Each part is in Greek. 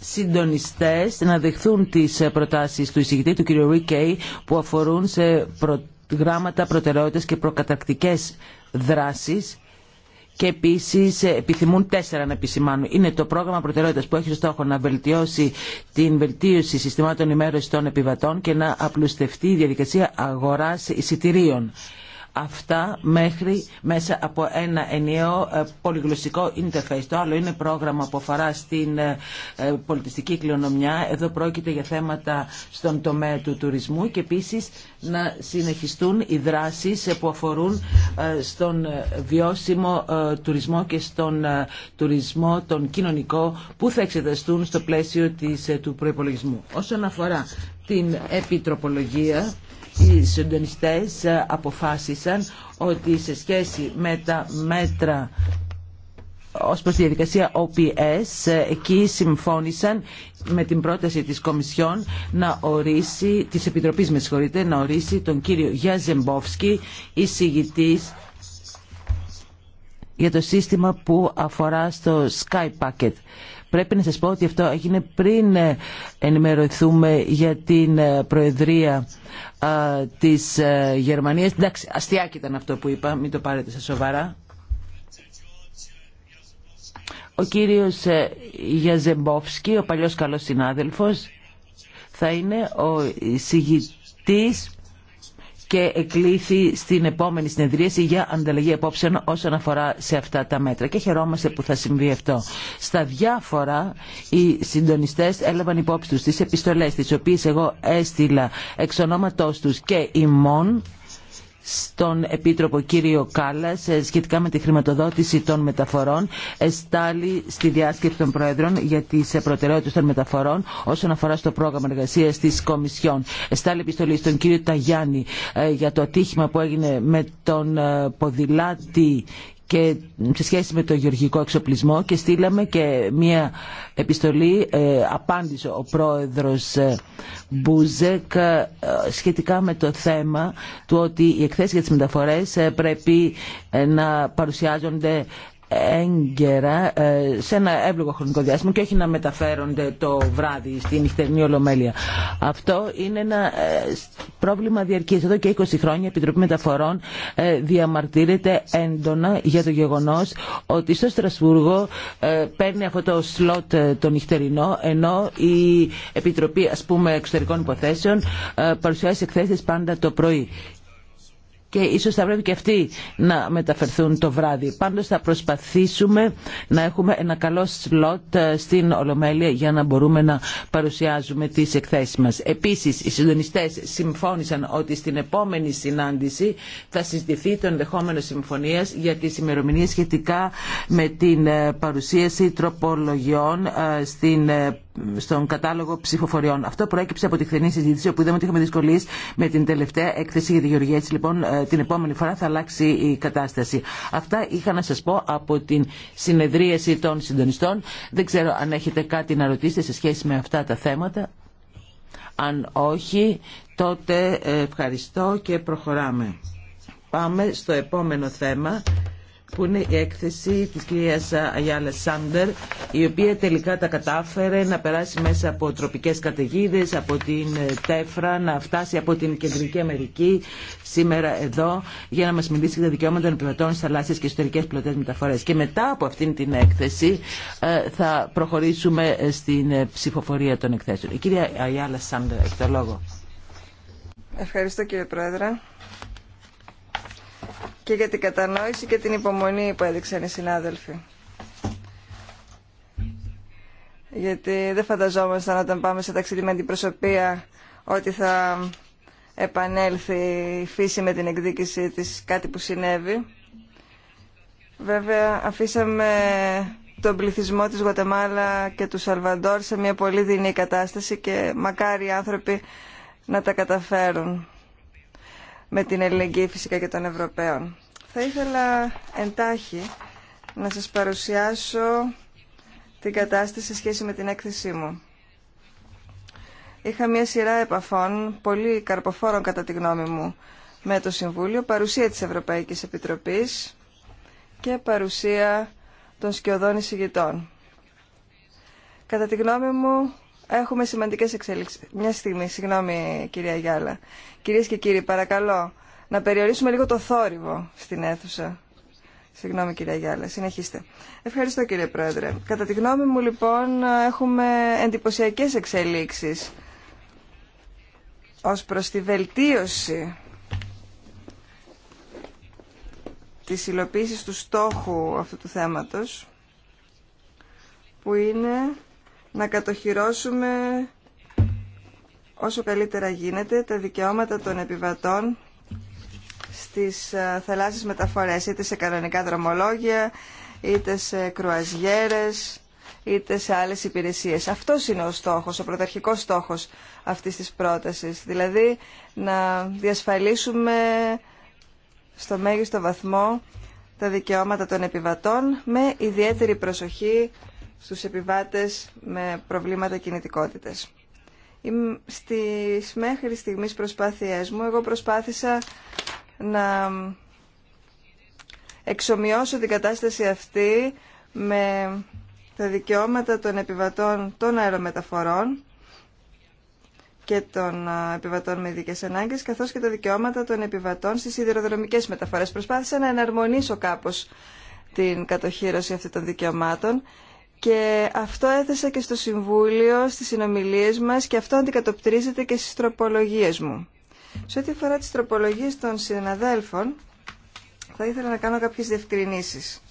συντονιστές να δεχθούν τις ε, προτάσεις του εισηγητή του κ. Ρίκεϊ που αφορούν σε προγράμματα προτεραιότητες και προκατακτικές δράσεις και επίσης ε, επιθυμούν τέσσερα να επισημάνουν. Είναι το πρόγραμμα προτεραιότητας που έχει στόχο να βελτιώσει την βελτίωση συστημάτων ημέρωση των επιβατών και να απλουστευτεί η διαδικασία αγοράς εισιτηρίων αυτά μέχρι μέσα από ένα ενιαίο ε, πολυγλωσσικό interface. Το άλλο είναι πρόγραμμα που αφορά στην ε, ε, πολιτιστική κληρονομιά. Εδώ πρόκειται για θέματα στον τομέα του τουρισμού και επίσης να συνεχιστούν οι δράσεις που αφορούν στον βιώσιμο τουρισμό και στον τουρισμό τον κοινωνικό που θα εξεταστούν στο πλαίσιο της, του προϋπολογισμού. Όσον αφορά την επιτροπολογία οι συντονιστές ε, αποφάσισαν ότι σε σχέση με τα μέτρα ως προς τη διαδικασία OPS ε, εκεί συμφώνησαν με την πρόταση της Κομισιόν να ορίσει, της Επιτροπής με συγχωρείτε, να ορίσει τον κύριο Γιαζεμπόφσκι εισηγητής για το σύστημα που αφορά στο Sky Packet. Πρέπει να σας πω ότι αυτό έγινε πριν ε, ενημερωθούμε για την ε, Προεδρία της ε, Γερμανίας. Εντάξει, αστιάκι ήταν αυτό που είπα, μην το πάρετε σε σοβαρά. Ο κύριος Γιαζεμπόφσκι, ο παλιός καλός συνάδελφος, θα είναι ο συγητής και εκλήθη στην επόμενη συνεδρίαση για ανταλλαγή απόψεων όσον αφορά σε αυτά τα μέτρα. Και χαιρόμαστε που θα συμβεί αυτό. Στα διάφορα οι συντονιστέ έλαβαν υπόψη τους τι επιστολές τι οποίε εγώ έστειλα εξ ονόματό τους και ημών στον Επίτροπο κύριο Κάλλας ε, σχετικά με τη χρηματοδότηση των μεταφορών εστάλει στη διάσκεψη των Πρόεδρων για τις ε, προτεραιότητες των μεταφορών όσον αφορά στο πρόγραμμα εργασίας της Κομισιόν. Εστάλει επιστολή στον κύριο Ταγιάννη ε, για το ατύχημα που έγινε με τον ποδηλάτη και σε σχέση με το γεωργικό εξοπλισμό και στείλαμε και μία επιστολή, ε, απάντησε ο πρόεδρος ε, Μπούζεκ ε, σχετικά με το θέμα του ότι οι εκθέσεις για τις μεταφορές ε, πρέπει να παρουσιάζονται έγκαιρα ε, σε ένα εύλογο χρονικό διάστημα και όχι να μεταφέρονται το βράδυ στη νυχτερινή ολομέλεια. Αυτό είναι ένα ε, πρόβλημα διαρκής. Εδώ και 20 χρόνια η Επιτροπή Μεταφορών ε, διαμαρτύρεται έντονα για το γεγονός ότι στο Στρασβούργο παίρνει αυτό το σλότ το νυχτερινό ενώ η Επιτροπή ας πούμε, Εξωτερικών Υποθέσεων παρουσιάζει εκθέσεις πάντα το πρωί και ίσως θα πρέπει και αυτοί να μεταφερθούν το βράδυ. Πάντως θα προσπαθήσουμε να έχουμε ένα καλό σλότ ε, στην Ολομέλεια για να μπορούμε να παρουσιάζουμε τις εκθέσεις μας. Επίσης, οι συντονιστές συμφώνησαν ότι στην επόμενη συνάντηση θα συζητηθεί το ενδεχόμενο συμφωνίας για τις ημερομηνίες σχετικά με την ε, παρουσίαση τροπολογιών ε, στην στον κατάλογο ψηφοφοριών. Αυτό προέκυψε από τη χθενή συζήτηση όπου είδαμε ότι είχαμε δυσκολίε με την τελευταία έκθεση για τη Γεωργία. Έτσι λοιπόν ε, την επόμενη φορά θα αλλάξει η κατάσταση. Αυτά είχα να σα πω από την συνεδρίαση των συντονιστών. Δεν ξέρω αν έχετε κάτι να ρωτήσετε σε σχέση με αυτά τα θέματα. Αν όχι, τότε ε, ευχαριστώ και προχωράμε. Πάμε στο επόμενο θέμα που είναι η έκθεση της κυρίας Αγιάλα Σάντερ η οποία τελικά τα κατάφερε να περάσει μέσα από τροπικές καταιγίδε, από την Τέφρα, να φτάσει από την Κεντρική Αμερική σήμερα εδώ για να μας μιλήσει για τα δικαιώματα των επιβατών στις και εσωτερικές πλωτές μεταφορές. Και μετά από αυτήν την έκθεση ε, θα προχωρήσουμε στην ψηφοφορία των εκθέσεων. Η κυρία Αγιάλα Σάντερ έχει το λόγο. Ευχαριστώ κύριε Πρόεδρε και για την κατανόηση και την υπομονή που έδειξαν οι συνάδελφοι. Γιατί δεν φανταζόμασταν όταν πάμε σε ταξίδι με προσωπία ότι θα επανέλθει η φύση με την εκδίκηση της κάτι που συνέβη. Βέβαια αφήσαμε τον πληθυσμό της Γουατεμάλα και του Σαλβαντόρ σε μια πολύ δεινή κατάσταση και μακάρι οι άνθρωποι να τα καταφέρουν με την ελληνική φυσικά και των Ευρωπαίων. Θα ήθελα εντάχει να σας παρουσιάσω την κατάσταση σε σχέση με την έκθεσή μου. Είχα μια σειρά επαφών, πολύ καρποφόρων κατά τη γνώμη μου, με το Συμβούλιο, παρουσία της Ευρωπαϊκής Επιτροπής και παρουσία των σκιωδών εισηγητών. Κατά τη γνώμη μου, έχουμε σημαντικές εξέλιξεις. Μια στιγμή, συγγνώμη κυρία Γιάλα. Κυρίες και κύριοι, παρακαλώ να περιορίσουμε λίγο το θόρυβο στην αίθουσα. Συγγνώμη κυρία Γιάλα, συνεχίστε. Ευχαριστώ κύριε Πρόεδρε. Κατά τη γνώμη μου λοιπόν έχουμε εντυπωσιακές εξελίξεις ως προς τη βελτίωση τη υλοποίηση του στόχου αυτού του θέματο, που είναι να κατοχυρώσουμε όσο καλύτερα γίνεται τα δικαιώματα των επιβατών στις ε, θαλάσσιες μεταφορές, είτε σε κανονικά δρομολόγια, είτε σε κρουαζιέρες, είτε σε άλλες υπηρεσίες. Αυτό είναι ο στόχος, ο πρωταρχικός στόχος αυτής της πρότασης. Δηλαδή να διασφαλίσουμε στο μέγιστο βαθμό τα δικαιώματα των επιβατών με ιδιαίτερη προσοχή στους επιβάτες με προβλήματα κινητικότητας. Στις μέχρι στιγμής προσπάθειές μου, εγώ προσπάθησα να εξομοιώσω την κατάσταση αυτή με τα δικαιώματα των επιβατών των αερομεταφορών και των επιβατών με ειδικέ ανάγκε, καθώ και τα δικαιώματα των επιβατών στι σιδηροδρομικέ μεταφορέ. Προσπάθησα να εναρμονίσω κάπω την κατοχήρωση αυτών των δικαιωμάτων και αυτό έθεσα και στο Συμβούλιο, στις συνομιλίες μας και αυτό αντικατοπτρίζεται και στις τροπολογίες μου. Σε ό,τι αφορά τις τροπολογίες των συναδέλφων, θα ήθελα να κάνω κάποιες διευκρινήσεις.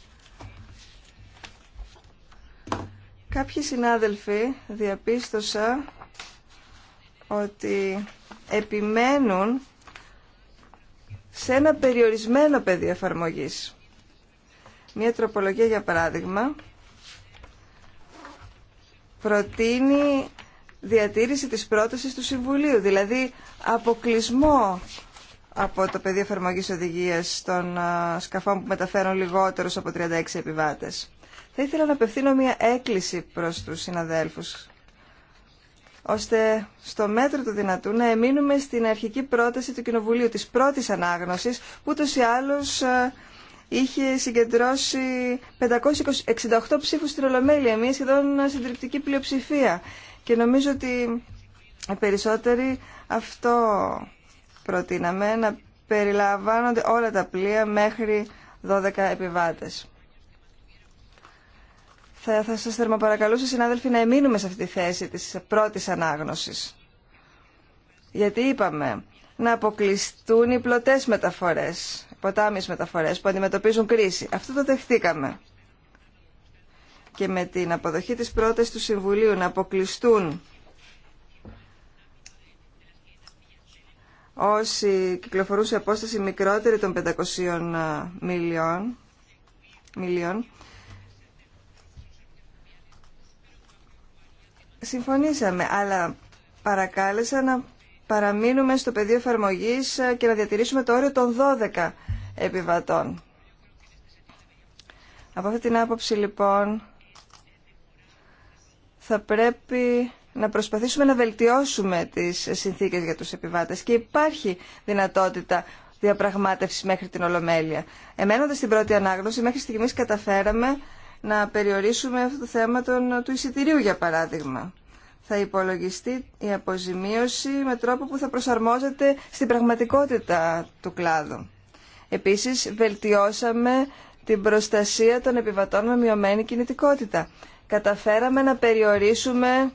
Κάποιοι συνάδελφοι διαπίστωσα ότι επιμένουν σε ένα περιορισμένο πεδίο εφαρμογής. Μία τροπολογία, για παράδειγμα, προτείνει διατήρηση της πρότασης του Συμβουλίου, δηλαδή αποκλεισμό από το πεδίο εφαρμογή οδηγία των σκαφών που μεταφέρουν λιγότερου από 36 επιβάτες. Θα ήθελα να απευθύνω μια έκκληση προς τους συναδέλφους, ώστε στο μέτρο του δυνατού να εμείνουμε στην αρχική πρόταση του Κοινοβουλίου της πρώτης ανάγνωσης, που ούτω ή είχε συγκεντρώσει 568 ψήφους στην Ολομέλεια, μια σχεδόν συντριπτική πλειοψηφία. Και νομίζω ότι οι περισσότεροι αυτό προτείναμε, να περιλαμβάνονται όλα τα πλοία μέχρι 12 επιβάτες. Θα, θα σας θερμοπαρακαλούσα, συνάδελφοι, να εμείνουμε σε αυτή τη θέση της πρώτης ανάγνωσης. Γιατί είπαμε να αποκλειστούν οι πλωτές μεταφορές ποτάμιες μεταφορές που αντιμετωπίζουν κρίση. Αυτό το δεχτήκαμε. Και με την αποδοχή της πρότασης του Συμβουλίου να αποκλειστούν όσοι κυκλοφορούν σε απόσταση μικρότερη των 500 ε, μιλιών, μιλιών συμφωνήσαμε, αλλά παρακάλεσα να παραμείνουμε στο πεδίο εφαρμογή ε, και να διατηρήσουμε το όριο των 12 επιβατών. Από αυτή την άποψη λοιπόν θα πρέπει να προσπαθήσουμε να βελτιώσουμε τις συνθήκες για τους επιβάτες και υπάρχει δυνατότητα διαπραγμάτευσης μέχρι την Ολομέλεια. Εμένοντας την πρώτη ανάγνωση μέχρι στιγμής καταφέραμε να περιορίσουμε αυτό το θέμα των, του εισιτηρίου για παράδειγμα. Θα υπολογιστεί η αποζημίωση με τρόπο που θα προσαρμόζεται στην πραγματικότητα του κλάδου. Επίσης, βελτιώσαμε την προστασία των επιβατών με μειωμένη κινητικότητα. Καταφέραμε να περιορίσουμε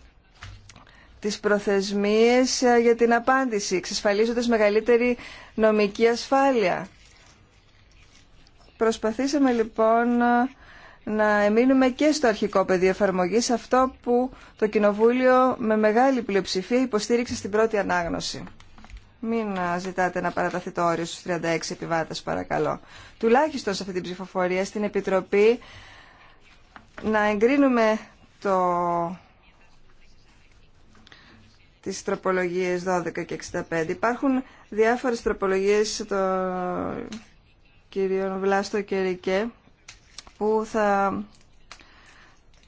τις προθεσμίες ε, για την απάντηση, εξασφαλίζοντας μεγαλύτερη νομική ασφάλεια. Προσπαθήσαμε λοιπόν ε, να εμείνουμε και στο αρχικό πεδίο εφαρμογή αυτό που το Κοινοβούλιο με μεγάλη πλειοψηφία υποστήριξε στην πρώτη ανάγνωση. Μην ζητάτε να παραταθεί το όριο στου 36 επιβάτες, παρακαλώ. Τουλάχιστον σε αυτή την ψηφοφορία, στην Επιτροπή, να εγκρίνουμε το... τις τροπολογίες 12 και 65. Υπάρχουν διάφορες τροπολογίες των κυρίων Βλάστο και Ρικέ που θα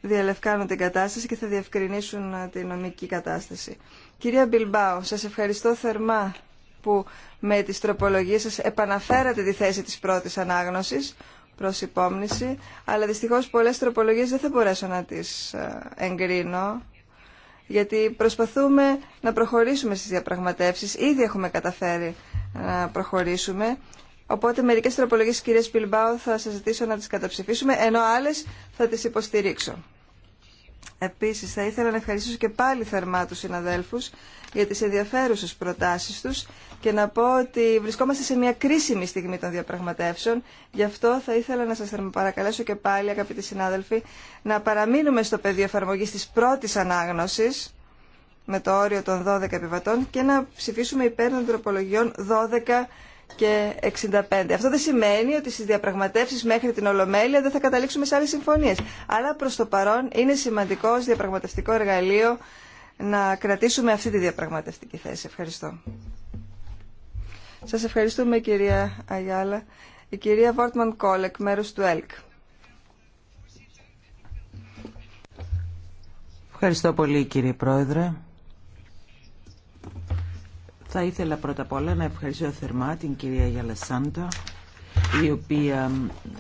διαλευκάνουν την κατάσταση και θα διευκρινίσουν την νομική κατάσταση. Κυρία Μπιλμπάου, σας ευχαριστώ θερμά που με τις τροπολογίες σας επαναφέρατε τη θέση της πρώτης ανάγνωσης προς υπόμνηση, αλλά δυστυχώς πολλές τροπολογίες δεν θα μπορέσω να τις ε, εγκρίνω, γιατί προσπαθούμε να προχωρήσουμε στις διαπραγματεύσεις, ήδη έχουμε καταφέρει να προχωρήσουμε, οπότε μερικές τροπολογίες κυρία Πιλμπάου θα σας ζητήσω να τις καταψηφίσουμε, ενώ άλλες θα τις υποστηρίξω. Επίσης θα ήθελα να ευχαριστήσω και πάλι θερμά τους συναδέλφους για τις ενδιαφέρουσες προτάσεις τους και να πω ότι βρισκόμαστε σε μια κρίσιμη στιγμή των διαπραγματεύσεων. Γι' αυτό θα ήθελα να σας παρακαλέσω και πάλι αγαπητοί συνάδελφοι να παραμείνουμε στο πεδίο εφαρμογής της πρώτης ανάγνωσης με το όριο των 12 επιβατών και να ψηφίσουμε υπέρ των τροπολογιών 12 και 65. Αυτό δεν σημαίνει ότι στις διαπραγματεύσεις μέχρι την Ολομέλεια δεν θα καταλήξουμε σε άλλες συμφωνίες. Αλλά προς το παρόν είναι σημαντικό ως διαπραγματευτικό εργαλείο να κρατήσουμε αυτή τη διαπραγματευτική θέση. Ευχαριστώ. Σας ευχαριστούμε κυρία Αγιάλα. Η κυρία Βόρτμαν Κόλεκ, μέρος του ΕΛΚ. Ευχαριστώ πολύ κύριε Πρόεδρε. Θα ήθελα πρώτα απ' όλα να ευχαριστήσω θερμά την κυρία Γιαλασάντα η οποία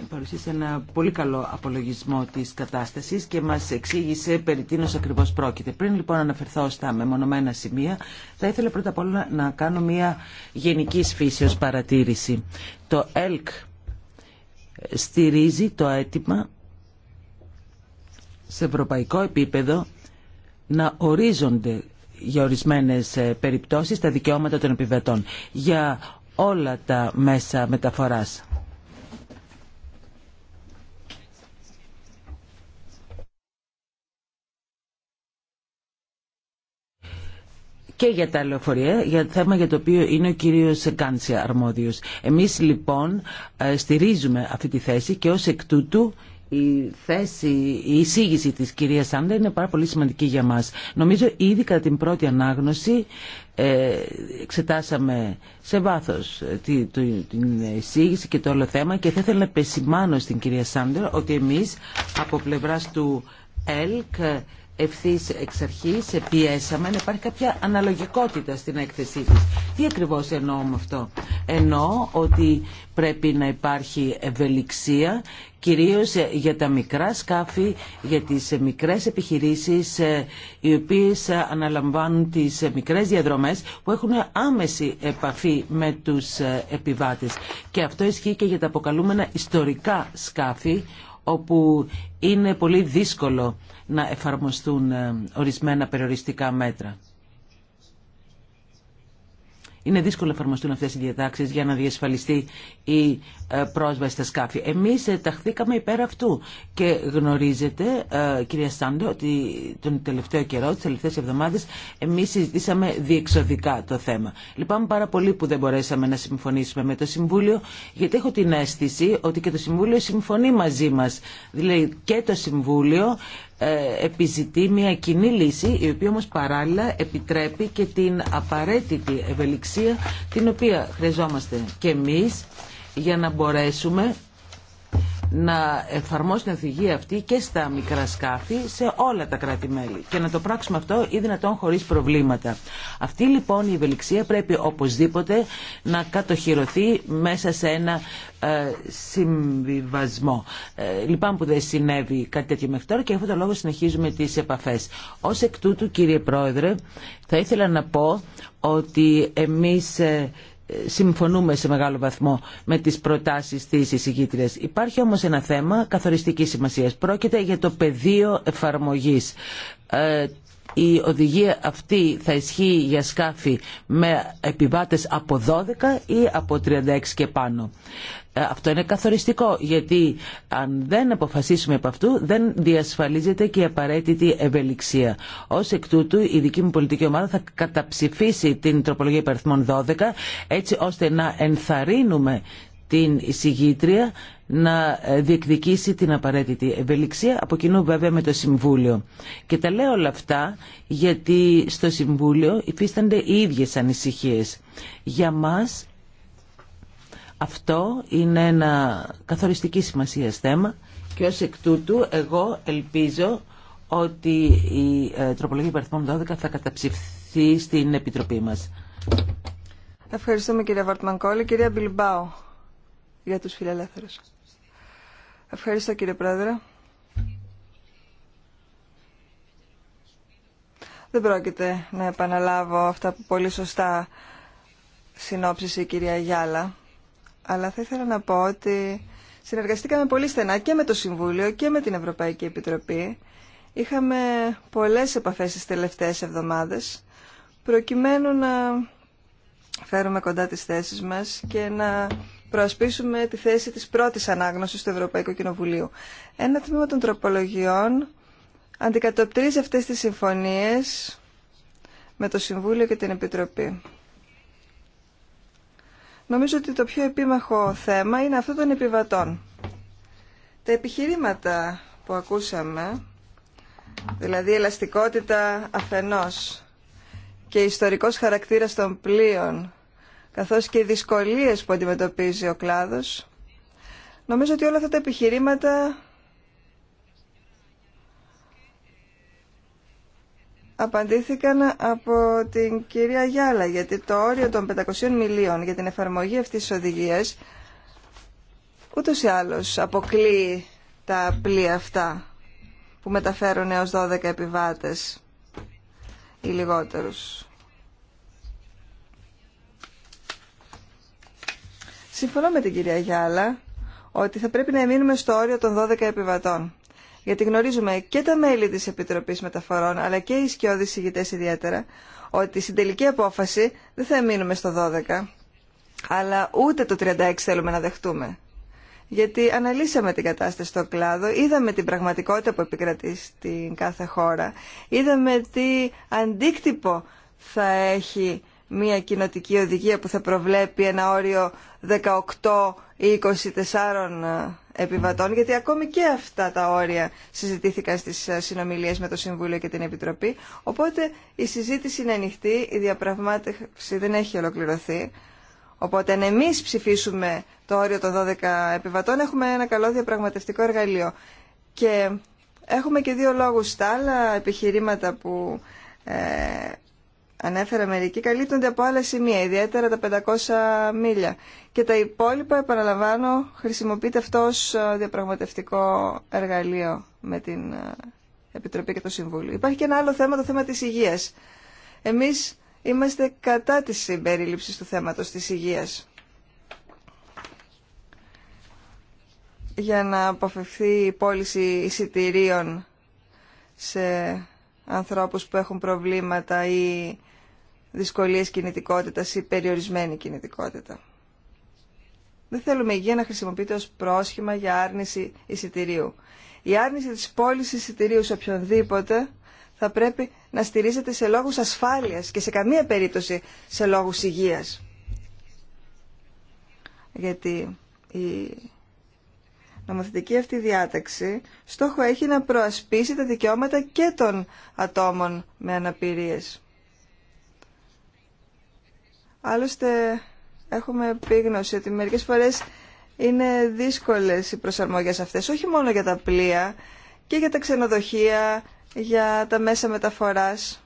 παρουσίασε ένα πολύ καλό απολογισμό της κατάστασης και μας εξήγησε περί τίνος ακριβώς πρόκειται. Πριν λοιπόν αναφερθώ στα μεμονωμένα σημεία, θα ήθελα πρώτα απ' όλα να κάνω μια γενική φύσεως παρατήρηση. Το ΕΛΚ στηρίζει το αίτημα σε ευρωπαϊκό επίπεδο να ορίζονται για ορισμένες ε, περιπτώσεις τα δικαιώματα των επιβατών για όλα τα μέσα μεταφοράς. και για τα λεωφορεία, για το θέμα για το οποίο είναι ο κύριος Κάντσια αρμόδιος. Εμείς λοιπόν ε, στηρίζουμε αυτή τη θέση και ως εκ τούτου η θέση, η εισήγηση της κυρίας Σάντερ είναι πάρα πολύ σημαντική για μας. Νομίζω ήδη κατά την πρώτη ανάγνωση ε, εξετάσαμε σε βάθος ε, την εισήγηση και το όλο θέμα και θα ήθελα να πεσημάνω στην κυρία Σάντερ ότι εμείς από πλευράς του ΕΛΚ ευθύς εξ αρχής πιέσαμε να υπάρχει κάποια αναλογικότητα στην έκθεσή της. Τι ακριβώς εννοώ με αυτό. Εννοώ ότι πρέπει να υπάρχει ευελιξία κυρίως για τα μικρά σκάφη, για τις μικρές επιχειρήσεις ε, οι οποίες αναλαμβάνουν τις μικρές διαδρομές που έχουν άμεση επαφή με τους ε, επιβάτες. Και αυτό ισχύει και για τα αποκαλούμενα ιστορικά σκάφη όπου είναι πολύ δύσκολο να εφαρμοστούν ε, ορισμένα περιοριστικά μέτρα. Είναι δύσκολο να εφαρμοστούν αυτές οι διατάξεις για να διασφαλιστεί η ε, πρόσβαση στα σκάφη. Εμεί ε, ταχθήκαμε υπέρ αυτού και γνωρίζετε, κυρία Σάντο, ότι τον τελευταίο καιρό, τις τελευταίες εβδομάδες εμείς συζητήσαμε διεξοδικά το θέμα. Λυπάμαι πάρα πολύ που δεν μπορέσαμε να συμφωνήσουμε με το Συμβούλιο, γιατί έχω την αίσθηση ότι και το Συμβούλιο συμφωνεί μαζί μα. Δηλαδή και το Συμβούλιο ε, επιζητεί μια κοινή λύση η οποία όμως παράλληλα επιτρέπει και την απαραίτητη ευελιξία την οποία χρειαζόμαστε και εμείς για να μπορέσουμε να εφαρμόσει την οδηγία αυτή και στα μικρά σκάφη σε όλα τα κράτη-μέλη και να το πράξουμε αυτό ή δυνατόν χωρίς προβλήματα. Αυτή λοιπόν η ευελιξία πρέπει οπωσδήποτε να κατοχυρωθεί μέσα σε ένα ε, συμβιβασμό. Ε, λυπάμαι που δεν συνέβη κάτι τέτοιο μέχρι τώρα και αυτό το λόγο συνεχίζουμε τις επαφές. Ω εκ τούτου κύριε Πρόεδρε θα ήθελα να πω ότι εμεί. Ε, συμφωνούμε σε μεγάλο βαθμό με τις προτάσεις της εισηγήτριας. Υπάρχει όμως ένα θέμα καθοριστικής σημασίας. Πρόκειται για το πεδίο εφαρμογής. Ε, η οδηγία αυτή θα ισχύει για σκάφη με επιβάτες από 12 ή από 36 και πάνω. Αυτό είναι καθοριστικό, γιατί αν δεν αποφασίσουμε από αυτού, δεν διασφαλίζεται και η απαραίτητη ευελιξία. Ω εκ τούτου, η δική μου πολιτική ομάδα θα καταψηφίσει την τροπολογία υπαριθμών 12, έτσι ώστε να ενθαρρύνουμε την εισηγήτρια να διεκδικήσει την απαραίτητη ευελιξία, από κοινού βέβαια με το Συμβούλιο. Και τα λέω όλα αυτά γιατί στο Συμβούλιο υφίστανται οι ίδιες ανησυχίες. Για μας αυτό είναι ένα καθοριστική σημασία θέμα και ως εκ τούτου εγώ ελπίζω ότι η ε, τροπολογία υπαριθμών 12 θα καταψηφθεί στην Επιτροπή μας. Ευχαριστούμε κυρία Βαρτμανκόλη. Κυρία Μπιλμπάου για τους φιλελεύθερους. Ευχαριστώ κύριε Πρόεδρε. Δεν πρόκειται να επαναλάβω αυτά που πολύ σωστά συνόψησε η κυρία Γιάλα αλλά θα ήθελα να πω ότι συνεργαστήκαμε πολύ στενά και με το Συμβούλιο και με την Ευρωπαϊκή Επιτροπή. Είχαμε πολλές επαφές τις τελευταίες εβδομάδες, προκειμένου να φέρουμε κοντά τις θέσεις μας και να προασπίσουμε τη θέση της πρώτης ανάγνωσης του Ευρωπαϊκού Κοινοβουλίου. Ένα τμήμα των τροπολογιών αντικατοπτρίζει αυτές τις συμφωνίες με το Συμβούλιο και την Επιτροπή. Νομίζω ότι το πιο επίμαχο θέμα είναι αυτό των επιβατών. Τα επιχειρήματα που ακούσαμε, δηλαδή ελαστικότητα αφενός και ιστορικός χαρακτήρας των πλοίων, καθώς και οι δυσκολίες που αντιμετωπίζει ο κλάδος, νομίζω ότι όλα αυτά τα επιχειρήματα απαντήθηκαν από την κυρία Γιάλα, γιατί το όριο των 500 μιλίων για την εφαρμογή αυτής της οδηγίας ούτως ή άλλως αποκλείει τα πλοία αυτά που μεταφέρουν έως 12 επιβάτες ή λιγότερους. Συμφωνώ με την κυρία Γιάλα ότι θα πρέπει να μείνουμε στο όριο των 12 επιβατών γιατί γνωρίζουμε και τα μέλη της Επιτροπής Μεταφορών, αλλά και οι σκιώδεις ηγητές ιδιαίτερα, ότι στην τελική απόφαση δεν θα μείνουμε στο 12, αλλά ούτε το 36 θέλουμε να δεχτούμε. Γιατί αναλύσαμε την κατάσταση στο κλάδο, είδαμε την πραγματικότητα που επικρατεί στην κάθε χώρα, είδαμε τι αντίκτυπο θα έχει μια κοινοτική οδηγία που θα προβλέπει ένα όριο 18 ή 24 επιβατών, γιατί ακόμη και αυτά τα όρια συζητήθηκαν στις ε, συνομιλίες με το Συμβούλιο και την Επιτροπή. Οπότε η συζήτηση είναι ανοιχτή, η διαπραγμάτευση δεν έχει ολοκληρωθεί. Οπότε αν εμείς ψηφίσουμε το όριο των 12 επιβατών, έχουμε ένα καλό διαπραγματευτικό εργαλείο. Και έχουμε και δύο λόγους στα άλλα επιχειρήματα που ε, ανέφερα μερικοί, καλύπτονται από άλλα σημεία, ιδιαίτερα τα 500 μίλια. Και τα υπόλοιπα, επαναλαμβάνω, χρησιμοποιείται αυτό ως ε, διαπραγματευτικό εργαλείο με την ε, Επιτροπή και το Συμβούλιο. Υπάρχει και ένα άλλο θέμα, το θέμα της υγείας. Εμείς είμαστε κατά της συμπερίληψης του θέματος της υγείας. Για να αποφευθεί η πώληση εισιτηρίων σε ανθρώπους που έχουν προβλήματα ή δυσκολίες κινητικότητας ή περιορισμένη κινητικότητα. Δεν θέλουμε η υγεία να χρησιμοποιείται ως πρόσχημα για άρνηση εισιτηρίου. Η άρνηση της πώληση εισιτηρίου σε οποιονδήποτε θα πρέπει να στηρίζεται σε λόγους ασφάλειας και σε καμία περίπτωση σε λόγους υγείας. Γιατί η νομοθετική αυτή διάταξη στόχο έχει να προασπίσει τα δικαιώματα και των ατόμων με αναπηρίες. Άλλωστε έχουμε επίγνωση ότι μερικές φορές είναι δύσκολες οι προσαρμογές αυτές, όχι μόνο για τα πλοία και για τα ξενοδοχεία, για τα μέσα μεταφοράς.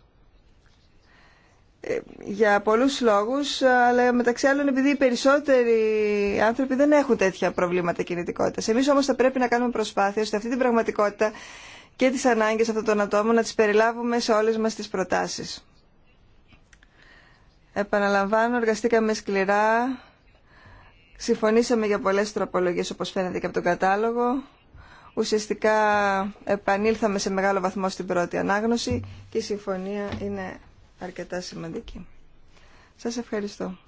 Ε, για πολλούς λόγους, αλλά μεταξύ άλλων επειδή οι περισσότεροι άνθρωποι δεν έχουν τέτοια προβλήματα κινητικότητας. Εμείς όμως θα πρέπει να κάνουμε προσπάθεια σε αυτή την πραγματικότητα και τις ανάγκες αυτών των ατόμων να τις περιλάβουμε σε όλες μας τις προτάσεις. Επαναλαμβάνω, εργαστήκαμε σκληρά, συμφωνήσαμε για πολλές τροπολογίες όπως φαίνεται και από τον κατάλογο. Ουσιαστικά επανήλθαμε σε μεγάλο βαθμό στην πρώτη ανάγνωση και η συμφωνία είναι αρκετά σημαντική. Σας ευχαριστώ.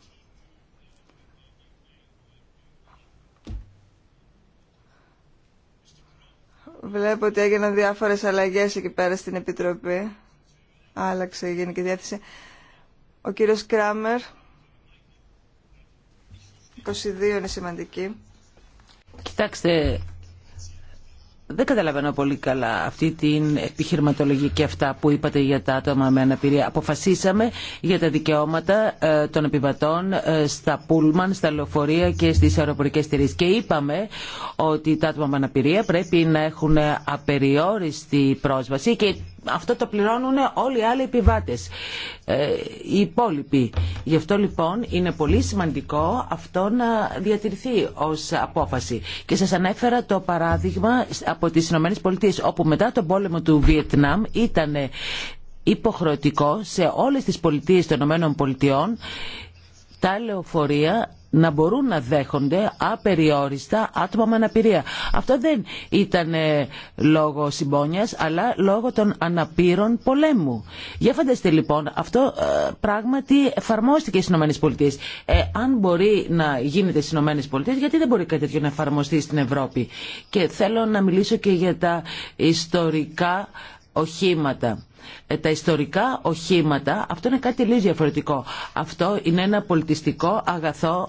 Βλέπω ότι έγιναν διάφορες αλλαγές εκεί πέρα στην Επιτροπή. Άλλαξε η Γενική Διεύθυνση. Ο κύριος Κράμερ, 22 είναι σημαντική. Κοιτάξτε, δεν καταλαβαίνω πολύ καλά αυτή την επιχειρηματολογική αυτά που είπατε για τα άτομα με αναπηρία. Αποφασίσαμε για τα δικαιώματα ε, των επιβατών ε, στα πούλμαν, στα λεωφορεία και στις αεροπορικές στηρίες. Και είπαμε ότι τα άτομα με αναπηρία πρέπει να έχουν απεριόριστη πρόσβαση αυτό το πληρώνουν όλοι οι άλλοι επιβάτες, ε, οι υπόλοιποι. Γι' αυτό λοιπόν είναι πολύ σημαντικό αυτό να διατηρηθεί ως απόφαση. Και σας ανέφερα το παράδειγμα από τις ΗΠΑ Πολιτείες, όπου μετά τον πόλεμο του Βιετνάμ ήταν υποχρεωτικό σε όλες τις πολιτείες των ΗΠΑ τα λεωφορεία να μπορούν να δέχονται απεριόριστα άτομα με αναπηρία. Αυτό δεν ήταν ε, λόγω συμπόνιας, αλλά λόγω των αναπήρων πολέμου. Για φανταστείτε λοιπόν, αυτό ε, πράγματι εφαρμόστηκε στις ΗΠΑ. Ε, αν μπορεί να γίνεται στις ΗΠΑ, γιατί δεν μπορεί κάτι τέτοιο να εφαρμοστεί στην Ευρώπη. Και θέλω να μιλήσω και για τα ιστορικά οχήματα. Ε, τα ιστορικά οχήματα, αυτό είναι κάτι λίγο διαφορετικό. Αυτό είναι ένα πολιτιστικό αγαθό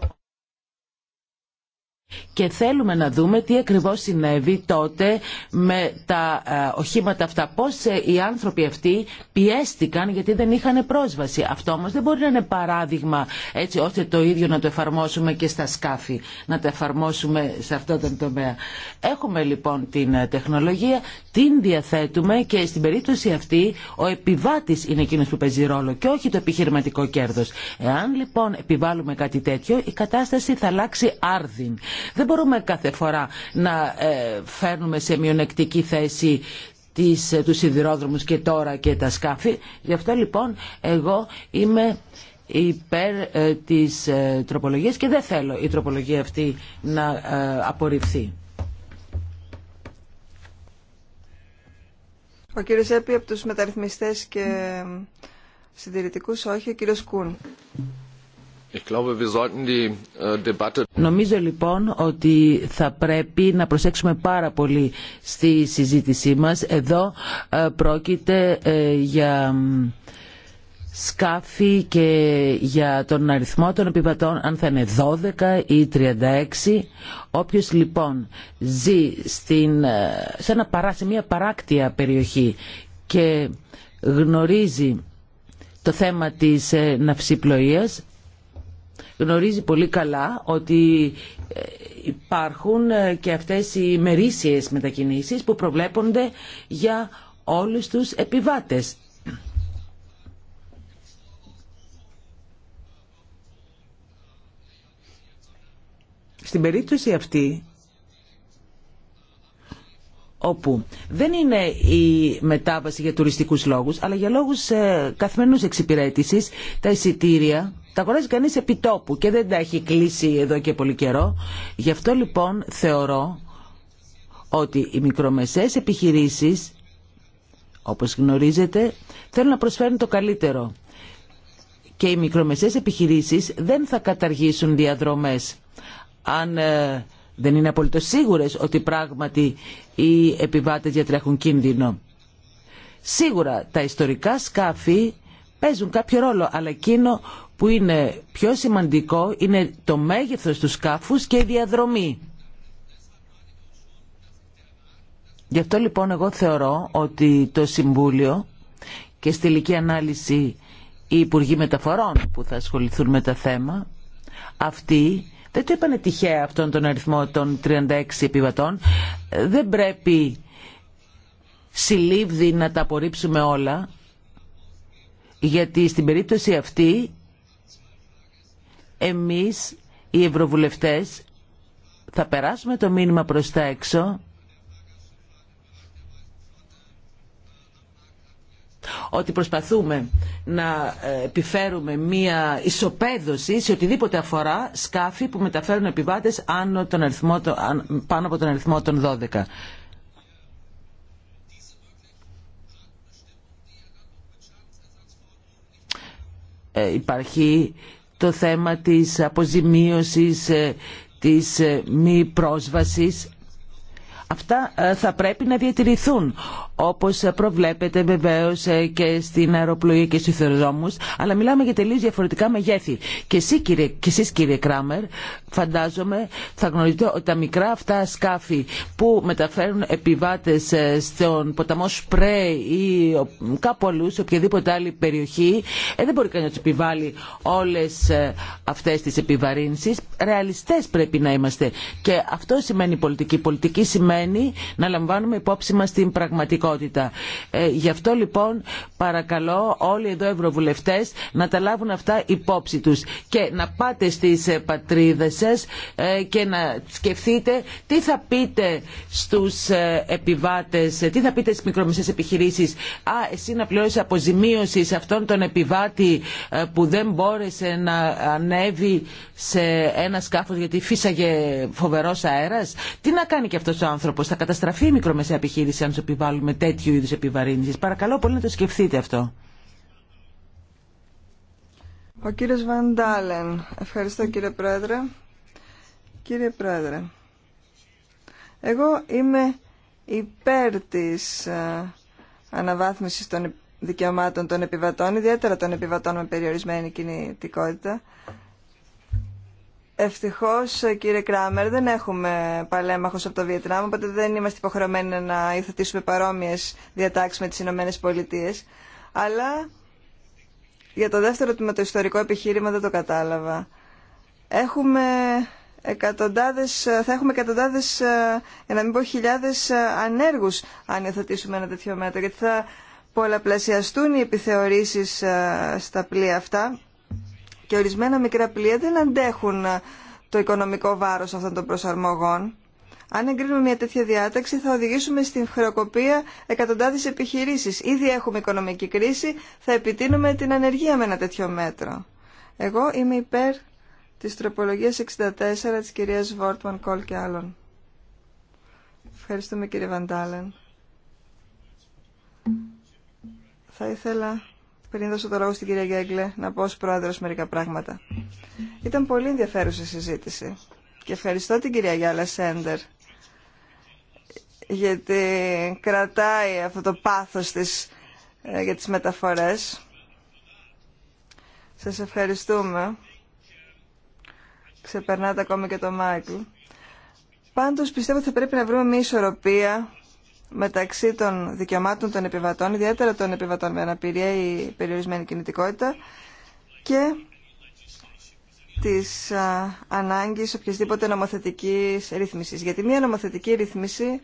και θέλουμε να δούμε τι ακριβώς συνέβη τότε με τα ε, οχήματα αυτά. Πώς ε, οι άνθρωποι αυτοί πιέστηκαν γιατί δεν είχαν πρόσβαση. Αυτό όμως δεν μπορεί να είναι παράδειγμα έτσι ώστε το ίδιο να το εφαρμόσουμε και στα σκάφη. Να το εφαρμόσουμε σε αυτό το τομέα. Έχουμε λοιπόν την ε, τεχνολογία, την διαθέτουμε και στην περίπτωση αυτή ο επιβάτης είναι εκείνος που παίζει ρόλο και όχι το επιχειρηματικό κέρδος. Εάν λοιπόν επιβάλλουμε κάτι τέτοιο η κατάσταση θα αλλάξει άρδιν. Δεν μπορούμε κάθε φορά να ε, φέρνουμε σε μειονεκτική θέση τις, ε, τους σιδηρόδρομους και τώρα και τα σκάφη. Γι' αυτό λοιπόν εγώ είμαι υπέρ ε, της ε, τροπολογίας και δεν θέλω η τροπολογία αυτή να απορριφθεί. Ο κύριος Έπη από τους μεταρρυθμιστές και συντηρητικούς, όχι, ο κύριος Κούν. Äh, Νομίζω λοιπόν ότι θα πρέπει να προσέξουμε πάρα πολύ στη συζήτησή μας. Εδώ ε, πρόκειται ε, για σκάφη και για τον αριθμό των επιβατών αν θα είναι 12 ή 36 όποιος λοιπόν ζει στην, ε, σε, ένα, σε μια παράκτια περιοχή και γνωρίζει το θέμα της ναυσιπλοείας γνωρίζει πολύ καλά ότι ε, υπάρχουν ε, και αυτές οι μερίσιες μετακινήσεις που προβλέπονται για όλους τους επιβάτες. Στην περίπτωση αυτή όπου δεν είναι η μετάβαση για τουριστικούς λόγους, αλλά για λόγους ε, καθημερινούς εξυπηρέτησης, τα εισιτήρια, τα αγοράζει κανείς επί τόπου και δεν τα έχει κλείσει εδώ και πολύ καιρό. Γι' αυτό λοιπόν θεωρώ ότι οι μικρομεσαίες επιχειρήσεις, όπως γνωρίζετε, θέλουν να προσφέρουν το καλύτερο. Και οι μικρομεσαίες επιχειρήσεις δεν θα καταργήσουν διαδρομές. Αν... Ε, δεν είναι απολύτως σίγουρες ότι πράγματι οι επιβάτες διατρέχουν κίνδυνο. Σίγουρα τα ιστορικά σκάφη παίζουν κάποιο ρόλο, αλλά εκείνο που είναι πιο σημαντικό είναι το μέγεθος του σκάφους και η διαδρομή. Γι' αυτό λοιπόν εγώ θεωρώ ότι το Συμβούλιο και στη λυκή ανάλυση οι Υπουργοί Μεταφορών που θα ασχοληθούν με τα θέμα, αυτοί δεν το είπανε τυχαία αυτόν τον αριθμό των 36 επιβατών. Δεν πρέπει συλλήβδη να τα απορρίψουμε όλα, γιατί στην περίπτωση αυτή εμείς οι ευρωβουλευτές θα περάσουμε το μήνυμα προς τα έξω ότι προσπαθούμε να ε, επιφέρουμε μία ισοπαίδωση σε οτιδήποτε αφορά σκάφη που μεταφέρουν επιβάτες άνω τον αριθμό, πάνω από τον αριθμό των 12. Ε, υπάρχει το θέμα της αποζημίωσης, ε, της μη πρόσβασης Αυτά ε, θα πρέπει να διατηρηθούν, όπως ε, προβλέπετε βεβαίως ε, και στην αεροπλοεία και στους θεροδρόμους, αλλά μιλάμε για τελείως διαφορετικά μεγέθη. Και, εσύ, κύριε, και εσείς κύριε Κράμερ, φαντάζομαι θα γνωρίζετε ότι τα μικρά αυτά σκάφη που μεταφέρουν επιβάτες στον ποταμό Σπρέ ή κάπου αλλού, σε οποιαδήποτε άλλη περιοχή, δεν μπορεί κανείς να τους επιβάλλει όλες αυτές τις επιβαρύνσεις. Ρεαλιστές πρέπει να είμαστε. Και αυτό σημαίνει πολιτική. Πολιτική σημαίνει να λαμβάνουμε υπόψη μας την πραγματικότητα. Ε, γι' αυτό λοιπόν παρακαλώ όλοι εδώ ευρωβουλευτές να τα λάβουν αυτά υπόψη τους και να πάτε στις ε, πατρίδες σας ε, και να σκεφτείτε τι θα πείτε στους επιβάτες, τι θα πείτε στις μικρομεσαίες επιχειρήσεις. Α, εσύ να πληρώσεις αποζημίωση σε αυτόν τον επιβάτη που δεν μπόρεσε να ανέβει σε ένα σκάφος γιατί φύσαγε φοβερός αέρας. Τι να κάνει και αυτός ο άνθρωπος πως θα καταστραφεί η μικρομεσαία επιχείρηση αν του επιβάλλουμε τέτοιου είδου επιβαρύνσεις. Παρακαλώ πολύ να το σκεφτείτε αυτό. Ο κύριο Βαντάλεν. Ευχαριστώ κύριε Πρόεδρε. Κύριε Πρόεδρε, εγώ είμαι υπέρ της ε, αναβάθμισης των δικαιωμάτων των επιβατών, ιδιαίτερα των επιβατών με περιορισμένη κινητικότητα Ευτυχώς κύριε Κράμερ δεν έχουμε παλέμαχος από το Βιετνάμ οπότε δεν είμαστε υποχρεωμένοι να υιοθετήσουμε παρόμοιες διατάξεις με τις Ηνωμένες Πολιτείες αλλά για το δεύτερο τμήμα το ιστορικό επιχείρημα δεν το κατάλαβα. Έχουμε εκατοντάδες, θα έχουμε εκατοντάδες, για ε, να μην πω χιλιάδες ε, ανέργους αν υιοθετήσουμε ένα τέτοιο μέτρο γιατί θα πολλαπλασιαστούν οι επιθεωρήσεις ε, στα πλοία αυτά και ορισμένα μικρά πλοία δεν αντέχουν ε, το οικονομικό βάρος αυτών των προσαρμογών. Αν εγκρίνουμε μια τέτοια διάταξη θα οδηγήσουμε στην χρεοκοπία εκατοντάδες επιχειρήσεις. Ήδη έχουμε οικονομική κρίση, θα επιτείνουμε την ανεργία με ένα τέτοιο μέτρο. Εγώ είμαι υπέρ της τροπολογίας 64 της κυρίας Βόρτμαν Κόλ και άλλων. Ευχαριστούμε κύριε Βαντάλεν. Θα ήθελα πριν δώσω το λόγο στην κυρία Γέγκλε, να πω ως πρόεδρος μερικά πράγματα. Ήταν πολύ ενδιαφέρουσα συζήτηση και ευχαριστώ την κυρία Γιάλα Σέντερ γιατί κρατάει αυτό το πάθος της ε, για τις μεταφορές. Σας ευχαριστούμε. Ξεπερνάτε ακόμα και το Μάικλ. Πάντως πιστεύω ότι θα πρέπει να βρούμε μια ισορροπία μεταξύ των δικαιωμάτων των επιβατών, ιδιαίτερα των επιβατών με αναπηρία ή περιορισμένη κινητικότητα και της ανάγκης οποιασδήποτε νομοθετικής ρύθμισης. Γιατί μια νομοθετική ρύθμιση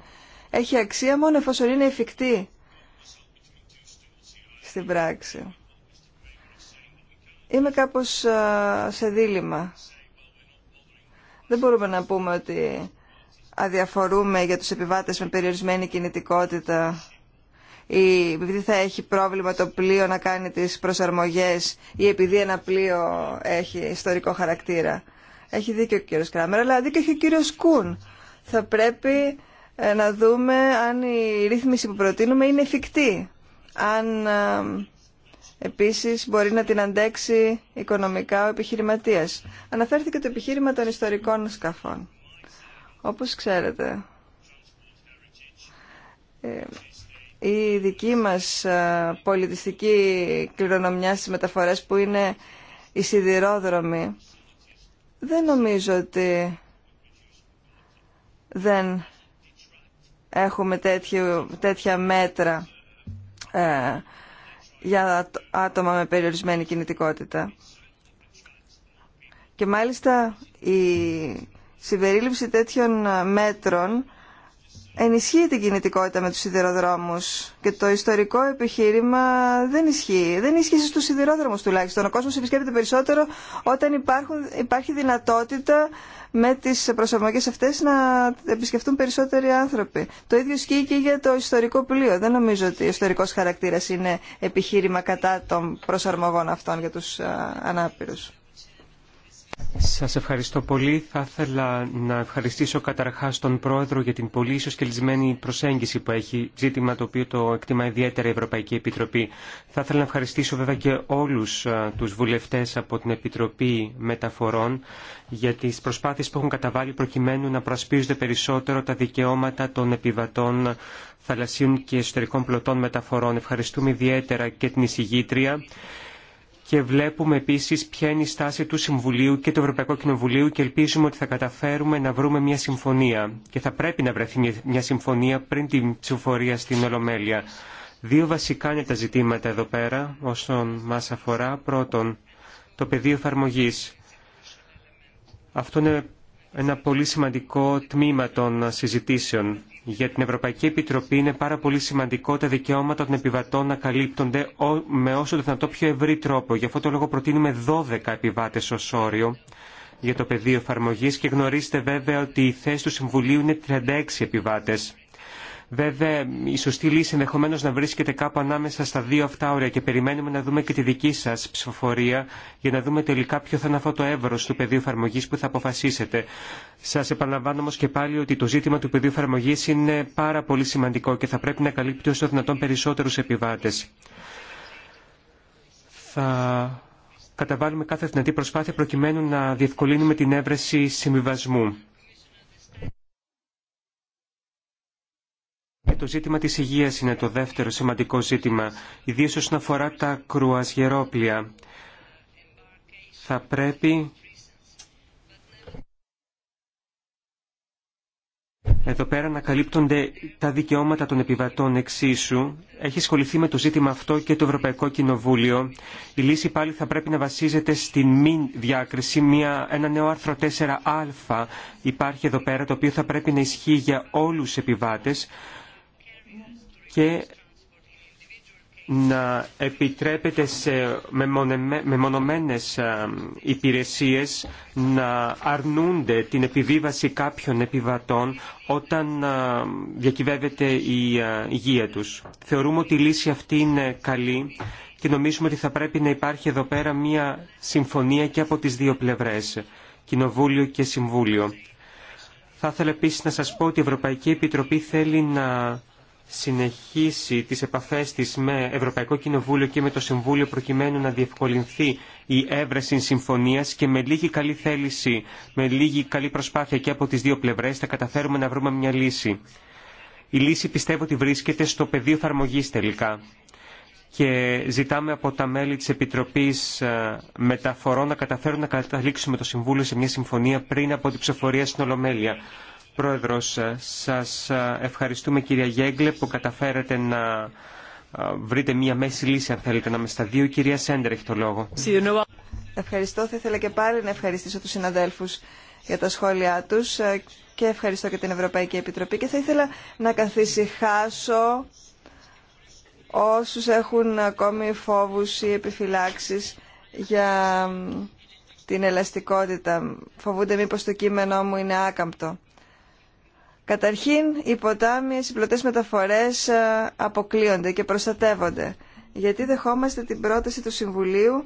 έχει αξία μόνο εφόσον είναι εφικτή στην πράξη. Είμαι κάπως σε δίλημα. Δεν μπορούμε να πούμε ότι αδιαφορούμε για τους επιβάτες με περιορισμένη κινητικότητα ή επειδή θα έχει πρόβλημα το πλοίο να κάνει τις προσαρμογές ή επειδή ένα πλοίο έχει ιστορικό χαρακτήρα. Έχει δίκιο ο κύριος Κράμερ, αλλά δίκιο έχει ο κύριος Κούν. Θα πρέπει ε, να δούμε αν η ρύθμιση που προτείνουμε είναι εφικτή. Αν ε, επίσης μπορεί να την αντέξει οικονομικά ο επιχειρηματίας. Αναφέρθηκε το επιχείρημα των ιστορικών σκαφών. Όπως ξέρετε, ε, η δική μας ε, πολιτιστική κληρονομιά στις μεταφορές που είναι η σιδηρόδρομη, δεν νομίζω ότι δεν έχουμε τέτοια μέτρα ε, για άτομα με περιορισμένη κινητικότητα. Και μάλιστα η συμπερίληψη τέτοιων ε, μέτρων ενισχύει την κινητικότητα με τους σιδηροδρόμους και το ιστορικό επιχείρημα δεν ισχύει. Δεν ισχύει στους σιδηρόδρομους τουλάχιστον. Ο κόσμος επισκέπτεται περισσότερο όταν υπάρχουν, υπάρχει δυνατότητα με τις προσαρμογές αυτές να επισκεφτούν περισσότεροι άνθρωποι. Το ίδιο ισχύει και για το ιστορικό πλοίο. Δεν νομίζω ότι ο ιστορικός χαρακτήρας είναι επιχείρημα κατά των προσαρμογών αυτών για τους ε, ανάπηρους. Σας ευχαριστώ πολύ. Θα ήθελα να ευχαριστήσω καταρχάς τον Πρόεδρο για την πολύ ισοσκελισμένη προσέγγιση που έχει, ζήτημα το οποίο το εκτιμά ιδιαίτερα η Ευρωπαϊκή Επιτροπή. Θα ήθελα να ευχαριστήσω βέβαια και όλους τους βουλευτές από την Επιτροπή Μεταφορών για τις προσπάθειες που έχουν καταβάλει προκειμένου να προασπίζονται περισσότερο τα δικαιώματα των επιβατών θαλασσίων και εσωτερικών πλωτών μεταφορών. Ευχαριστούμε ιδιαίτερα και την εισηγήτρια και βλέπουμε επίσης ποια είναι η στάση του Συμβουλίου και του Ευρωπαϊκού Κοινοβουλίου και ελπίζουμε ότι θα καταφέρουμε να βρούμε μια συμφωνία και θα πρέπει να βρεθεί μια συμφωνία πριν την ψηφοφορία στην Ολομέλεια. Δύο βασικά είναι τα ζητήματα εδώ πέρα όσον μας αφορά. Πρώτον, το πεδίο εφαρμογή. Αυτό είναι ένα πολύ σημαντικό τμήμα των συζητήσεων για την Ευρωπαϊκή Επιτροπή είναι πάρα πολύ σημαντικό τα δικαιώματα των επιβατών να καλύπτονται με όσο το δυνατό πιο ευρύ τρόπο. Γι' αυτό το λόγο προτείνουμε 12 επιβάτες ω όριο για το πεδίο εφαρμογή και γνωρίζετε βέβαια ότι η θέση του Συμβουλίου είναι 36 επιβάτες. Βέβαια, η σωστή λύση ενδεχομένω να βρίσκεται κάπου ανάμεσα στα δύο αυτά όρια και περιμένουμε να δούμε και τη δική σα ψηφοφορία για να δούμε τελικά ποιο θα είναι αυτό το εύρο του πεδίου εφαρμογή που θα αποφασίσετε. Σα επαναλαμβάνω όμω και πάλι ότι το ζήτημα του πεδίου εφαρμογή είναι πάρα πολύ σημαντικό και θα πρέπει να καλύπτει όσο δυνατόν περισσότερου επιβάτε. Θα καταβάλουμε κάθε δυνατή προσπάθεια προκειμένου να διευκολύνουμε την έβρεση συμβιβασμού. Ε, το ζήτημα της υγείας είναι το δεύτερο σημαντικό ζήτημα, ιδίως όσον αφορά τα κρουαζιερόπλια. Θα πρέπει... Εδώ πέρα να καλύπτονται τα δικαιώματα των επιβατών εξίσου. Έχει ασχοληθεί με το ζήτημα αυτό και το Ευρωπαϊκό Κοινοβούλιο. Η λύση πάλι θα πρέπει να βασίζεται στην μη διάκριση. Μια, ένα νέο άρθρο 4α υπάρχει εδώ πέρα, το οποίο θα πρέπει να ισχύει για όλους τους επιβάτες και να επιτρέπεται σε μεμονωμένες ε, υπηρεσίες να αρνούνται την επιβίβαση κάποιων επιβατών όταν ε, διακυβεύεται η ε, υγεία τους. Θεωρούμε ότι η λύση αυτή είναι καλή και νομίζουμε ότι θα πρέπει να υπάρχει εδώ πέρα μια συμφωνία και από τις δύο πλευρές, Κοινοβούλιο και Συμβούλιο. Θα ήθελα επίσης να σας πω ότι η Ευρωπαϊκή Επιτροπή θέλει να συνεχίσει τις επαφές της με Ευρωπαϊκό Κοινοβούλιο και με το Συμβούλιο προκειμένου να διευκολυνθεί η έβρεση συμφωνίας και με λίγη καλή θέληση, με λίγη καλή προσπάθεια και από τις δύο πλευρές θα καταφέρουμε να βρούμε μια λύση. Η λύση πιστεύω ότι βρίσκεται στο πεδίο εφαρμογή τελικά και ζητάμε από τα μέλη της Επιτροπής ε, Μεταφορών να καταφέρουν να καταλήξουμε το Συμβούλιο σε μια συμφωνία πριν από την ψηφορία στην Ολομέλεια. Πρόεδρος, ε, σας ε, ευχαριστούμε κυρία Γέγκλε που καταφέρατε να ε, βρείτε μία μέση λύση αν θέλετε να με στα δύο. Η κυρία Σέντερ έχει το λόγο. Ευχαριστώ. Θα ήθελα και πάλι να ευχαριστήσω τους συναδέλφους για τα σχόλιά τους και ευχαριστώ και την Ευρωπαϊκή Επιτροπή και θα ήθελα να καθυσυχάσω όσους έχουν ακόμη φόβους ή επιφυλάξεις για την ελαστικότητα. Φοβούνται μήπως το κείμενό μου είναι άκαμπτο. Καταρχήν, οι ποτάμοι, οι συμπλωτές μεταφορές ε, αποκλείονται και προστατεύονται. Γιατί δεχόμαστε την πρόταση του Συμβουλίου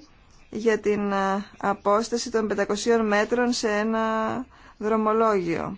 για την ε, απόσταση των 500 μέτρων σε ένα δρομολόγιο.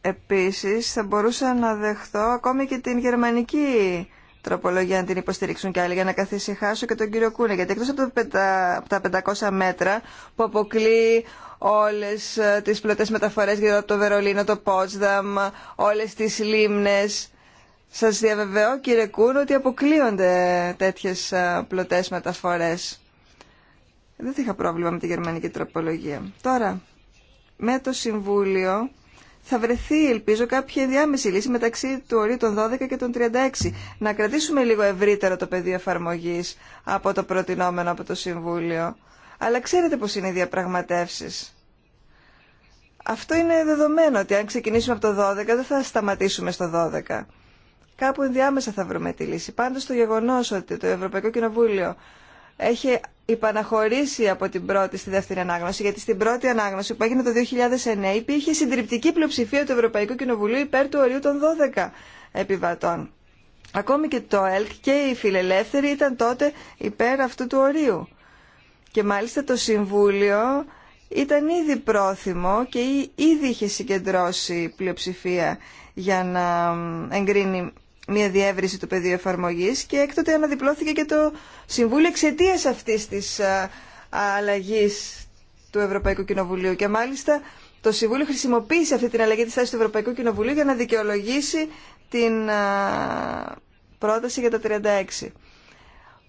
Επίσης, θα μπορούσα να δεχθώ ακόμη και την γερμανική τροπολογία να την υποστηρίξουν και άλλοι για να καθησυχάσω και τον κύριο Κούνε γιατί εκτός από τα 500 μέτρα που αποκλεί όλες ε, τις πλωτές μεταφορές για το Βερολίνο, το Πότσδαμ, όλες τις λίμνες σας διαβεβαιώ κύριε Κούν ότι αποκλείονται τέτοιες ε, πλωτές μεταφορές. Δεν είχα πρόβλημα με τη γερμανική τροπολογία. Τώρα, με το Συμβούλιο θα βρεθεί, ελπίζω, κάποια διάμεση λύση μεταξύ του ορίου των 12 και των 36. Να κρατήσουμε λίγο ευρύτερο το πεδίο εφαρμογή από το προτινόμενο από το Συμβούλιο. Αλλά ξέρετε πώ είναι οι διαπραγματεύσει. Αυτό είναι δεδομένο ότι αν ξεκινήσουμε από το 12 δεν θα σταματήσουμε στο 12. Κάπου ενδιάμεσα θα βρούμε τη λύση. Πάντως το γεγονός ότι το Ευρωπαϊκό Κοινοβούλιο έχει υπαναχωρήσει από την πρώτη στη δεύτερη ανάγνωση, γιατί στην πρώτη ανάγνωση που έγινε το 2009 υπήρχε συντριπτική πλειοψηφία του Ευρωπαϊκού Κοινοβουλίου υπέρ του ορίου των 12 επιβατών. Ακόμη και το ΕΛΚ και οι φιλελεύθεροι ήταν τότε υπέρ αυτού του ορίου. Και μάλιστα το Συμβούλιο ήταν ήδη πρόθυμο και ήδη είχε συγκεντρώσει πλειοψηφία για να εγκρίνει μια διεύρυνση του πεδίου εφαρμογή και έκτοτε αναδιπλώθηκε και το Συμβούλιο εξαιτία αυτής της αλλαγή του Ευρωπαϊκού Κοινοβουλίου και μάλιστα το Συμβούλιο χρησιμοποίησε αυτή την αλλαγή της θέση του Ευρωπαϊκού Κοινοβουλίου για να δικαιολογήσει την πρόταση για τα 36.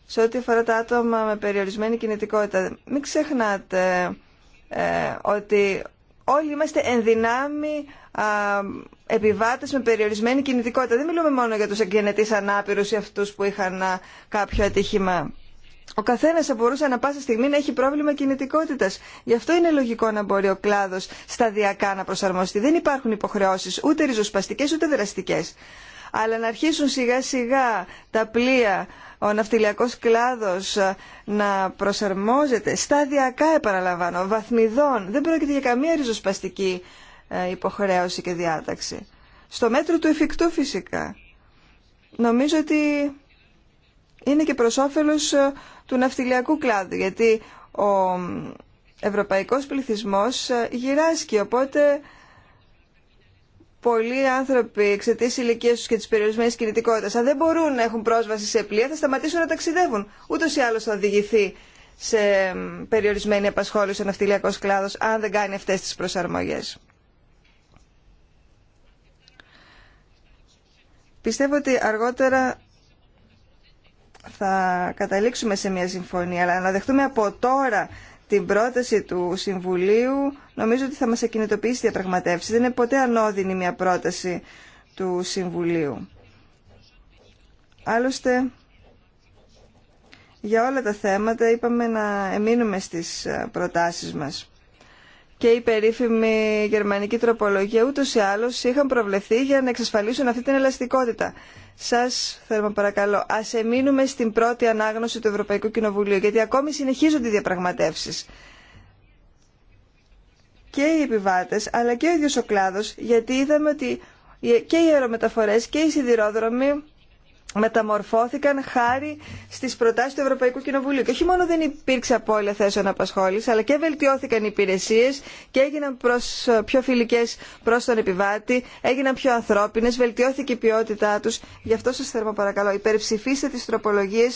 Σε ό,τι αφορά τα άτομα με περιορισμένη κινητικότητα, μην ξεχνάτε ε, ότι όλοι είμαστε ενδυνάμοι επιβάτε με περιορισμένη κινητικότητα. Δεν μιλούμε μόνο για του εγγενετεί ανάπηρου ή αυτού που είχαν κάποιο ατύχημα. Ο καθένα θα μπορούσε ανα πάσα στιγμή να έχει πρόβλημα κινητικότητα. Γι' αυτό είναι λογικό να μπορεί ο κλάδο σταδιακά να προσαρμοστεί. Δεν υπάρχουν υποχρεώσει ούτε ριζοσπαστικέ ούτε δραστικέ. Αλλά να αρχίσουν σιγά σιγά τα πλοία ο ναυτιλιακός κλάδος ε, να προσαρμόζεται σταδιακά επαναλαμβάνω, βαθμιδών. Δεν πρόκειται για καμία ριζοσπαστική ε, υποχρέωση και διάταξη. Στο μέτρο του εφικτού φυσικά. Νομίζω ότι είναι και προς όφελος ε, του ναυτιλιακού κλάδου, γιατί ο ευρωπαϊκός πληθυσμός γυράσκει, οπότε πολλοί άνθρωποι εξαιτία ηλικία του και τη περιορισμένη κινητικότητα, αν δεν μπορούν να έχουν πρόσβαση σε πλοία, θα σταματήσουν να ταξιδεύουν. Ούτω ή άλλω θα οδηγηθεί σε περιορισμένη απασχόληση ο ναυτιλιακό κλάδο, αν δεν κάνει αυτέ τι προσαρμογέ. Πιστεύω ότι αργότερα θα καταλήξουμε σε μια συμφωνία, αλλά να δεχτούμε από τώρα την πρόταση του Συμβουλίου νομίζω ότι θα μας ακινητοποιήσει διαπραγματεύσεις. Δεν είναι ποτέ ανώδυνη μια πρόταση του Συμβουλίου. Άλλωστε, για όλα τα θέματα είπαμε να εμείνουμε στις προτάσεις μας. Και η περίφημη γερμανική τροπολογία ούτως ή άλλως είχαν προβλεφθεί για να εξασφαλίσουν αυτή την ελαστικότητα σας θέλω, παρακαλώ, ας εμείνουμε στην πρώτη ανάγνωση του Ευρωπαϊκού Κοινοβουλίου, γιατί ακόμη συνεχίζονται οι διαπραγματεύσεις. Και οι επιβάτες, αλλά και ο ίδιος ο κλάδος, γιατί είδαμε ότι και οι αερομεταφορές και οι σιδηρόδρομοι μεταμορφώθηκαν χάρη στι προτάσει του Ευρωπαϊκού Κοινοβουλίου. Και όχι μόνο δεν υπήρξε απώλεια θέσεων απασχόληση, αλλά και βελτιώθηκαν οι υπηρεσίες και έγιναν προς, πιο φιλικέ προ τον επιβάτη, έγιναν πιο ανθρώπινε, βελτιώθηκε η ποιότητά του. Γι' αυτό σα θέλω παρακαλώ, υπερψηφίστε τι τροπολογίε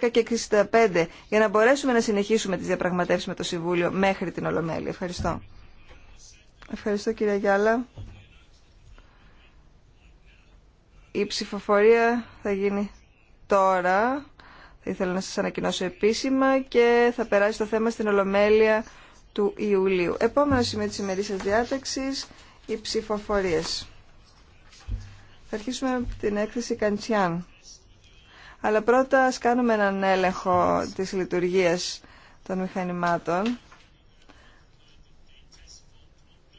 12 και 65 για να μπορέσουμε να συνεχίσουμε τι διαπραγματεύσει με το Συμβούλιο μέχρι την Ολομέλεια. Ευχαριστώ. Ευχαριστώ κύριε Γιάλα. Η ψηφοφορία θα γίνει τώρα. Θα ήθελα να σας ανακοινώσω επίσημα και θα περάσει το θέμα στην Ολομέλεια του Ιουλίου. Επόμενο σημείο της ημερήσιας διάταξης, οι ψηφοφορίες. Θα αρχίσουμε με την έκθεση Καντσιάν. Αλλά πρώτα ας κάνουμε έναν έλεγχο της λειτουργίας των μηχανημάτων.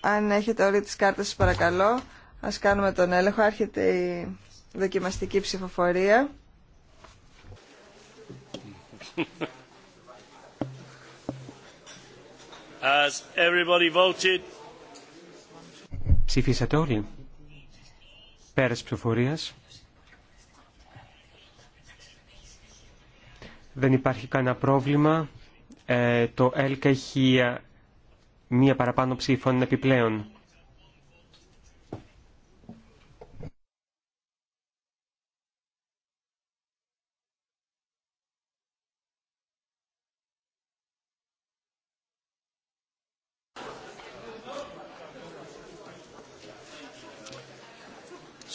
Αν έχετε όλοι τις κάρτες σας παρακαλώ, ας κάνουμε τον έλεγχο. Άρχεται η δοκιμαστική ψηφοφορία. As everybody voted. Ψηφίσατε όλοι. Πέρας ψηφοφορίας. Δεν υπάρχει κανένα πρόβλημα. Ε, το ΕΛΚ έχει ε, μία παραπάνω ψήφων επιπλέον.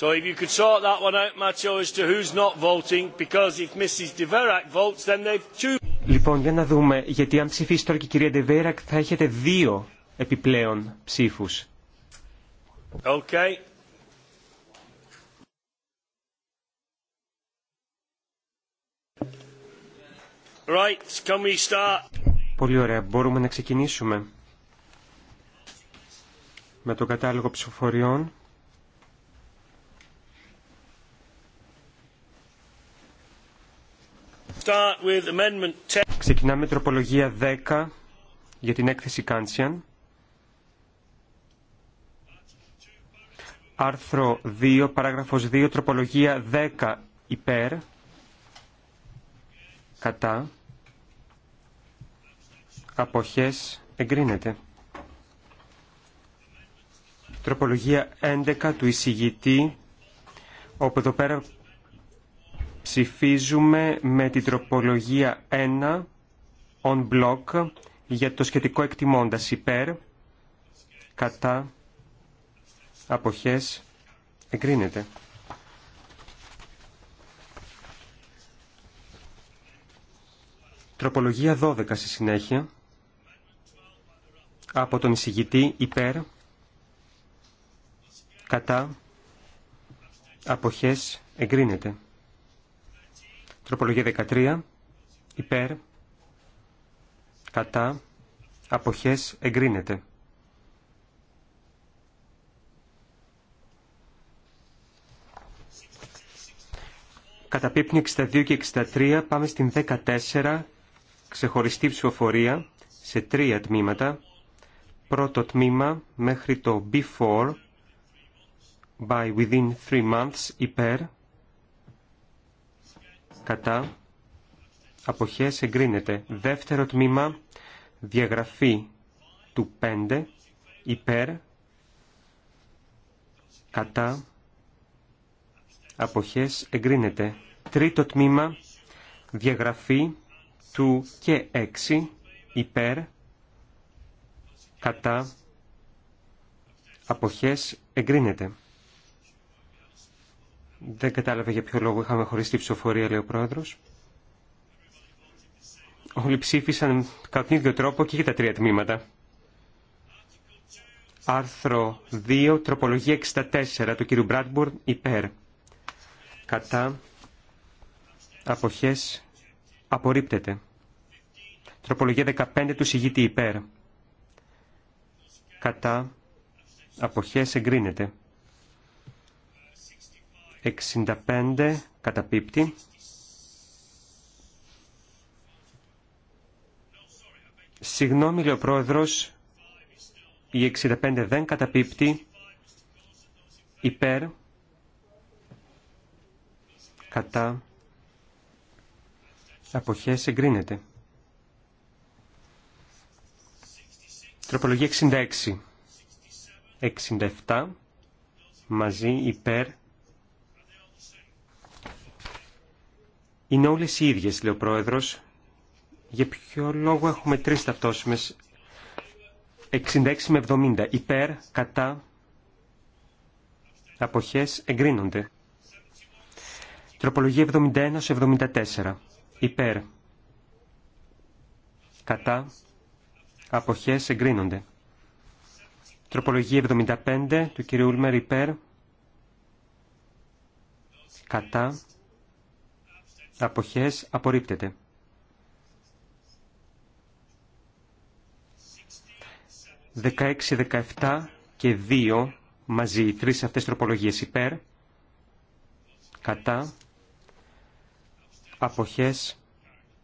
So if you could sort that one out, Macho, as to who's not voting, because if Mrs. De Verac votes, then they've two. Λοιπόν, για να δούμε, γιατί αν ψηφίσει τώρα και η κυρία Ντεβέρακ θα έχετε δύο επιπλέον ψήφους. Okay. Right, can we start? Πολύ ωραία, μπορούμε να ξεκινήσουμε με το κατάλογο ψηφοφοριών. Ξεκινάμε τροπολογία 10 για την έκθεση Κάντσιαν. Άρθρο 2, παράγραφος 2, τροπολογία 10 υπέρ, κατά, αποχές, εγκρίνεται. Τροπολογία 11 του εισηγητή, όπου εδώ πέρα Ψηφίζουμε με την τροπολογία 1 on block για το σχετικό εκτιμώντας υπέρ, κατά, αποχές, εγκρίνεται. Τροπολογία 12 στη συνέχεια. Από τον εισηγητή υπέρ, κατά, αποχές, εγκρίνεται. Τροπολογία 13. Υπέρ. Κατά. Αποχές εγκρίνεται. Καταπίπτουν 62 και 63. Πάμε στην 14. Ξεχωριστή ψηφοφορία σε τρία τμήματα. Πρώτο τμήμα μέχρι το before by within three months υπέρ κατά, αποχές εγκρίνεται. Δεύτερο τμήμα, διαγραφή του 5, υπέρ, κατά, αποχές εγκρίνεται. Τρίτο τμήμα, διαγραφή του και 6, υπέρ, κατά, αποχές εγκρίνεται. Δεν κατάλαβα για ποιο λόγο είχαμε χωρίσει τη ψηφοφορία, λέει ο Πρόεδρος. Όλοι ψήφισαν κατά τον ίδιο τρόπο και για τα τρία τμήματα. Άρθρο 2, τροπολογία 64 του κ. Μπράτμπουρν, υπέρ. Κατά αποχές απορρίπτεται. Τροπολογία 15 του συγγήτη υπέρ. Κατά αποχές εγκρίνεται. 65 καταπίπτει. Συγγνώμη, λέει ο πρόεδρος, η 65 δεν καταπίπτει υπέρ, κατά, αποχές εγκρίνεται. Τροπολογία 66, 67, μαζί υπέρ, Είναι όλες οι ίδιες, λέει ο Πρόεδρος. Για ποιο λόγο έχουμε τρεις ταυτόσιμες. 66 με 70. Υπέρ, κατά, αποχές, εγκρίνονται. Τροπολογία 71 74. Υπέρ, κατά, αποχές, εγκρίνονται. Τροπολογία 75 του κυρίου Ούλμερ υπέρ, κατά, αποχές απορρίπτεται. 16, 17 και 2 μαζί οι τρεις αυτές τροπολογίες υπέρ, κατά, αποχές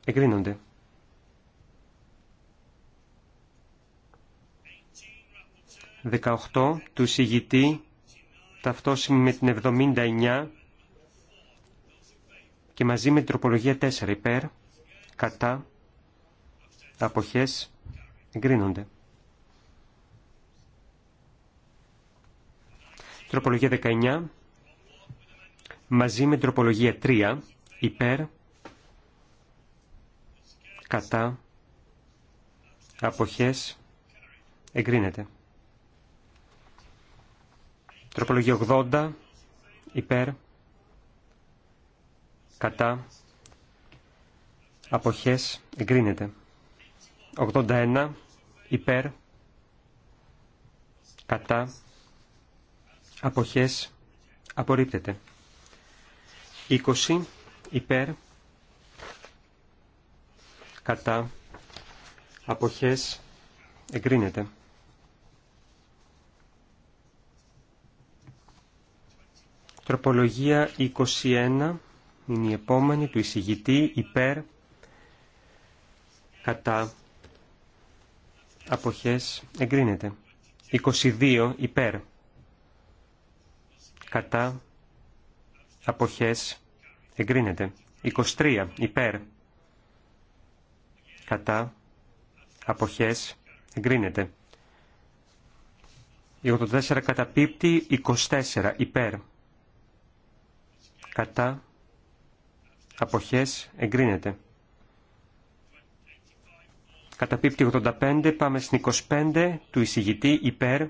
εγκρίνονται. 18 του συγητή ταυτόσημη με την 79 και μαζί με την τροπολογία 4 υπέρ, κατά, αποχές, εγκρίνονται. Τροπολογία 19, μαζί με τροπολογία 3 υπέρ, κατά, αποχές, εγκρίνεται. Τροπολογία 80, υπέρ, κατά αποχές εγκρίνεται. 81 υπέρ κατά αποχές απορρίπτεται. 20 υπέρ κατά αποχές εγκρίνεται. 21. Τροπολογία 21 είναι η επόμενη του εισηγητή υπέρ κατά αποχές εγκρίνεται. 22 υπέρ κατά αποχές εγκρίνεται. 23 υπέρ κατά αποχές εγκρίνεται. 84 καταπίπτει 24 υπέρ κατά αποχές εγκρίνεται. Καταπίπτει 85, πάμε στην 25 του εισηγητή υπέρ,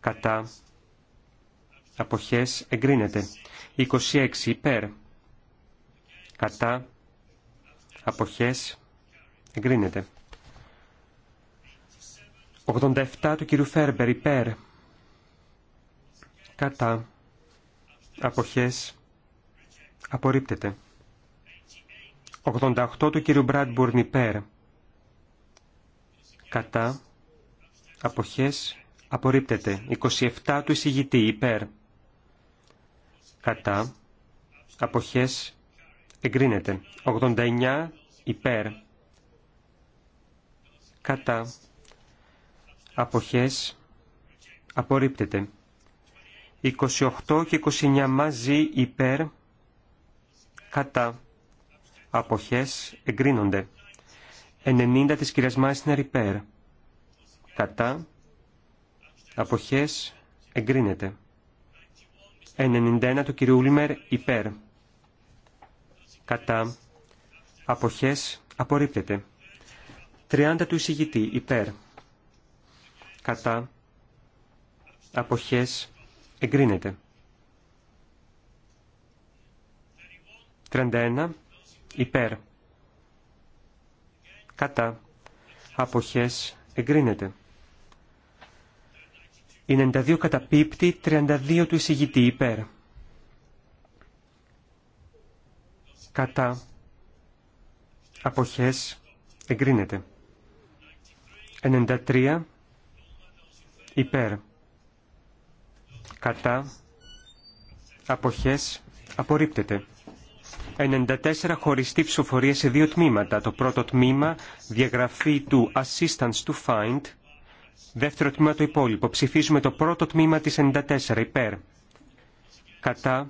κατά, αποχές εγκρίνεται. 26 υπέρ, κατά, αποχές εγκρίνεται. 87 του κυρίου Φέρμπερ υπέρ, κατά, αποχές Απορρίπτεται. 88 του κύριου Μπράντμπουρν υπέρ. Κατά. Αποχές. Απορρίπτεται. 27 του εισηγητή υπέρ. Κατά. Αποχές. Εγκρίνεται. 89 υπέρ. Κατά. Αποχές. Απορρίπτεται. 28 και 29 μαζί υπέρ κατά, αποχές, εγκρίνονται. 90 της κυρίας Μάισνερ υπέρ, κατά, αποχές, εγκρίνεται. 91 του κυρίου Ούλμερ υπέρ, κατά, αποχές, απορρίπτεται. 30 του εισηγητή υπέρ, κατά, αποχές, εγκρίνεται. 31 υπέρ. Κατά. Αποχές εγκρίνεται. Η 92 καταπίπτει 32 του εισηγητή υπέρ. Κατά. Αποχές εγκρίνεται. 93 υπέρ. Κατά. Αποχές απορρίπτεται. 94 χωριστή ψηφοφορία σε δύο τμήματα. Το πρώτο τμήμα, διαγραφή του assistance to find. Δεύτερο τμήμα το υπόλοιπο. Ψηφίζουμε το πρώτο τμήμα της 94 υπέρ. Κατά.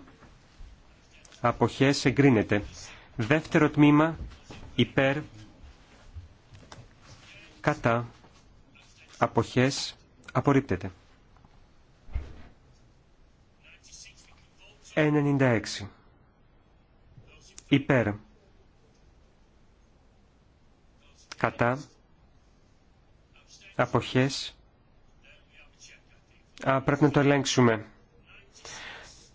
Αποχές εγκρίνεται. Δεύτερο τμήμα υπέρ. Κατά. Αποχές απορρίπτεται. 96 υπέρ κατά αποχές πρέπει να το ελέγξουμε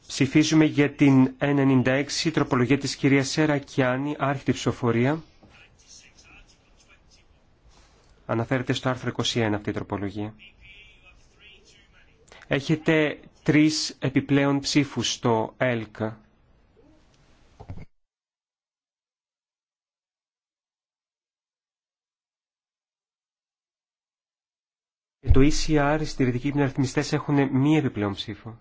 ψηφίζουμε για την 96 τροπολογία της κυρίας Σέρα Κιάνη άρχιτη ψηφοφορία αναφέρεται στο άρθρο 21 αυτή η τροπολογία έχετε τρεις επιπλέον ψήφους στο ΕΛΚ Το ECR, οι συντηρητικοί μεταρρυθμιστές έχουν μία επιπλέον ψήφο.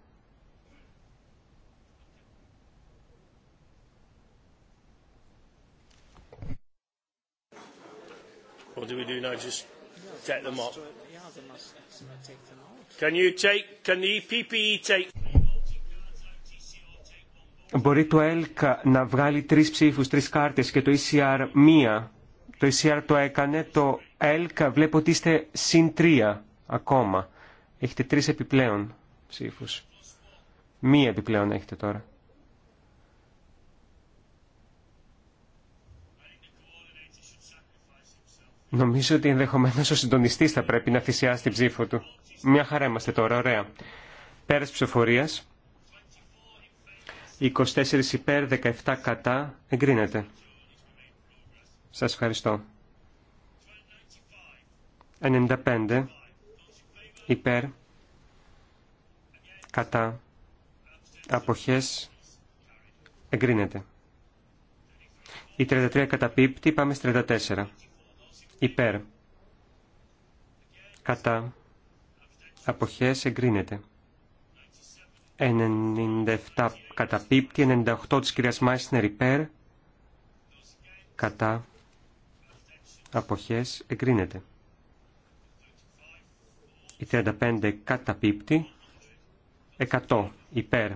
Μπορεί το ΕΛΚΑ να βγάλει τρεις ψήφους, τρεις κάρτες και το ECR μία. Το ECR το έκανε, το ΕΛΚΑ βλέπω ότι είστε συν τρία ακόμα. Έχετε τρεις επιπλέον ψήφους. Μία επιπλέον έχετε τώρα. Νομίζω ότι ενδεχομένω ο συντονιστή θα πρέπει να θυσιάσει την ψήφο του. Μια χαρά είμαστε τώρα, ωραία. Πέρα ψηφοφορία. 24 υπέρ, 17 κατά. Εγκρίνεται. Σα ευχαριστώ. 95 υπέρ, κατά, αποχές, εγκρίνεται. Η 33 καταπίπτει, πάμε στη 34. Υπέρ, κατά, αποχές, εγκρίνεται. 97 καταπίπτει, 98 της κυρίας Μάισνερ υπέρ, κατά, αποχές, εγκρίνεται. Η 35 καταπίπτει. 100 υπέρ.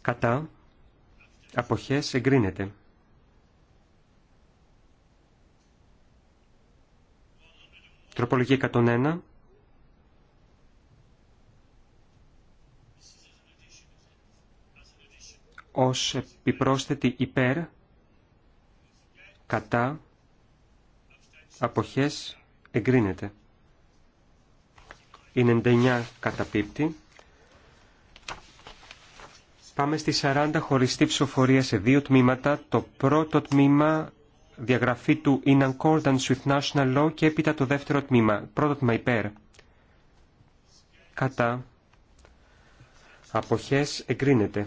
Κατά. Αποχές εγκρίνεται. Τροπολογία 101. ως επιπρόσθετη υπέρ, κατά, αποχές εγκρίνεται. Η 99 καταπίπτει. Πάμε στη 40 χωριστή ψηφοφορία σε δύο τμήματα. Το πρώτο τμήμα διαγραφή του in accordance with national law και έπειτα το δεύτερο τμήμα. Πρώτο τμήμα υπέρ. Κατά. Αποχές εγκρίνεται.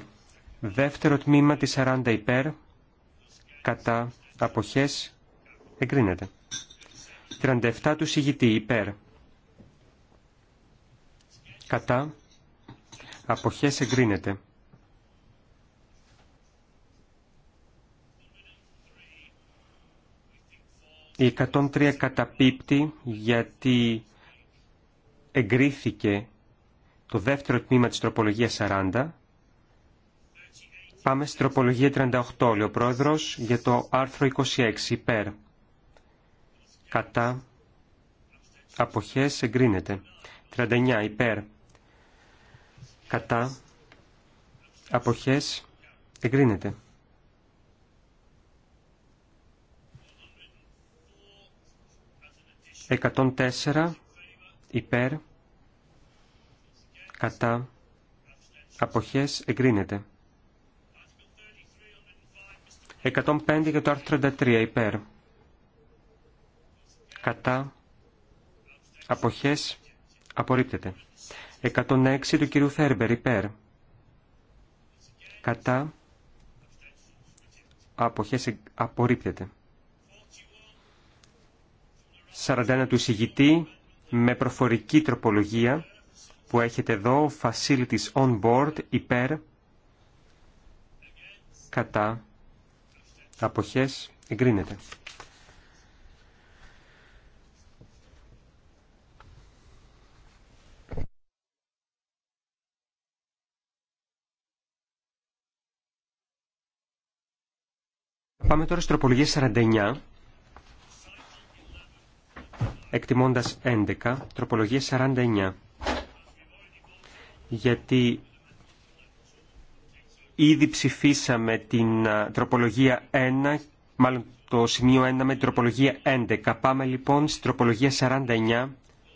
Δεύτερο τμήμα της 40 υπέρ. Κατά. Αποχές εγκρίνεται. 37 του συγητή υπέρ κατά, αποχές εγκρίνεται. Η 103 καταπίπτει γιατί εγκρίθηκε το δεύτερο τμήμα της τροπολογίας 40. Πάμε στην τροπολογία 38, λέει ο πρόεδρος, για το άρθρο 26, υπέρ. Κατά. Αποχές εγκρίνεται. 39, υπέρ κατά, αποχές, εγκρίνεται. 104 υπέρ κατά αποχές εγκρίνεται. 105 για το άρθρο 33 υπέρ κατά αποχές απορρίπτεται. 106 του κυρίου Φέρμπερ υπέρ. Κατά αποχές απορρίπτεται. 41 του εισηγητή με προφορική τροπολογία που έχετε εδώ facilities on board υπέρ κατά αποχές εγκρίνεται. Πάμε τώρα στο τροπολογία 49, εκτιμώντας 11, τροπολογία 49. Γιατί ήδη ψηφίσαμε την τροπολογία 1, μάλλον το σημείο 1 με την τροπολογία 11. Πάμε λοιπόν στην τροπολογία 49,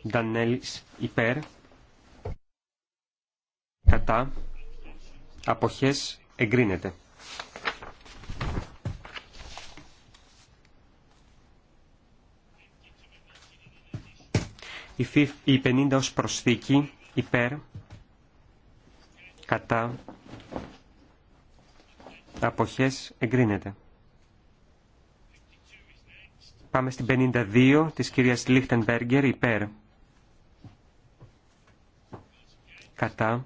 Ντανέλης υπέρ, κατά, αποχές εγκρίνεται. η 50 ως προσθήκη υπέρ κατά αποχές εγκρίνεται. Πάμε στην 52 της κυρίας Λίχτενμπέργκερ υπέρ κατά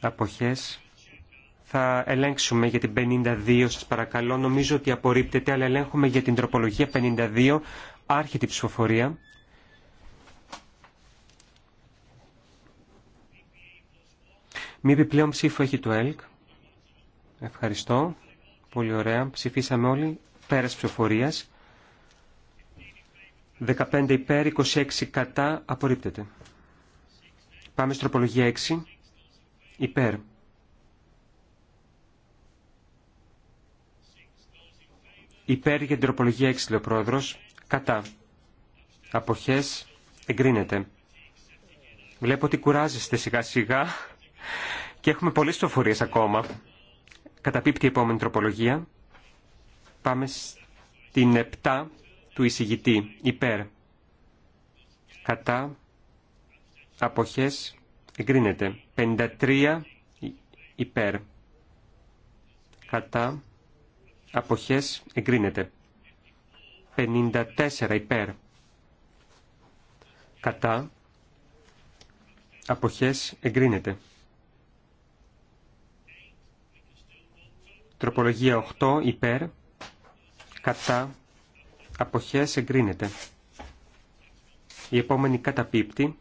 αποχές θα ελέγξουμε για την 52 σας παρακαλώ νομίζω ότι απορρίπτεται αλλά ελέγχουμε για την τροπολογία 52 άρχιτη ψηφοφορία. Μη επιπλέον ψήφο έχει το ΕΛΚ. Ευχαριστώ. Πολύ ωραία. Ψηφίσαμε όλοι. Πέρας ψηφοφορίας. 15 υπέρ, 26 κατά. Απορρίπτεται. Πάμε στην τροπολογία 6. Υπέρ. Υπέρ για την τροπολογία 6, λέει ο πρόεδρος κατά αποχές εγκρίνεται. Βλέπω ότι κουράζεστε σιγά σιγά και έχουμε πολλές ψηφοφορίες ακόμα. Καταπίπτει η επόμενη τροπολογία. Πάμε στην 7 του εισηγητή υπέρ. Κατά αποχές εγκρίνεται. 53 υπέρ. Κατά αποχές εγκρίνεται. 54 υπέρ. Κατά. Αποχές εγκρίνεται. Τροπολογία 8 υπέρ. Κατά. Αποχές εγκρίνεται. Η επόμενη καταπίπτη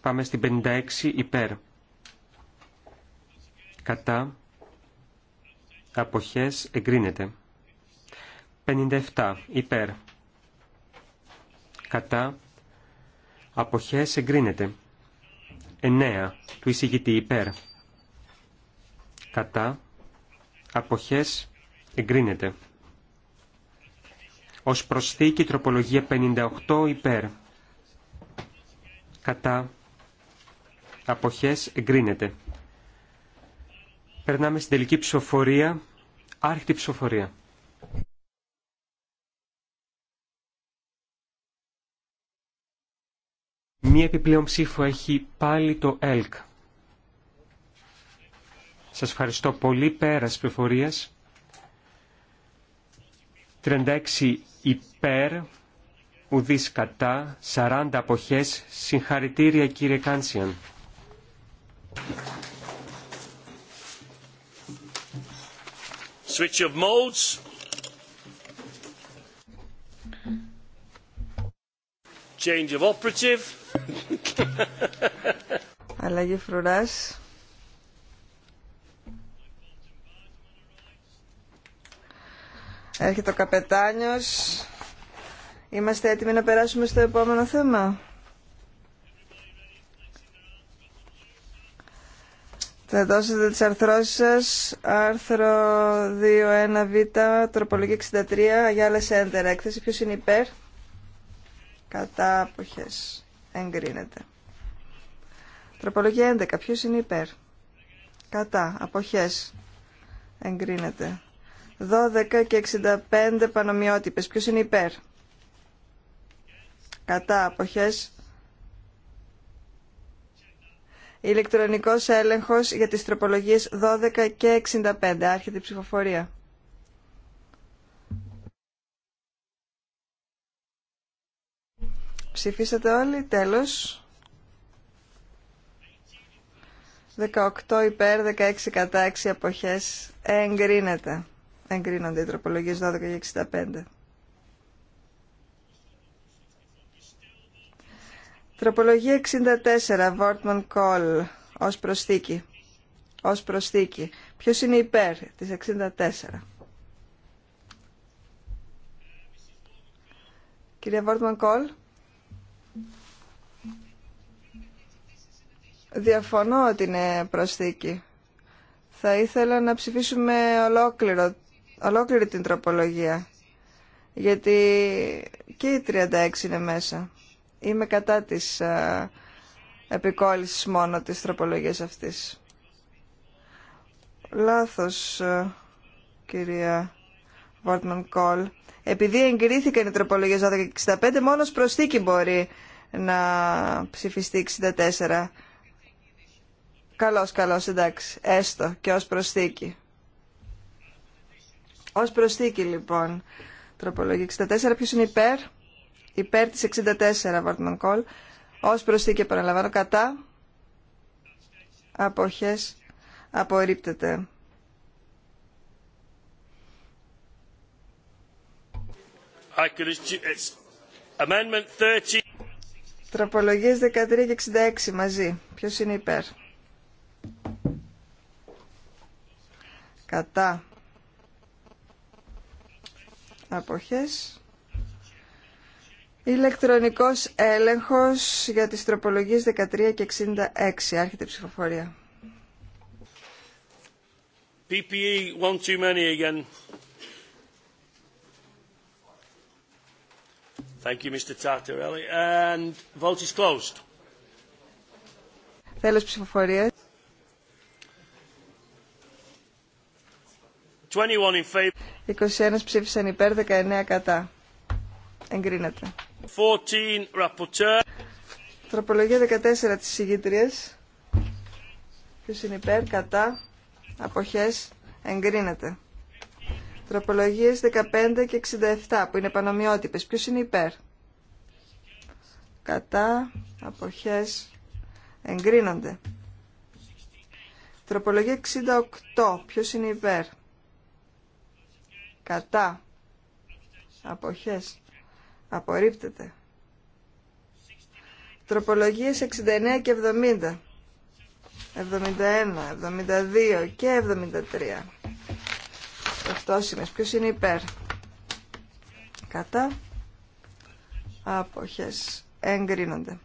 Πάμε στην 56 υπέρ. Κατά. Αποχές εγκρίνεται. 57 υπέρ. Κατά. Αποχές εγκρίνεται. 9 του εισηγητή υπέρ. Κατά. Αποχές εγκρίνεται. Ως προσθήκη τροπολογία 58 υπέρ. Κατά. Αποχές εγκρίνεται. Περνάμε στην τελική ψηφοφορία. Άρχιτη ψηφοφορία. Μία επιπλέον ψήφο έχει πάλι το ΕΛΚ. Σας ευχαριστώ πολύ. Πέρας πληροφορίας. 36 υπέρ, ουδής κατά, 40 αποχές. Συγχαρητήρια κύριε Κάνσιαν. Switch of modes. Change of operative. Αλλαγή φρουράς. Έρχεται ο καπετάνιος. Είμαστε έτοιμοι να περάσουμε στο επόμενο θέμα. Θα δώσετε τις αρθρώσεις σας, άρθρο 2.1β, τροπολογία 63, Αγιάλα Σέντερ, έκθεση, ποιος είναι υπέρ, κατά αποχές εγκρίνεται. Τροπολογία 11. Ποιος είναι υπέρ. Κατά. Αποχές. Εγκρίνεται. 12 και 65 πανομοιότυπες. Ποιος είναι υπέρ. Κατά. Αποχές. Ηλεκτρονικός έλεγχος για τις τροπολογίες 12 και 65. Άρχεται η ψηφοφορία. Ψηφίσατε όλοι, τέλος. 18 υπέρ, 16 κατά, 6 αποχές. Εγκρίνεται. Εγκρίνονται οι τροπολογίες 12 και 65. Τροπολογία 64, Βόρτμαν Κόλ, ως προσθήκη. Ως προσθήκη. Ποιος είναι υπέρ της 64. Κυρία Βόρτμαν Κόλ. Διαφωνώ ότι είναι προσθήκη. Θα ήθελα να ψηφίσουμε ολόκληρο, ολόκληρη την τροπολογία. Γιατί και η 36 είναι μέσα. Είμαι κατά της α, ε, μόνο της τροπολογίας αυτής. Λάθος, ε, κυρία Βόρτμαν Κόλ. Επειδή εγκρίθηκαν οι τροπολογίες 12 65, μόνος προσθήκη μπορεί να ψηφιστεί 64. Καλώς, καλώς, εντάξει. Έστω και ως προσθήκη. Ως προσθήκη, λοιπόν. Τροπολογία 64. Ποιος είναι υπέρ? Υπέρ της 64, Βαρτμαν Κόλ. Ως προσθήκη, επαναλαμβάνω, κατά. Αποχές. Απορρίπτεται. Τροπολογίες 13 και 66 μαζί. Ποιος είναι υπέρ? κατά αποχές ηλεκτρονικός έλεγχος για τις τροπολογίες 13 και 66 άρχεται η ψηφοφορία PPE one too many again Thank you Mr Tartarelli and vote is closed ψηφοφορίας 21 ψήφισαν υπέρ, 19 κατά. Εγκρίνεται. Τροπολογία 14 της ηγήτριας. Ποιος είναι υπέρ, κατά, αποχές, εγκρίνεται. Τροπολογίες 15 και 67 που είναι πανομοιότυπες. Ποιος είναι υπέρ. Κατά, αποχές, εγκρίνονται. Τροπολογία 68. Ποιος είναι υπέρ κατά αποχές απορρίπτεται τροπολογίες 69 και 70 71, 72 και 73 Ευτόσιμες, ποιος είναι υπέρ κατά αποχές εγκρίνονται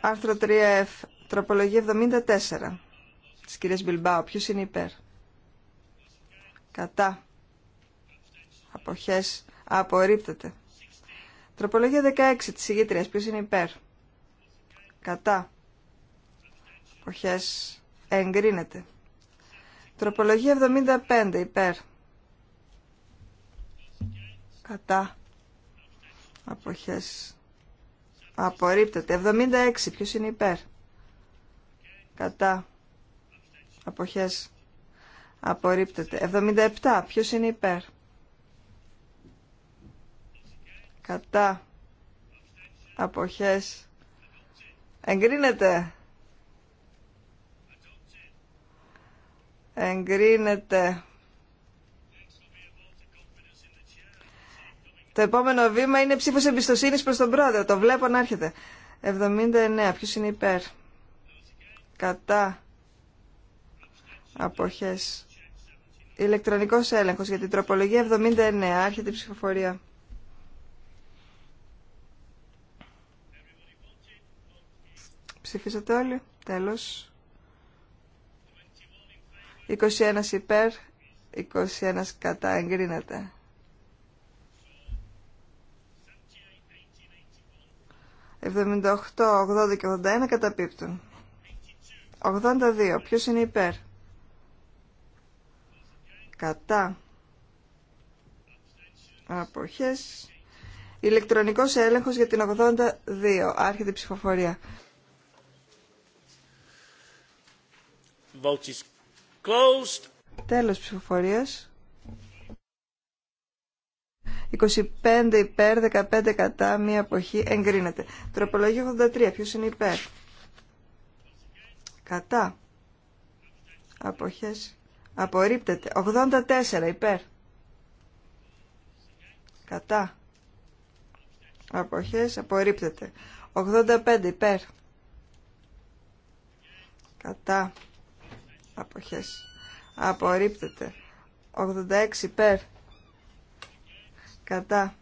Άρθρο 3F, τροπολογία 74 της κυρίας Μπιλμπάου. Ποιος είναι υπέρ κατά αποχές απορρίπτεται. Τροπολογία 16 της ηγήτριας. Ποιος είναι υπέρ. Κατά. Αποχές εγκρίνεται. Τροπολογία 75 υπέρ. Κατά. Αποχές απορρίπτεται. 76 ποιος είναι υπέρ. Κατά. Αποχές Απορρίπτεται. 77. Ποιος είναι υπέρ. Κατά. Αποχές. Εγκρίνεται. Εγκρίνεται. Το επόμενο βήμα είναι ψήφος εμπιστοσύνης προς τον πρόεδρο. Το βλέπω να έρχεται. 79. Ποιος είναι υπέρ. Κατά. Αποχές. Ηλεκτρονικό έλεγχος για την τροπολογία 79. Άρχεται η ψηφοφορία. Ψηφίσατε όλοι. τέλο 21 υπέρ, 21 κατά εγκρίνεται. 78, 80 και 81 καταπίπτουν. 82. Ποιος είναι υπέρ κατά αποχές ηλεκτρονικός έλεγχος για την 82 άρχεται η ψηφοφορία τέλος ψηφοφορίας 25 υπέρ, 15 κατά, μία αποχή εγκρίνεται. Τροπολογία 83, ποιος είναι υπέρ. Κατά. Αποχές Απορρίπτεται. 84 υπέρ. Κατά. Αποχές. Απορρίπτεται. 85 υπέρ. Κατά. Αποχές. Απορρίπτεται. 86 υπέρ. Κατά.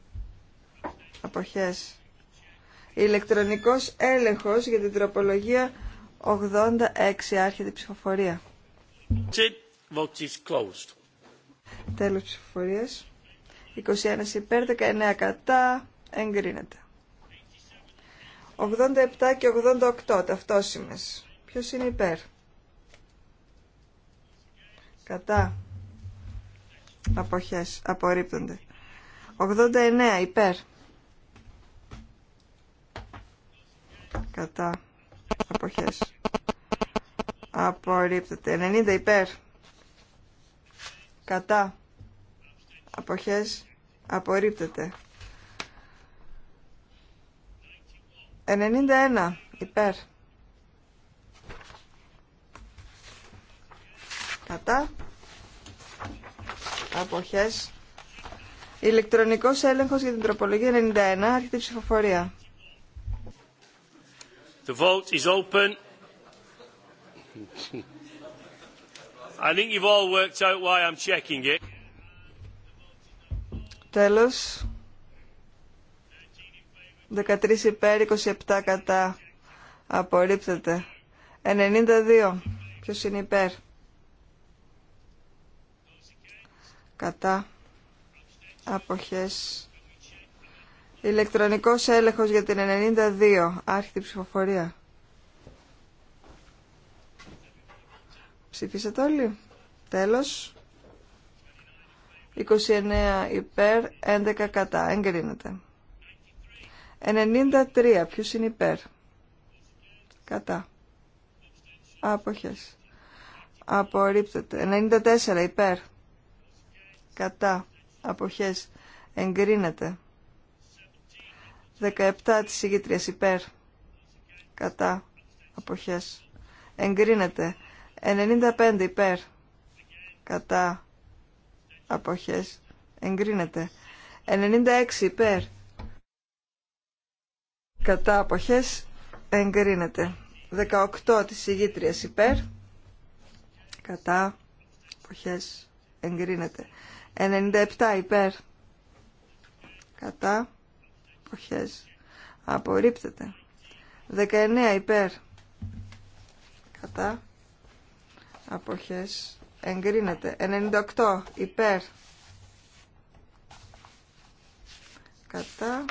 Αποχές. Ηλεκτρονικός έλεγχος για την τροπολογία 86 άρχεται ψηφοφορία. Vote is closed. Τέλος 21 υπέρ, 19 κατά, εγκρίνεται. 87 και 88 ταυτόσιμες. Ποιος είναι υπέρ. Κατά. Αποχές. Απορρίπτονται. 89 υπέρ. Κατά. Αποχές. Απορρίπτεται. 90 υπέρ κατά αποχές απορρίπτεται 91 υπέρ κατά αποχές ηλεκτρονικός έλεγχος για την τροπολογία 91 άρχεται η ψηφοφορία The vote is open. I Τέλος. 13 υπέρ, 27 κατά. Απορρίπτεται. 92. Ποιος είναι υπέρ. Κατά. Αποχές. Ηλεκτρονικός έλεγχος για την 92. Άρχιτη ψηφοφορία. Ψηφίσατε όλοι. Τέλος. 29 υπέρ, 11 κατά. Εγκρίνεται. 93. Ποιος είναι υπέρ. Κατά. Άποχες. Απορρίπτεται. 94 υπέρ. Κατά. Αποχές. Εγκρίνεται. 17 της ηγήτριας υπέρ. Κατά. Αποχές. Εγκρίνεται. 95 υπέρ κατά αποχές εγκρίνεται 96 υπέρ κατά αποχές εγκρίνεται 18 της ηγήτριας υπέρ κατά αποχές εγκρίνεται 97 υπέρ κατά αποχές απορρίπτεται 19 υπέρ κατά αποχές εγκρίνεται 98 υπέρ κατά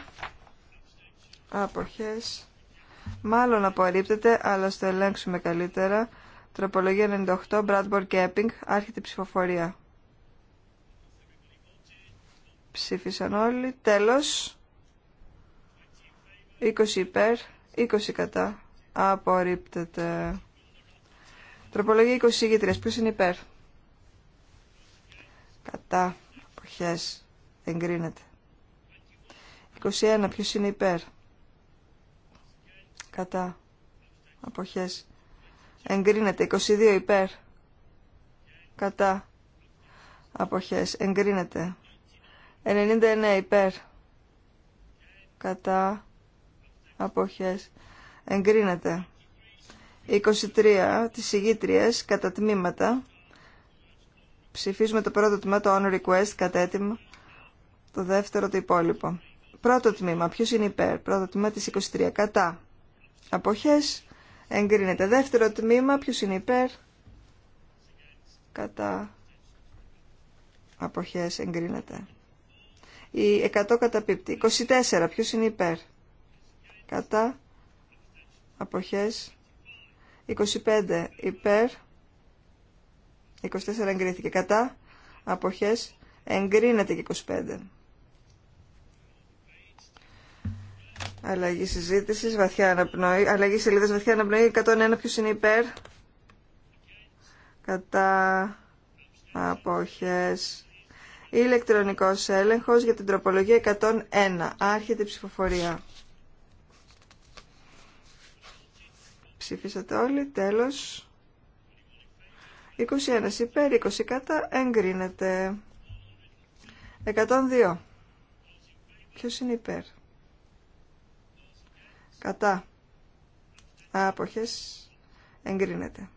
αποχές μάλλον απορρίπτεται αλλά στο ελέγξουμε καλύτερα τροπολογία 98 Bradford Capping άρχεται η ψηφοφορία ψήφισαν όλοι τέλος 20 υπέρ 20 κατά απορρίπτεται Τροπολογία 20 Ποιο Ποιος είναι υπέρ. Κατά. Αποχές. Εγκρίνεται. 21. Ποιος είναι υπέρ. Κατά. Αποχές. Εγκρίνεται. 22. Υπέρ. Κατά. Αποχές. Εγκρίνεται. 99. Υπέρ. Κατά. Αποχές. Εγκρίνεται. 23 της ηγήτριας κατά τμήματα. Ψηφίζουμε το πρώτο τμήμα, το on request, κατά έτοιμο. Το δεύτερο, το υπόλοιπο. Πρώτο τμήμα, ποιος είναι υπέρ. Πρώτο τμήμα της 23, κατά. Αποχές, εγκρίνεται. Δεύτερο τμήμα, ποιος είναι υπέρ. Κατά. Αποχές, εγκρίνεται. Η 100 καταπίπτει. 24, ποιος είναι υπέρ. Κατά. Αποχές, 25 υπέρ, 24 εγκρίθηκε κατά, αποχές εγκρίνεται και 25. Αλλαγή συζήτησης, βαθιά αναπνοή, αλλαγή σελίδας, βαθιά αναπνοή, 101 ποιος είναι υπέρ, κατά, αποχές, ηλεκτρονικός έλεγχος για την τροπολογία 101, άρχεται η ψηφοφορία. Ψηφίσατε όλοι. Τέλος. 21 υπέρ, 20 κατά. Εγκρίνεται. 102. Ποιος είναι υπέρ. Κατά. Άποχες. Εγκρίνεται.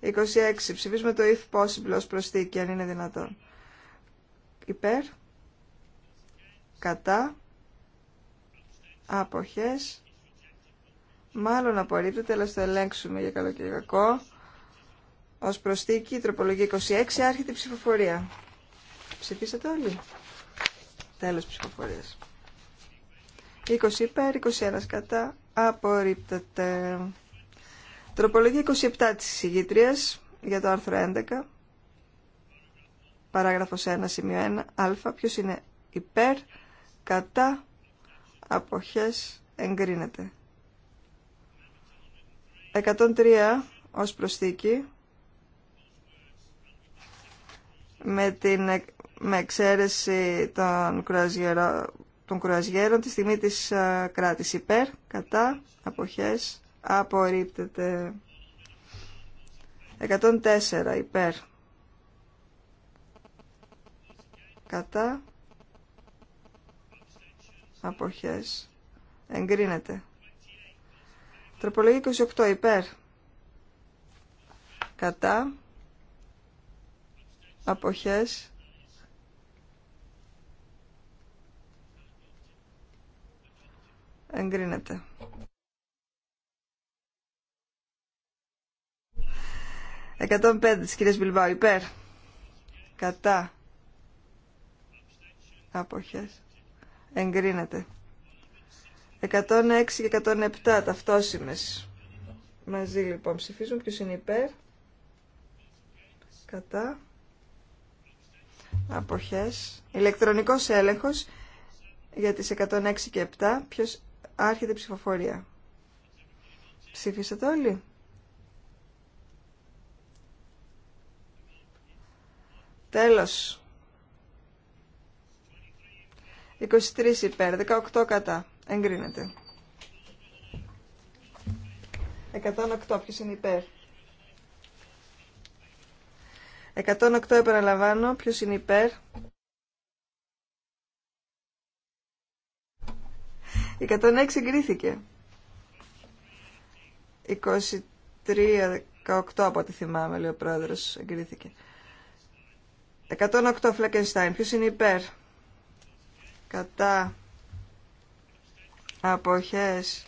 «26. Ψηφίζουμε το if possible ως προσθήκη, αν είναι δυνατόν. Υπέρ κατά άποχες μάλλον απορρίπτεται αλλά στο ελέγξουμε για καλό και για κακό ως προστίκη η τροπολογία 26 άρχεται η ψηφοφορία ψηφίσατε όλοι τέλος ψηφοφορίας 20 υπέρ, 21 κατά, απορρίπτεται. Τροπολογία 27 της συγγήτριας για το άρθρο 11, παράγραφος 1, σημείο 1, α, ποιος είναι υπέρ, κατά αποχές εγκρίνεται. 103 ως προσθήκη με, την, με εξαίρεση των, των κρουαζιέρων τη στιγμή της α, ε, κράτης υπέρ, κατά, αποχές, απορρίπτεται. 104 υπέρ, κατά, αποχές εγκρίνεται. Τροπολογία 28 υπέρ κατά αποχές εγκρίνεται. Εκατόν πέντε της Μπιλμπάου υπέρ κατά αποχές Εγκρίνεται. 106 και 107 ταυτόσιμες. Μαζί λοιπόν ψηφίζουν. Ποιος είναι υπέρ. Κατά. Αποχές. Ηλεκτρονικός έλεγχος για τις 106 και 7. Ποιος άρχεται ψηφοφορία. Ψήφισατε όλοι. Τέλος. 23 υπέρ, 18 κατά. Εγκρίνεται. 108, ποιος είναι υπέρ. 108 επαναλαμβάνω, ποιος είναι υπέρ. Η 106 εγκρίθηκε. 23-18 από ό,τι θυμάμαι, λέει ο πρόεδρος, εγκρίθηκε. 108 Φλέκενστάιν, ποιος είναι υπέρ κατά αποχές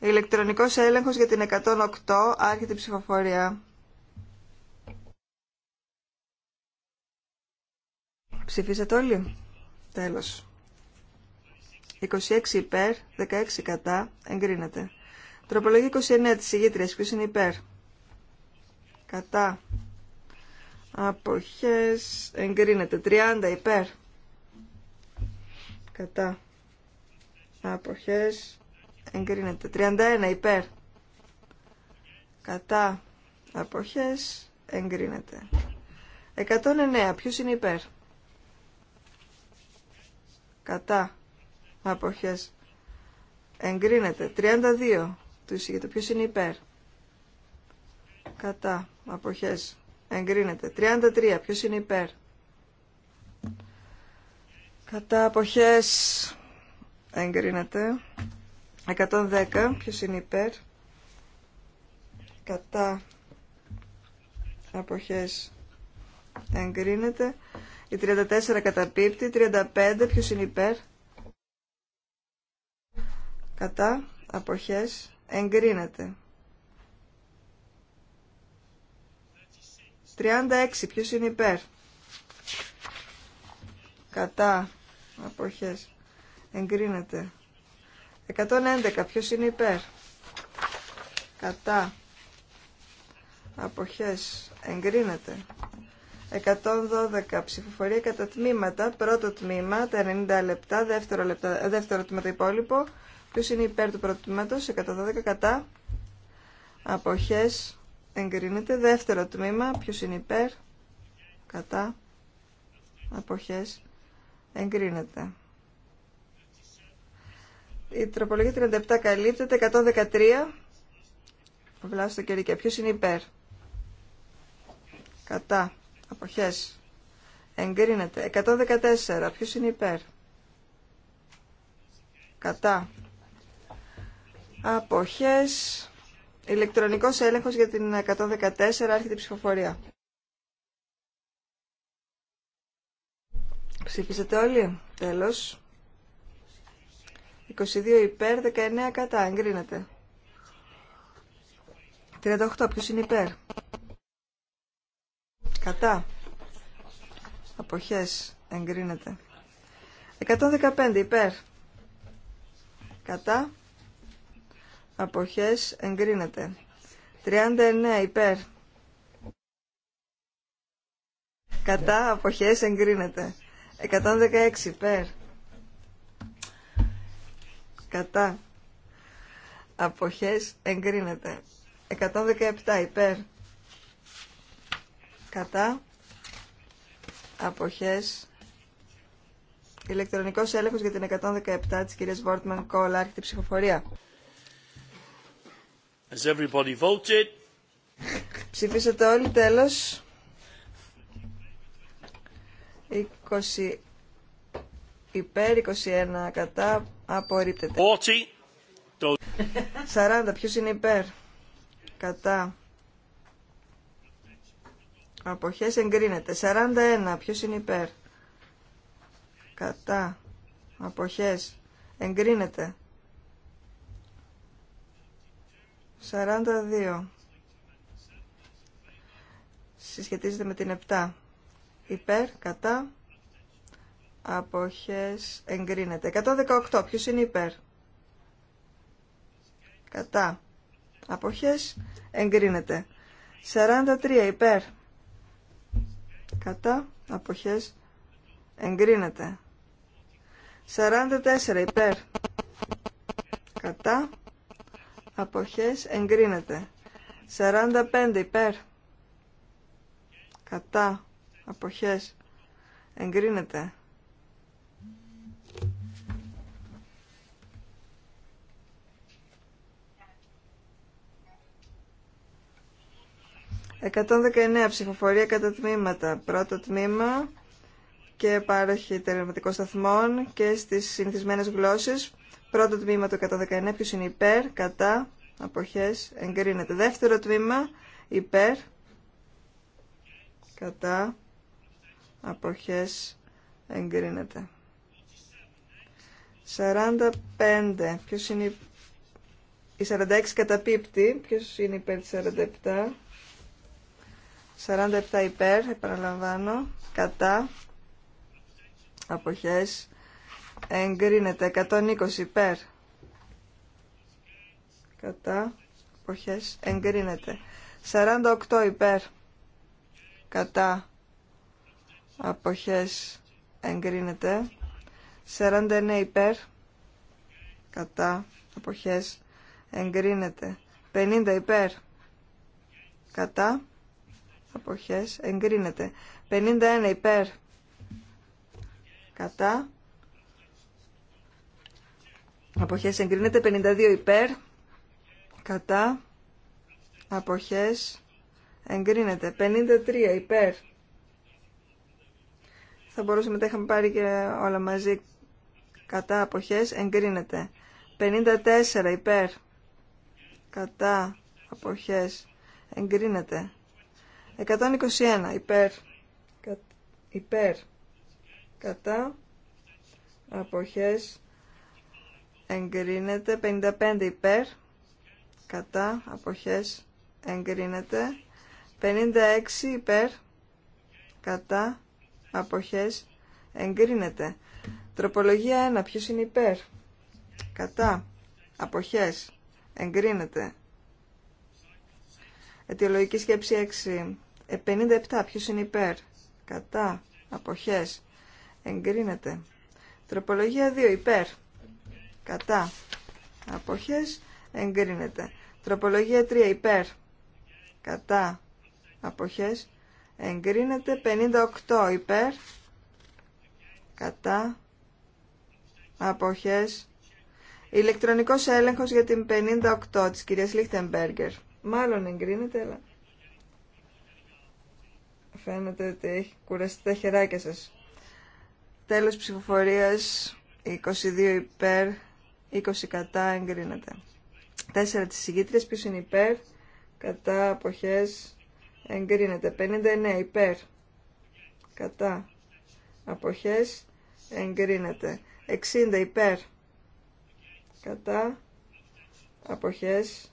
ηλεκτρονικός έλεγχος για την 108 άρχεται η ψηφοφορία ψηφίσατε όλοι τέλος 26 υπέρ 16 κατά εγκρίνεται τροπολογία 29 της ηγήτριας ποιος είναι υπέρ κατά αποχές εγκρίνεται 30 υπέρ κατά αποχές εγκρίνεται 31 υπέρ κατά αποχές εγκρίνεται 109 ποιος είναι υπέρ κατά αποχές εγκρίνεται 32 του εισηγητού ποιος είναι υπέρ κατά αποχές εγκρίνεται 33 ποιος είναι υπέρ Κατά αποχές εγκρίνεται. 110. Ποιος είναι υπέρ. Κατά αποχές εγκρίνεται. Η 34 καταπίπτει. 35. Ποιος είναι υπέρ. Κατά αποχές εγκρίνεται. 36. Ποιος είναι υπέρ. Κατά αποχές εγκρίνεται 111 ποιος είναι υπέρ κατά αποχές εγκρίνεται 112 ψηφοφορία κατά τμήματα πρώτο τμήμα τα 90 λεπτά δεύτερο, λεπτά, ε, δεύτερο τμήμα το υπόλοιπο ποιος είναι υπέρ του πρώτου τμήματος 112 κατά αποχές εγκρίνεται δεύτερο τμήμα ποιος είναι υπέρ κατά αποχές Εγκρίνεται. Η τροπολογία 37 καλύπτεται. 113. Βλάβει στο κερί και ποιος είναι υπέρ. Κατά. Αποχές. Εγκρίνεται. 114. Ποιος είναι υπέρ. Κατά. Αποχές. Ηλεκτρονικός έλεγχος για την 114. Άρχεται η ψηφοφορία. Ψήφισατε όλοι. Τέλος. 22 υπέρ, 19 κατά. Εγκρίνεται. 38. Ποιος είναι υπέρ. Κατά. Αποχές. Εγκρίνεται. 115 υπέρ. Κατά. Αποχές. Εγκρίνεται. 39 υπέρ. Κατά. Αποχές. Εγκρίνεται. 116 υπέρ. Κατά. Αποχές εγκρίνεται. 117 υπέρ. Κατά. Αποχές. Ηλεκτρονικός έλεγχος για την 117 της κυρίας Βόρτμαν Κόλ. Άρχεται ψηφοφορία. Ψηφίσατε όλοι τέλος. 20 υπέρ, 21 κατά, απορρίπτεται. 40, ποιος είναι υπέρ, κατά, αποχές εγκρίνεται. 41, ποιος είναι υπέρ, κατά, αποχές εγκρίνεται. 42. Συσχετίζεται με την 7. Υπέρ, κατά, Αποχές εγκρίνεται. 118. Ποιος είναι υπέρ. Κατά. Αποχές εγκρίνεται. 43. Υπέρ. Κατά. Αποχές εγκρίνεται. 44. Υπέρ. Κατά. Αποχές εγκρίνεται. 45. Υπέρ. Κατά. Αποχές εγκρίνεται. 119 ψηφοφορία κατά τμήματα. Πρώτο τμήμα και πάροχη τελευματικών σταθμών και στις συνηθισμένες γλώσσες. Πρώτο τμήμα το 119, ποιος είναι υπέρ, κατά, αποχές, εγκρίνεται. Δεύτερο τμήμα, υπέρ, κατά, αποχές, εγκρίνεται. 45, ποιος είναι η 46 καταπίπτει, ποιος είναι υπέρ της 47, 47 υπέρ, επαναλαμβάνω, κατά, αποχές, εγκρίνεται. 120 υπέρ, κατά, αποχές, εγκρίνεται. 48 υπέρ, κατά, αποχές, εγκρίνεται. 49 υπέρ, κατά, αποχές, εγκρίνεται. 50 υπέρ, κατά, αποχές εγκρίνεται 51 υπέρ κατά αποχές εγκρίνεται 52 υπέρ κατά αποχές εγκρίνεται 53 υπέρ θα μπορούσαμε να τα είχαμε πάρει και όλα μαζί κατά αποχές εγκρίνεται 54 υπέρ κατά αποχές εγκρίνεται 121 υπέρ, κα, κατά αποχές εγκρίνεται 55 υπέρ κατά αποχές εγκρίνεται 56 υπέρ κατά αποχές εγκρίνεται τροπολογία 1 ποιος είναι υπέρ κατά αποχές εγκρίνεται αιτιολογική σκέψη 6 57. Ποιος είναι υπέρ. Κατά. Αποχές. Εγκρίνεται. Τροπολογία 2. Υπέρ. Κατά. Αποχές. Εγκρίνεται. Τροπολογία 3. Υπέρ. Κατά. Αποχές. Εγκρίνεται. 58. Υπέρ. Κατά. Αποχές. Ηλεκτρονικός έλεγχος για την 58 της κυρίας Λίχτεμπέργκερ. Μάλλον εγκρίνεται, αλλά... Φαίνεται ότι έχει κουραστεί τα χεράκια σας. Τέλος ψηφοφορίας 22 υπέρ, 20 κατά εγκρίνεται. 4 της συγκίτριας ποιος είναι υπέρ, κατά αποχές εγκρίνεται. 59 υπέρ, κατά αποχές εγκρίνεται. 60 υπέρ, κατά αποχές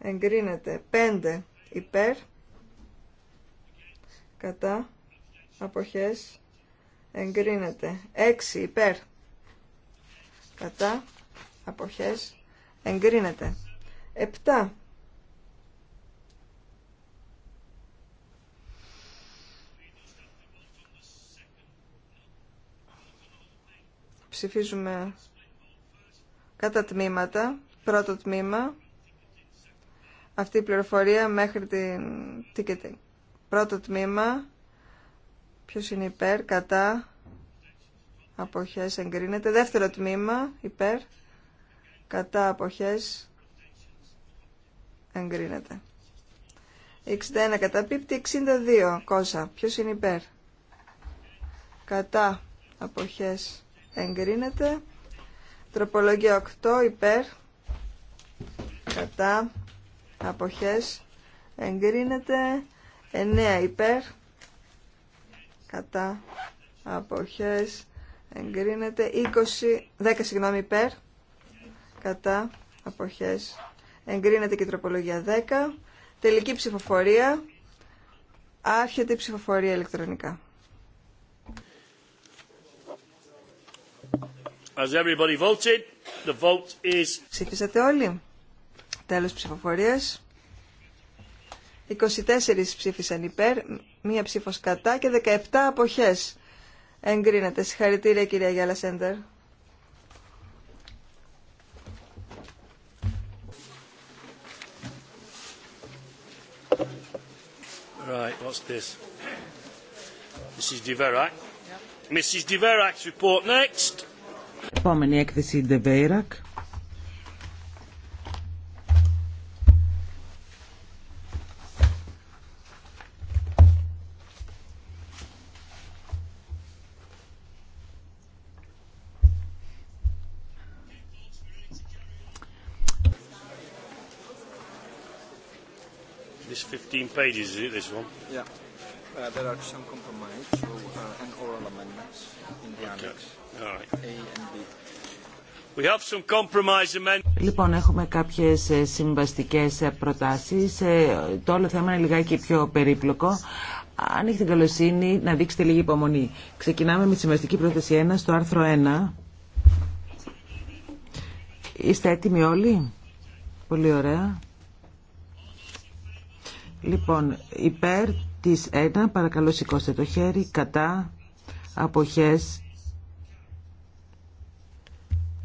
εγκρίνεται. 5 υπέρ, κατά αποχές εγκρίνεται Έξι υπέρ κατά αποχές εγκρίνεται 7 Ψηφίζουμε κατά τμήματα. Πρώτο τμήμα, αυτή η πληροφορία μέχρι την ticketing. Πρώτο τμήμα. Ποιος είναι υπέρ, κατά. Αποχές εγκρίνεται. Δεύτερο τμήμα, υπέρ. Κατά αποχές εγκρίνεται. 61 κατά καταπίπτει, 62 κόσα. Ποιος είναι υπέρ. Κατά αποχές εγκρίνεται. Τροπολογία 8 υπέρ. Κατά αποχές εγκρίνεται. 9 υπέρ κατά αποχές εγκρίνεται 20, 10 συγγνώμη υπέρ κατά αποχές εγκρίνεται και η τροπολογία 10 τελική ψηφοφορία άρχεται η ψηφοφορία ηλεκτρονικά As everybody voted, the vote is... Ψήφισατε όλοι. Τέλος ψηφοφορίας. 24 ψήφισαν υπέρ, μία ψήφος κατά και 17 αποχές. Εγκρίνεται. Συγχαρητήρια κυρία Γιάλα Σέντερ. Right, what's this? Mrs. is Mrs. Deverac's report next. Επόμενη έκθεση Deverac. pages is it, this one? Yeah. Uh, are some so, uh, and oral amendments in the right. A and B. We have some Λοιπόν, έχουμε κάποιες ε, συμβαστικές ε, προτάσεις. Ε, το όλο θέμα είναι λιγάκι πιο περίπλοκο. Αν έχετε καλοσύνη, να δείξετε λίγη υπομονή. Ξεκινάμε με τη συμβαστική πρόταση 1 στο άρθρο 1. Είστε έτοιμοι όλοι. Πολύ ωραία. Λοιπόν, υπέρ της 1, παρακαλώ σηκώστε το χέρι, κατά, αποχές,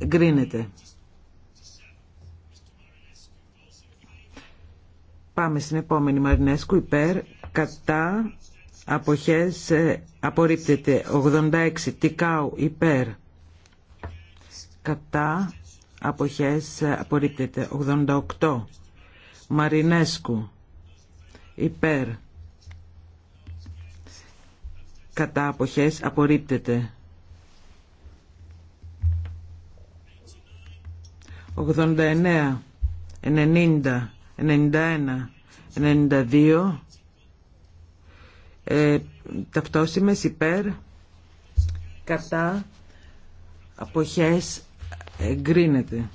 γκρίνεται. Πάμε στην επόμενη Μαρινέσκου, υπέρ, κατά, αποχές, ε, απορρίπτεται. 86, Τικάου, υπέρ, κατά, αποχές, ε, απορρίπτεται. 88, Μαρινέσκου, υπέρ κατά αποχές απορρίπτεται 89 90 91 92 ε, ταυτόσημες υπέρ κατά αποχές εγκρίνεται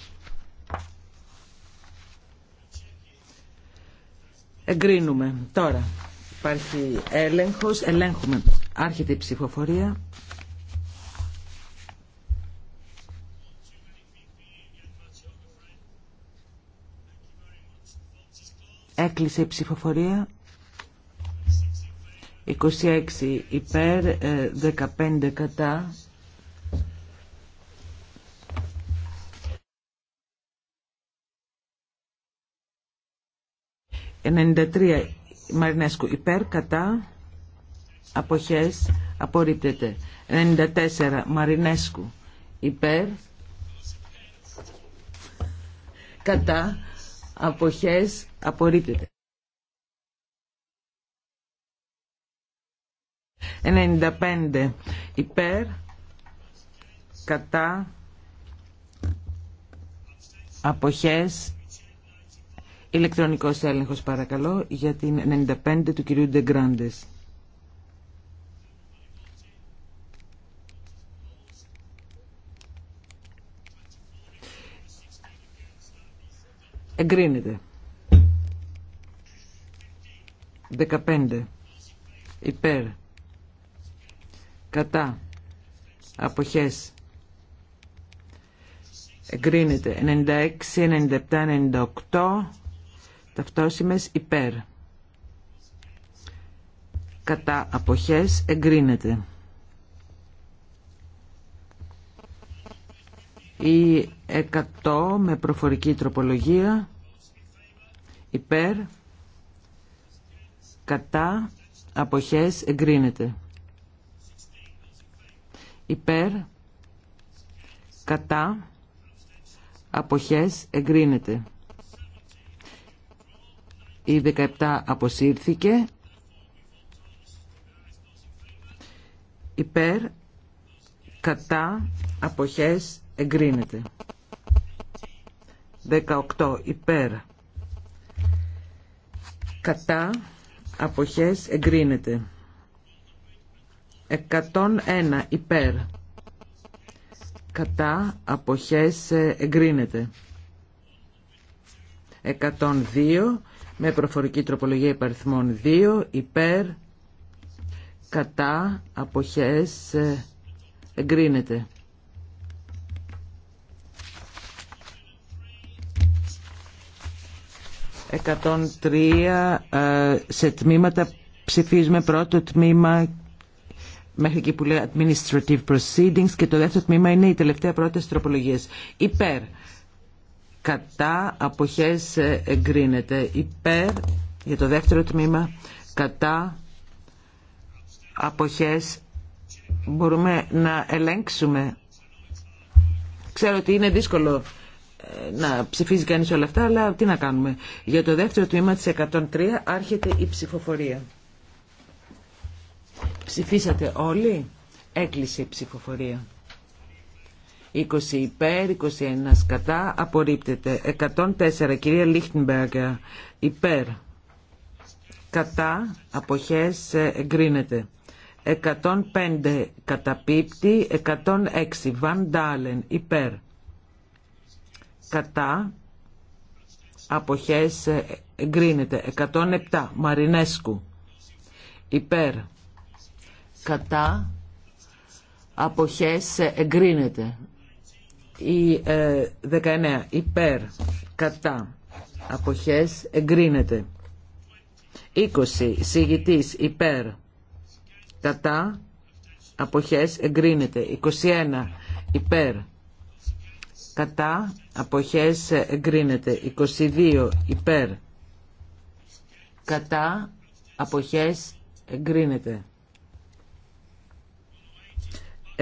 Εγκρίνουμε. Τώρα υπάρχει έλεγχος. Ελέγχουμε. Άρχεται η ψηφοφορία. Έκλεισε η ψηφοφορία. 26 υπέρ, 15 ε, κατά. 93 Μαρινέσκου υπέρ κατά αποχές απορρίπτεται 94 Μαρινέσκου υπέρ κατά αποχές απορρίπτεται 95 υπέρ κατά αποχές Ηλεκτρονικός έλεγχος παρακαλώ για την 95 του κυρίου Ντεγκράντες. Εγκρίνεται. 15. Υπέρ. Κατά. Αποχές. Εγκρίνεται. 96, 97, 98 ταυτόσημες υπέρ. Κατά αποχές εγκρίνεται. Η 100 με προφορική τροπολογία υπέρ. Κατά αποχές εγκρίνεται. Υπέρ. Κατά αποχές εγκρίνεται. Η 17 αποσύρθηκε. Υπέρ, κατά, αποχές, εγκρίνεται. 18 υπέρ, κατά, αποχές, εγκρίνεται. 101 υπέρ, κατά, αποχές, εγκρίνεται. 102 με προφορική τροπολογία υπαριθμών 2 υπέρ κατά αποχές ε, εγκρίνεται. Εκατόν ε, σε τμήματα ψηφίζουμε πρώτο τμήμα μέχρι εκεί που λέει administrative proceedings και το δεύτερο τμήμα είναι η τελευταία πρώτη τροπολογίας Υπέρ κατά αποχές ε, εγκρίνεται υπέρ για το δεύτερο τμήμα κατά αποχές μπορούμε να ελέγξουμε ξέρω ότι είναι δύσκολο ε, να ψηφίζει κανείς όλα αυτά αλλά τι να κάνουμε για το δεύτερο τμήμα της 103 άρχεται η ψηφοφορία ψηφίσατε όλοι έκλεισε η ψηφοφορία 20 υπέρ, 21 κατά, απορρίπτεται. 104 κυρία Λίχτενμπεργκερ υπέρ, κατά, αποχές, ε, εγκρίνεται. 105 καταπίπτη, 106 βαντάλεν υπέρ, κατά, αποχές, ε, εγκρίνεται. 107 Μαρινέσκου υπέρ, κατά, αποχές ε, εγκρίνεται. Η 19 ε, υπέρ κατά αποχές εγκρίνεται. 20 συγητής υπέρ κατά αποχές εγκρίνεται. 21 υπέρ κατά αποχές εγκρίνεται. 22 υπέρ κατά αποχές εγκρίνεται.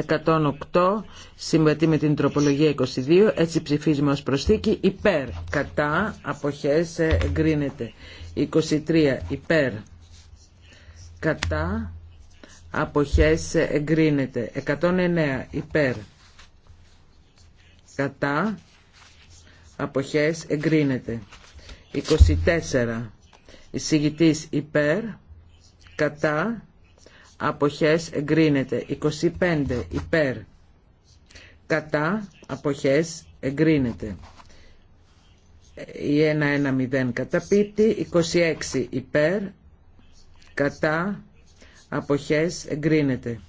108 συμβατεί με την τροπολογία 22 έτσι ψηφίζουμε ως προσθήκη υπέρ κατά αποχές ε, εγκρίνεται 23 ε, υπέρ κατά αποχές εγκρίνεται 109 υπέρ κατά αποχές εγκρίνεται 24 εισηγητής υπέρ κατά αποχές εγκρίνεται. 25 υπέρ κατά αποχές εγκρίνεται. Η 0 καταπίτη, 26 υπέρ κατά αποχές εγκρίνεται.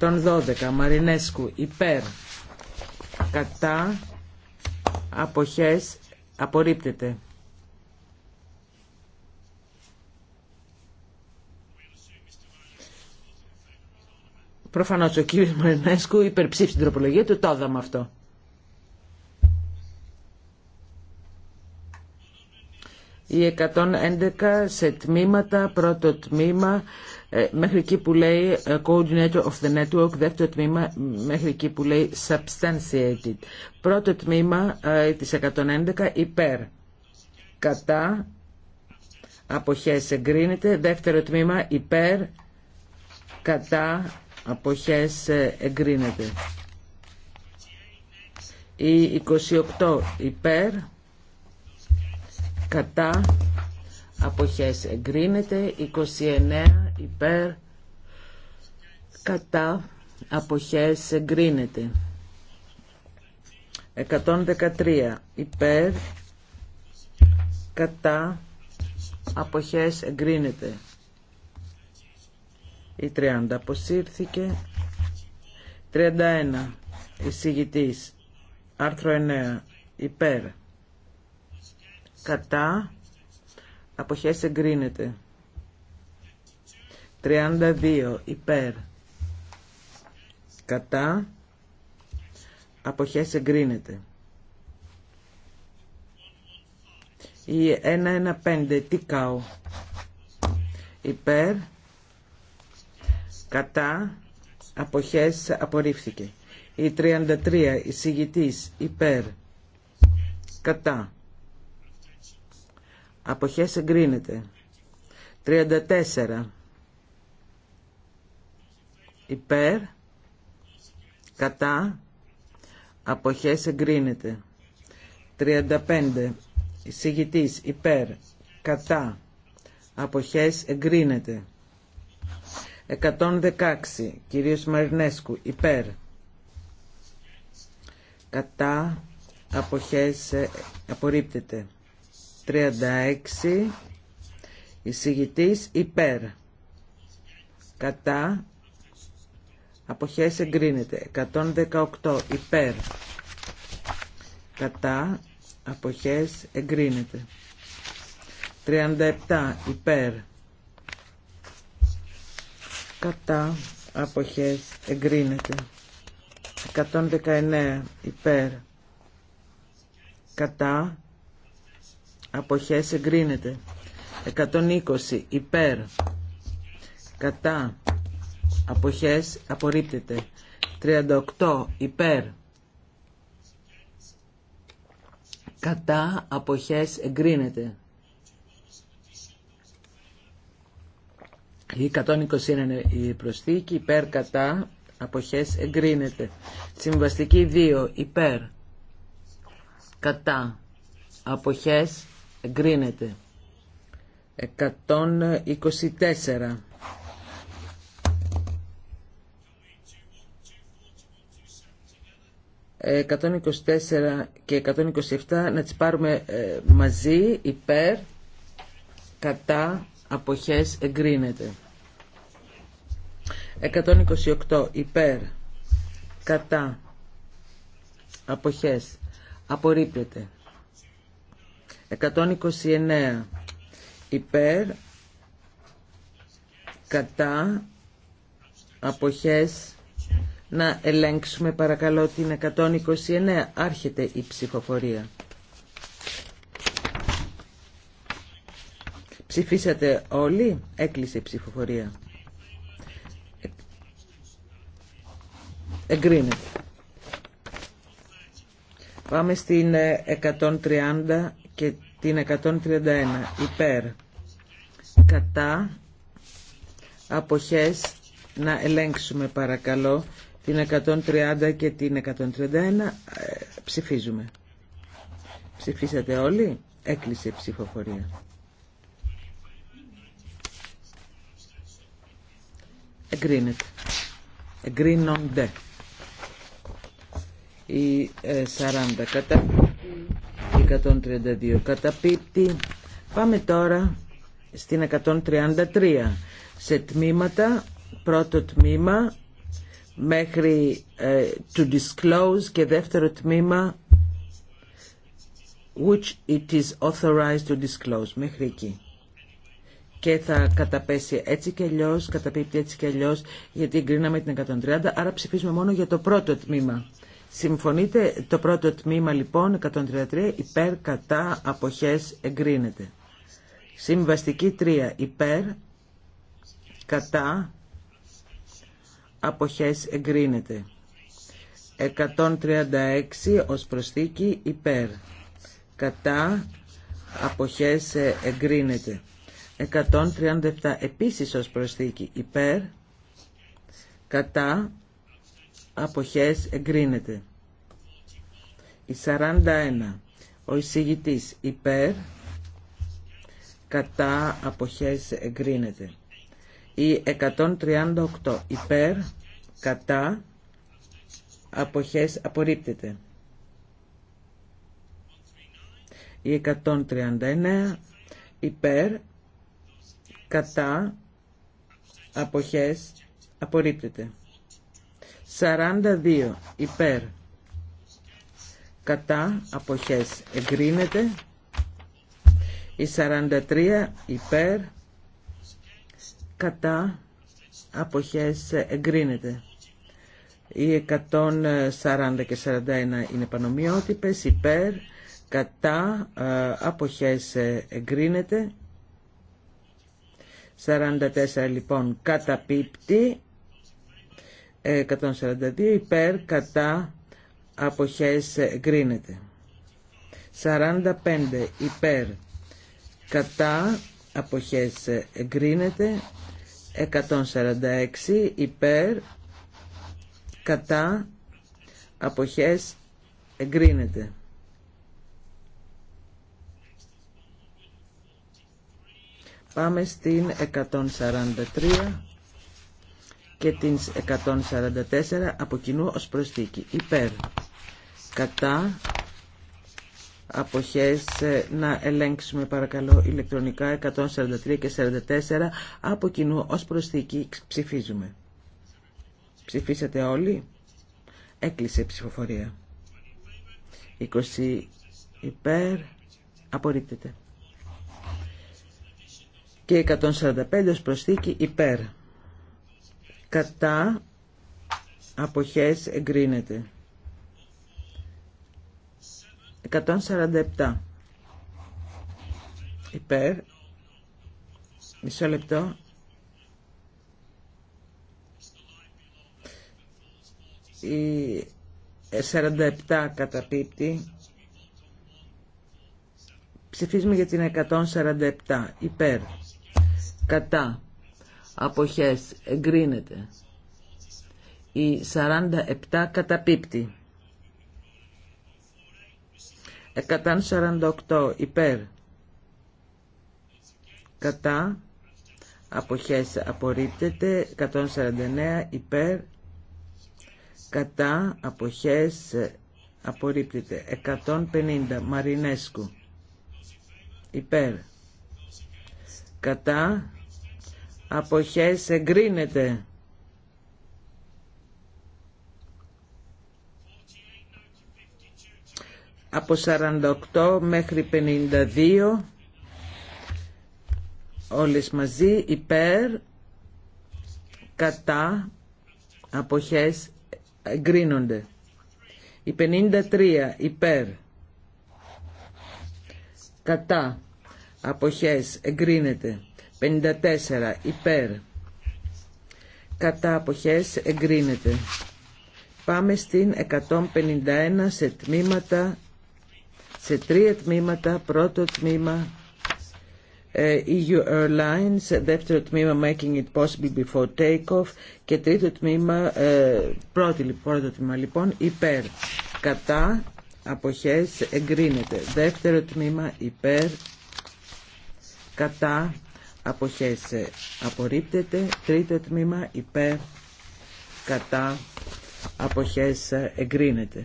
112 Μαρινέσκου υπέρ κατά αποχές απορρίπτεται. Προφανώς ο κύριο Μαρινέσκου υπερψήφισε την τροπολογία του, το είδαμε αυτό. Η 111 σε τμήματα, πρώτο τμήμα, ε, μέχρι εκεί που λέει ε, Coordinator of the Network, δεύτερο τμήμα, μέχρι εκεί που λέει Substantiated. Πρώτο τμήμα ε, της 111 υπέρ, κατά, αποχές εγκρίνεται, δεύτερο τμήμα υπέρ, κατά, αποχές ε, εγκρίνεται η 28 υπέρ κατά αποχές εγκρίνεται 29 υπέρ κατά αποχές εγκρίνεται 113 υπέρ κατά αποχές εγκρίνεται η 30 αποσύρθηκε. 31. Εισηγητής. Άρθρο 9. Υπέρ. Κατά. Αποχές εγκρίνεται. 32. Υπέρ. Κατά. Αποχές εγκρίνεται. Η 115. κάω, Υπέρ κατά αποχές απορρίφθηκε. Η 33 εισηγητής υπέρ κατά αποχές εγκρίνεται. 34 υπέρ κατά αποχές εγκρίνεται. 35 εισηγητής υπέρ κατά αποχές εγκρίνεται. 116 κυρίως Μαρινέσκου υπέρ κατά αποχές ε, απορρίπτεται 36 εισηγητής υπέρ κατά αποχές εγκρίνεται 118 υπέρ κατά αποχές εγκρίνεται 37 υπέρ κατά αποχές εγκρίνεται 119 υπέρ κατά αποχές εγκρίνεται 120 υπέρ κατά αποχές απορρίπτεται 38 υπέρ κατά αποχές εγκρίνεται Η 120 είναι η προσθήκη, υπέρ κατά, αποχές εγκρίνεται. Συμβαστική 2, υπέρ, κατά, αποχές εγκρίνεται. 124. 124 και 127 να τις πάρουμε ε, μαζί υπέρ κατά αποχές εγκρίνεται 128 υπέρ κατά αποχές απορρίπτεται 129 υπέρ κατά αποχές να ελέγξουμε παρακαλώ την 129 άρχεται η ψηφοφορία Ψηφίσατε όλοι. Έκλεισε η ψηφοφορία. Εγκρίνεται. Πάμε στην 130 ε, και την 131. Υπέρ. Κατά. Αποχές. Να ελέγξουμε παρακαλώ την 130 και την 131. Ε, ψηφίζουμε. Ψηφίσατε όλοι. Έκλεισε η ψηφοφορία. εγκρίνεται. Εγκρίνονται. Η 40 καταπίπτει, η 132 καταπίπτει. Πάμε τώρα στην 133. Σε τμήματα, πρώτο τμήμα μέχρι ε, to disclose και δεύτερο τμήμα which it is authorized to disclose μέχρι εκεί και θα καταπέσει έτσι και αλλιώ, καταπίπτει έτσι και αλλιώ, γιατί εγκρίναμε την 130, άρα ψηφίζουμε μόνο για το πρώτο τμήμα. Συμφωνείτε, το πρώτο τμήμα λοιπόν, 133, υπέρ, κατά, αποχές, εγκρίνεται. Συμβαστική 3, υπέρ, κατά, αποχές, εγκρίνεται. 136 ως προσθήκη, υπέρ, κατά, αποχές, εγκρίνεται. 137 επίσης ως προσθήκη υπέρ κατά αποχές εγκρίνεται η 41 ο εισηγητής υπέρ κατά αποχές εγκρίνεται η 138 υπέρ κατά αποχές απορρίπτεται η 139 υπέρ κατά αποχές απορρίπτεται 42 υπέρ κατά αποχές εγκρίνεται η 43 υπέρ κατά αποχές εγκρίνεται οι 140 και 41 είναι πανομοιότυπες υπέρ κατά ε, αποχές ε, εγκρίνεται 44 λοιπόν καταπίπτει 142 ε, υπέρ κατά αποχές γκρίνεται 45 υπέρ κατά αποχές εγκρίνεται 146 υπέρ κατά αποχές εγκρίνεται Πάμε στην 143 και την 144 από κοινού ως προσθήκη. Υπέρ. Κατά. Αποχές ε, να ελέγξουμε παρακαλώ ηλεκτρονικά 143 και 44 από κοινού ως προσθήκη ψηφίζουμε. Ψηφίσατε όλοι. Έκλεισε η ψηφοφορία. 20 υπέρ. Απορρίπτεται και 145 ως προσθήκη υπέρ. Κατά αποχές εγκρίνεται. 147 υπέρ. Μισό λεπτό. Η 47 καταπίπτει. Ψηφίζουμε για την 147 υπέρ κατά αποχές εγκρίνεται η 47 καταπίπτει 148 υπέρ κατά αποχές απορρίπτεται 149 υπέρ κατά αποχές απορρίπτεται 150 Μαρινέσκου υπέρ κατά αποχές εγκρίνεται από 48 μέχρι 52 όλες μαζί υπέρ κατά αποχές εγκρίνονται η 53 υπέρ κατά αποχές εγκρίνεται 54 υπέρ κατά αποχές εγκρίνεται πάμε στην 151 σε τμήματα σε τρία τμήματα πρώτο τμήμα ε, EU Airlines, δεύτερο τμήμα Making it possible before takeoff και τρίτο τμήμα, ε, πρώτο, τμήμα λοιπόν, υπέρ. Κατά, αποχές, εγκρίνεται. Δεύτερο τμήμα, υπέρ, κατά αποχές ε, απορρίπτεται τρίτο τμήμα υπέρ κατά αποχές ε, εγκρίνεται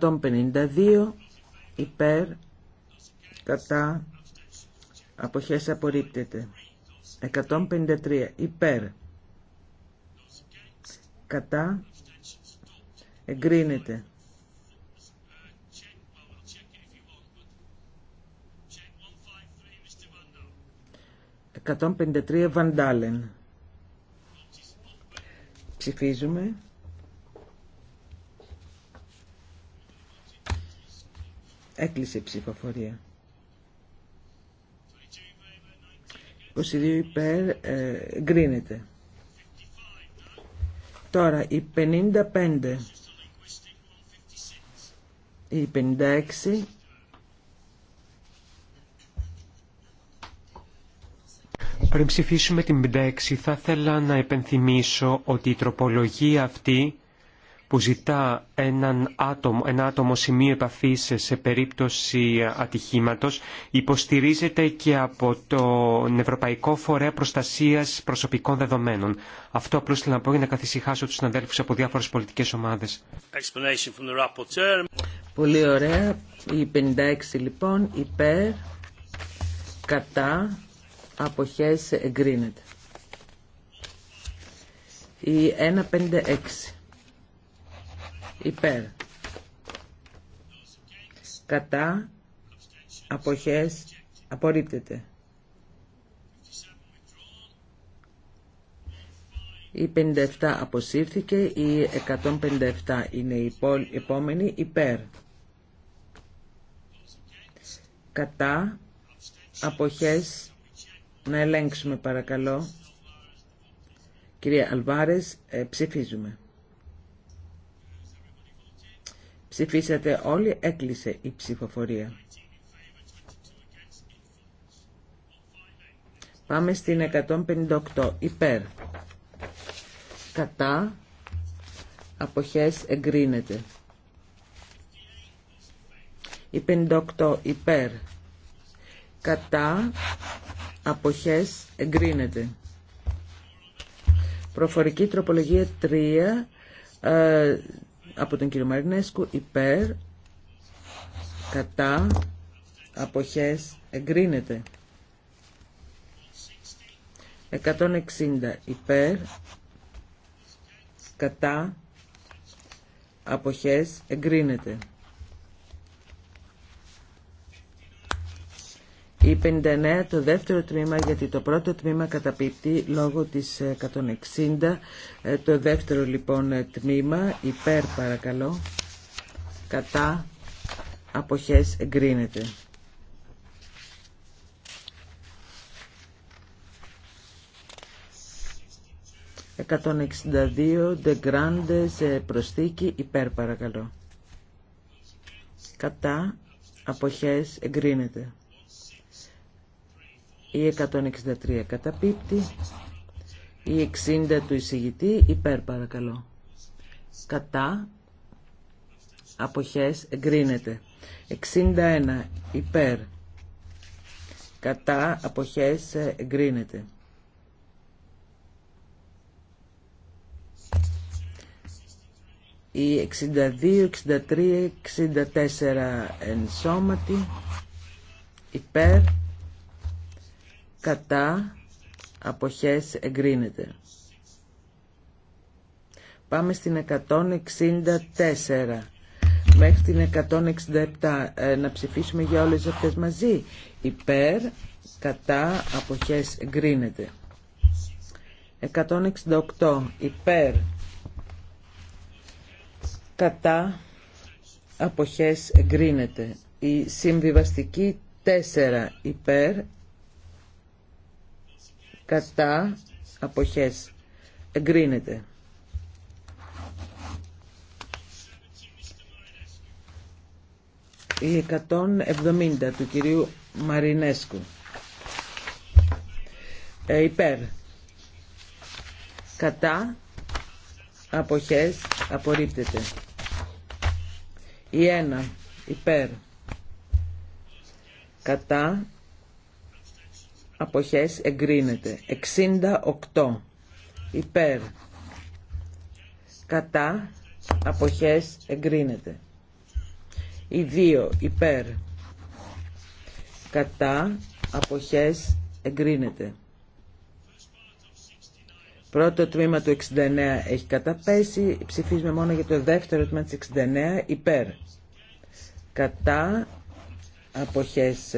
152 υπέρ κατά αποχές απορρίπτεται 153 υπέρ κατά εγκρίνεται 153 Βαντάλεν. Ψηφίζουμε. Έκλεισε η ψηφοφορία. 22 υπέρ ε, γκρίνεται. Τώρα η 55. Η 56 Πριν ψηφίσουμε την 56 θα ήθελα να επενθυμίσω ότι η τροπολογία αυτή που ζητά έναν άτομο, ένα άτομο σημείο επαφής σε περίπτωση ατυχήματος υποστηρίζεται και από το Ευρωπαϊκό Φορέα Προστασίας Προσωπικών Δεδομένων. Αυτό απλώς θέλω να πω για να καθησυχάσω τους συναδέλφου από διάφορες πολιτικές ομάδες. Πολύ ωραία. Η 56 λοιπόν υπέρ, κατά, αποχές εγκρίνεται. Η 156 υπέρ κατά αποχές απορρίπτεται. Η 57 αποσύρθηκε, η 157 είναι η επόμενη υπέρ. Κατά αποχές να ελέγξουμε παρακαλώ. Κυρία Αλβάρες, ε, ψηφίζουμε. Ψηφίσατε όλοι, έκλεισε η ψηφοφορία. Πάμε στην 158. Υπέρ. Κατά. Αποχές εγκρίνεται. Η 58. Υπέρ. Κατά αποχές εγκρίνεται. Προφορική τροπολογία 3 ε, από τον κύριο Μαρινέσκου υπέρ κατά αποχές εγκρίνεται. 160 υπέρ κατά αποχές εγκρίνεται. Η 59 το δεύτερο τμήμα γιατί το πρώτο τμήμα καταπίπτει λόγω της 160. Ε, ε, το δεύτερο λοιπόν ε, τμήμα υπέρ παρακαλώ κατά αποχές εγκρίνεται. «162 De Grande προσθήκη υπέρ παρακαλώ». «Κατά αποχές εγκρίνεται». Η 163 καταπίπτει. Η 60 του εισηγητή υπέρ παρακαλώ. Κατά. Αποχές εγκρίνεται. 61 υπέρ. Κατά. Αποχές εγκρίνεται. η 62, 63, 64 ενσώματοι υπέρ κατά αποχές εγκρίνεται. Πάμε στην 164 μέχρι την 167 ε, να ψηφίσουμε για όλες αυτές μαζί. Υπέρ, κατά, αποχές εγκρίνεται. 168 υπέρ, κατά, αποχές εγκρίνεται. Η συμβιβαστική 4 υπέρ, κατά αποχές εγκρίνεται. 170 του κυρίου Μαρινέσκου. Ε, υπέρ. Κατά. Αποχές. Απορρίπτεται. Η 1. Υπέρ. Κατά αποχές εγκρίνεται. 68 υπέρ κατά αποχές εγκρίνεται. Οι 2 υπέρ κατά αποχές εγκρίνεται. Πρώτο τμήμα του 69 έχει καταπέσει. Ψηφίζουμε μόνο για το δεύτερο τμήμα της 69 υπέρ. Κατά αποχές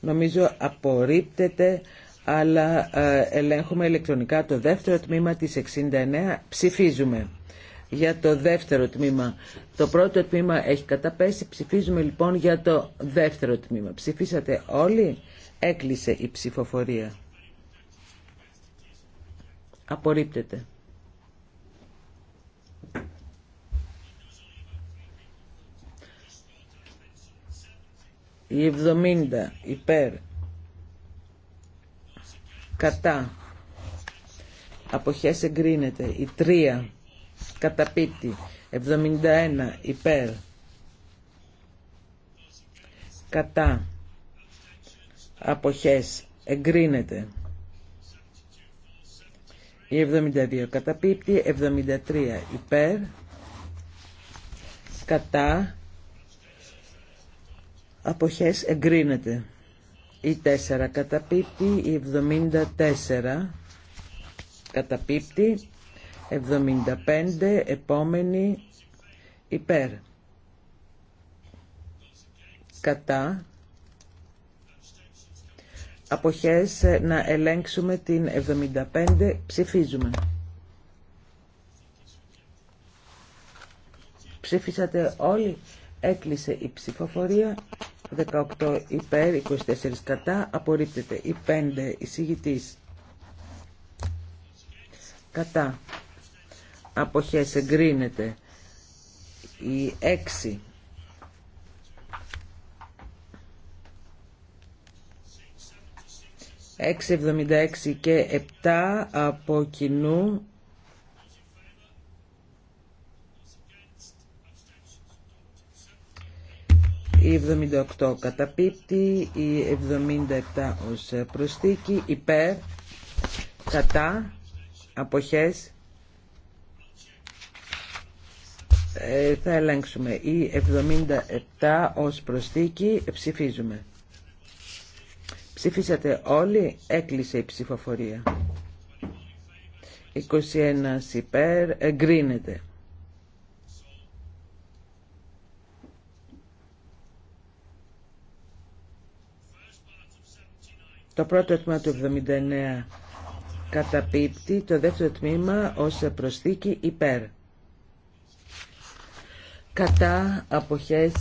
Νομίζω απορρίπτεται, αλλά ε, ελέγχουμε ηλεκτρονικά το δεύτερο τμήμα της 69. Ψηφίζουμε για το δεύτερο τμήμα. Το πρώτο τμήμα έχει καταπέσει. Ψηφίζουμε λοιπόν για το δεύτερο τμήμα. Ψηφίσατε όλοι. Έκλεισε η ψηφοφορία. Απορρίπτεται. Η 70 υπέρ κατά αποχές εγκρίνεται. Η 3 καταπίτη. 71 υπέρ κατά αποχές εγκρίνεται. Η 72 καταπίπτει, 73 υπέρ, κατά, αποχές εγκρίνεται. Η 4 καταπίπτει, η 74 καταπίπτει, 75 επόμενη υπέρ. Κατά αποχές να ελέγξουμε την 75 ψηφίζουμε. Ψήφισατε όλοι, έκλεισε η ψηφοφορία 18 υπέρ, 24 κατά, απορρίπτεται. Η 5 εισηγητής κατά, αποχές εγκρίνεται. Η 6 6,76 και 7 από κοινού η 78 καταπίπτει, η 77 ως προσθήκη, υπέρ, κατά, αποχές, ε, θα ελέγξουμε. Η 77 ως προσθήκη ε, ψηφίζουμε. Ψήφισατε όλοι, έκλεισε η ψηφοφορία. 21 υπέρ, εγκρίνεται. Το πρώτο τμήμα του 79 καταπίπτει, το δεύτερο τμήμα ως προσθήκη υπέρ. Κατά αποχές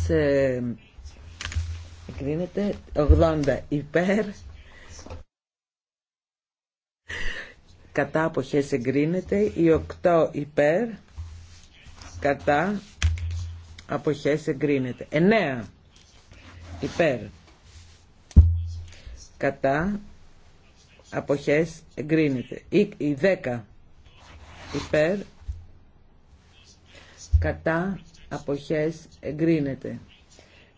εκρίνεται 80 υπέρ. Κατά αποχές εγκρίνεται η 8 υπέρ. Κατά αποχές εγκρίνεται 9 υπέρ κατά αποχές εγκρίνεται. Η, η 10 υπέρ κατά αποχές εγκρίνεται.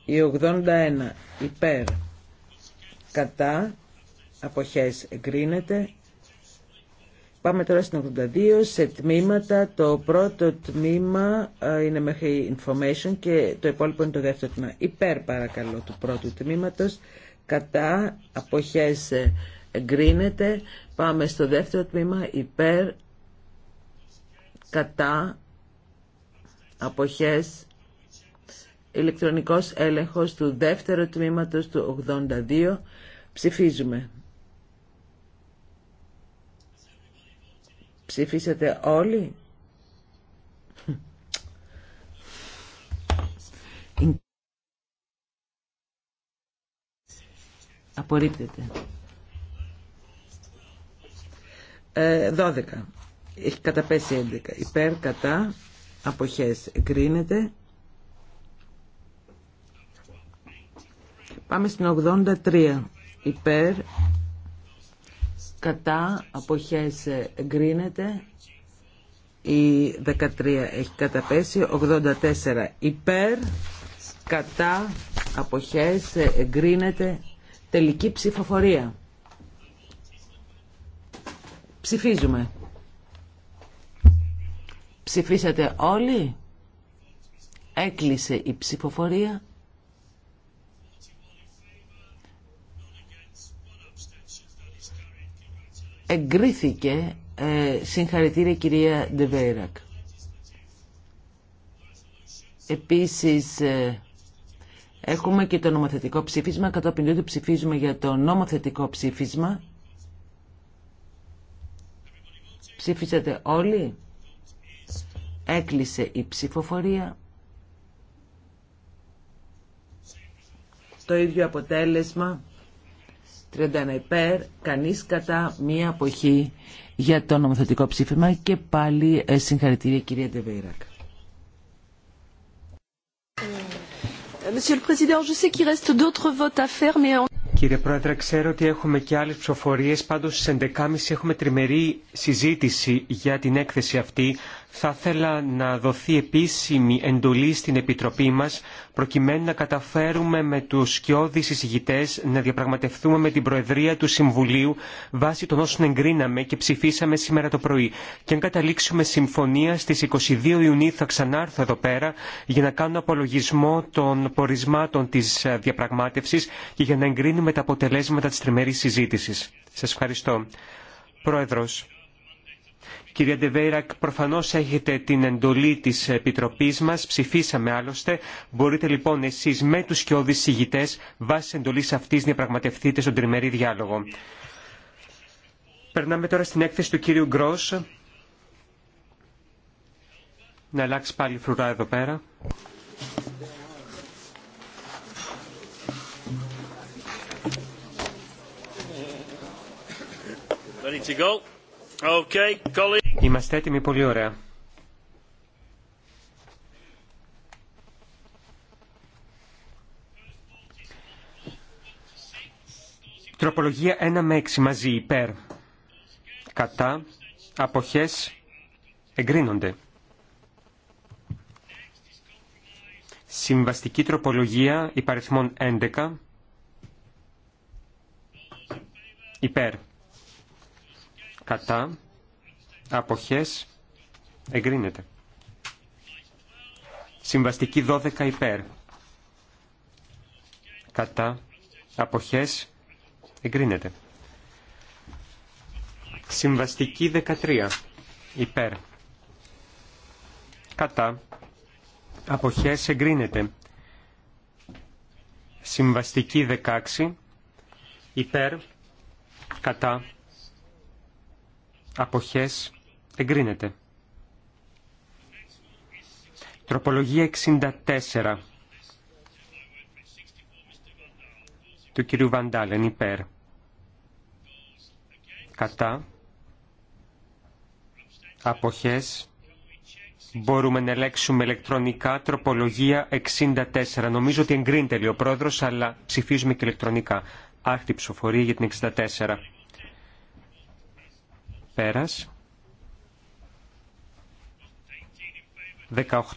Η 81 υπέρ κατά αποχές εγκρίνεται. Πάμε τώρα στην 82 σε τμήματα. Το πρώτο τμήμα ε, είναι μέχρι information και το υπόλοιπο είναι το δεύτερο τμήμα. Υπέρ παρακαλώ του πρώτου τμήματος κατά αποχές ε, εγκρίνεται πάμε στο δεύτερο τμήμα υπέρ κατά αποχές ηλεκτρονικός έλεγχος του δεύτερου τμήματος του 82 ψηφίζουμε ψηφίσατε όλοι Απορρίπτεται. 12. Ε, έχει καταπέσει 11. Υπέρ, κατά, αποχές. Εγκρίνεται. Πάμε στην 83. Υπέρ, κατά, αποχές. Εγκρίνεται. Η 13 έχει καταπέσει. 84. Υπέρ, κατά, αποχές. Εγκρίνεται. Τελική ψηφοφορία. Ψηφίζουμε. Ψηφίσατε όλοι. Έκλεισε η ψηφοφορία. Εγκρίθηκε. Ε, συγχαρητήρια κυρία Ντεβέιρακ. Επίσης... Ε, Έχουμε και το νομοθετικό ψήφισμα. Κατόπιν τούτου ψηφίζουμε για το νομοθετικό ψήφισμα. Ψήφισατε όλοι. Έκλεισε η ψηφοφορία. Το ίδιο αποτέλεσμα. 31 υπέρ, κανείς κατά μία αποχή για το νομοθετικό ψήφισμα και πάλι ε, συγχαρητήρια κυρία Ντεβέιρακ. Κύριε Πρόεδρε, ξέρω ότι έχουμε και άλλες ψηφοφορίες, πάντως στις 11.30 έχουμε τριμερή συζήτηση για την έκθεση αυτή. Θα ήθελα να δοθεί επίσημη εντολή στην Επιτροπή μας, προκειμένου να καταφέρουμε με τους σκιώδεις εισηγητές να διαπραγματευτούμε με την Προεδρία του Συμβουλίου βάσει των όσων εγκρίναμε και ψηφίσαμε σήμερα το πρωί. Και αν καταλήξουμε συμφωνία στις 22 Ιουνίου θα ξανάρθω εδώ πέρα για να κάνω απολογισμό των πορισμάτων της ε, διαπραγμάτευσης και για να εγκρίνουμε τα αποτελέσματα της τριμερής συζήτησης. Σας ευχαριστώ. Πρόεδρος. Κυρία Ντεβέιρακ, προφανώ έχετε την εντολή της Επιτροπής μας, ψηφίσαμε άλλωστε. Μπορείτε λοιπόν εσείς με τους και ηγητέ, βάσει εντολή αυτή να πραγματευτείτε στον τριμερή διάλογο. Περνάμε τώρα στην έκθεση του κύριου Γκρός. Να αλλάξει πάλι φρουρά εδώ πέρα. Είμαστε έτοιμοι πολύ ωραία. Τροπολογία 1 με 6 μαζί υπέρ. Κατά. Αποχές. Εγκρίνονται. Συμβαστική τροπολογία υπαριθμών 11. Υπέρ κατά, αποχές, εγκρίνεται. Συμβαστική 12 υπέρ, κατά, αποχές, εγκρίνεται. Συμβαστική 13 υπέρ, κατά, αποχές, εγκρίνεται. Συμβαστική 16 υπέρ, κατά, αποχές εγκρίνεται. Τροπολογία 64 του κυρίου Βαντάλεν υπέρ. Κατά αποχές μπορούμε να ελέξουμε ηλεκτρονικά τροπολογία 64. Νομίζω ότι εγκρίνεται λέει ο πρόεδρος, αλλά ψηφίζουμε και ηλεκτρονικά. Άρχιτη ψηφοφορία για την 64.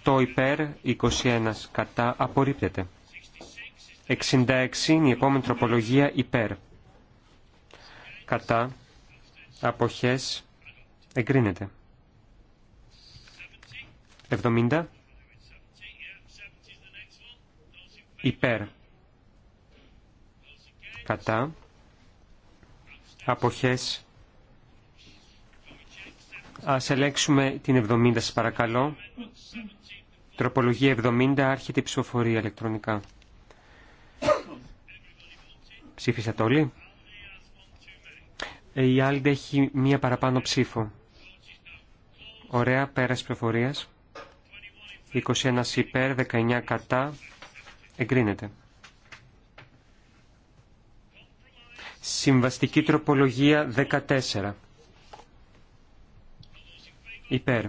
18 υπέρ, 21 κατά, απορρίπτεται. 66 είναι η επόμενη τροπολογία υπέρ. Κατά, αποχές, εγκρίνεται. 70 υπέρ. Κατά, αποχές, Ας ελέξουμε την 70 σας παρακαλώ. Τροπολογία 70, άρχεται η ψηφοφορία ηλεκτρονικά. Ψήφισατε όλοι. Ε, η Άλντε έχει μία παραπάνω ψήφο. Ωραία, πέρας ψηφοφορίας. 21 υπέρ, 19 κατά. Εγκρίνεται. Συμβαστική τροπολογία 14. Υπέρ.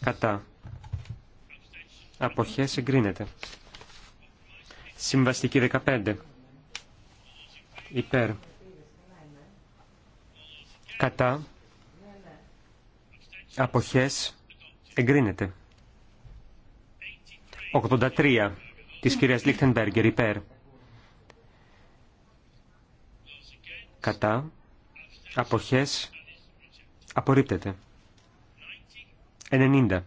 Κατά. Αποχές εγκρίνεται. Συμβαστική 15. Υπέρ. Κατά. Αποχές εγκρίνεται. 83 της κυρίας Λίχτενμπέργκερ υπέρ. Κατά. Αποχές Απορρίπτεται. 90.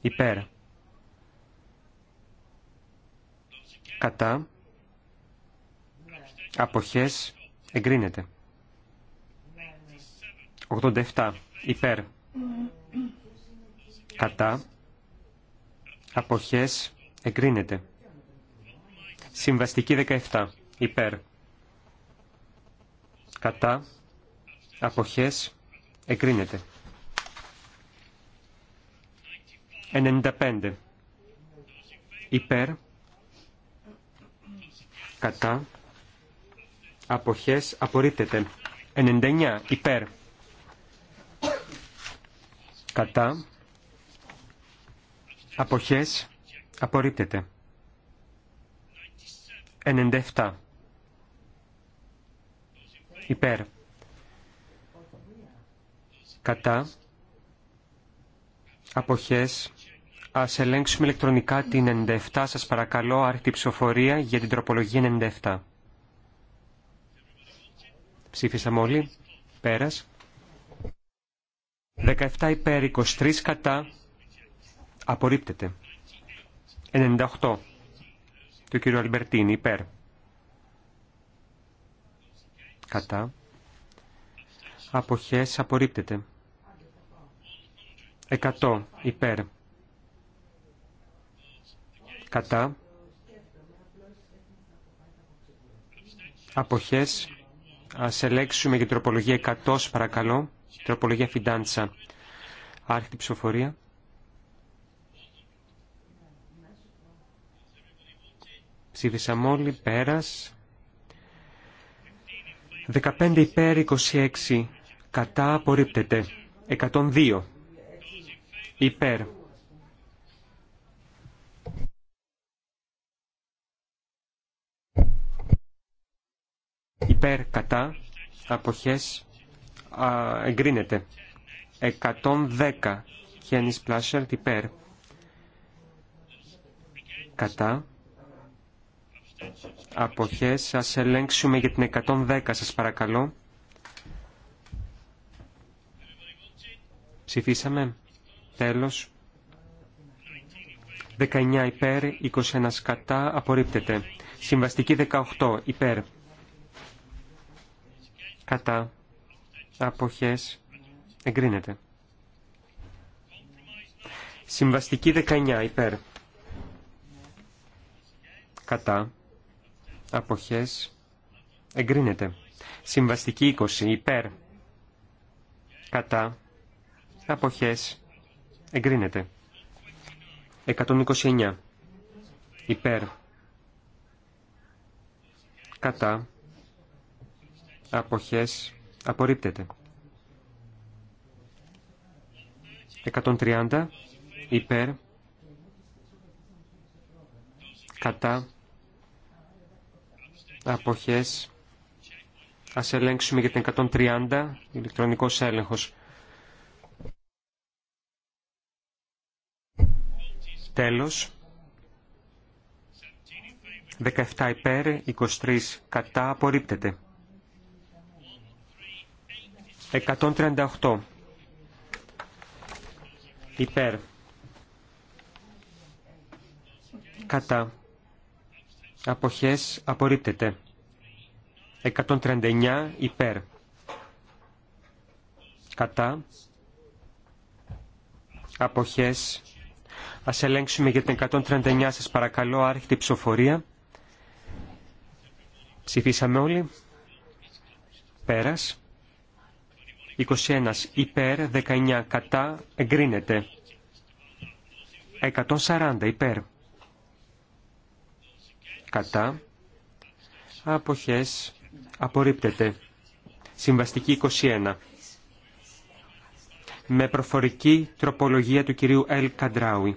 Υπέρ. Κατά. Αποχές. Εγκρίνεται. 87. Υπέρ. Κατά. Αποχές. Εγκρίνεται. Συμβαστική 17. Υπέρ. Κατά. Αποχές. Εκρίνεται. 95. Υπέρ. Κατά. Αποχές. Απορρίπτεται. 99. Υπέρ. Κατά. Αποχές. Απορρίπτεται. 97. Υπέρ κατά, αποχές, ας ελέγξουμε ηλεκτρονικά την 97. Σας παρακαλώ, άρχιτη ψηφοφορία για την τροπολογία 97. Ψήφισαμε όλοι. Πέρας. 17 υπέρ, 23 κατά. Απορρίπτεται. 98. Του κύριο Αλμπερτίνη, υπέρ. Κατά. Αποχές απορρίπτεται. 100 υπέρ κατά αποχές ας ελέγξουμε για τροπολογία 100 παρακαλώ τροπολογία φιντάντσα άρχιτη ψηφοφορία ψήφισαμε όλοι πέρας 15 υπέρ 26 κατά απορρίπτεται 102 υπέρ. Υπέρ κατά αποχές εγκρίνεται. 110 Χένις Πλάσσερτ υπέρ. Κατά αποχές ας ελέγξουμε για την 110 σας παρακαλώ. Ψηφίσαμε. Τέλος. 19 υπέρ, 21 κατά, απορρίπτεται. Συμβαστική 18 υπέρ. Κατά. Αποχές. Εγκρίνεται. Συμβαστική 19 υπέρ. Κατά. Αποχές. Εγκρίνεται. Συμβαστική 20 υπέρ. Κατά. Αποχές. Εγκρίνεται. 129. Υπέρ. Κατά. Αποχές. Απορρίπτεται. 130. Υπέρ. Κατά. Αποχές. Ας ελέγξουμε για την 130. Ηλεκτρονικός έλεγχος. Τέλος. 17 υπέρ, 23 κατά, απορρίπτεται. 138 υπέρ, κατά, αποχές, απορρίπτεται. 139 υπέρ, κατά, αποχές, Ας ελέγξουμε για την 139 σας παρακαλώ άρχιτη ψηφοφορία. Ψηφίσαμε όλοι. Πέρας. 21 υπέρ, 19 κατά, εγκρίνεται. 140 υπέρ. Κατά. Αποχές. Απορρίπτεται. Συμβαστική 21 με προφορική τροπολογία του κυρίου Ελ Καντράουι.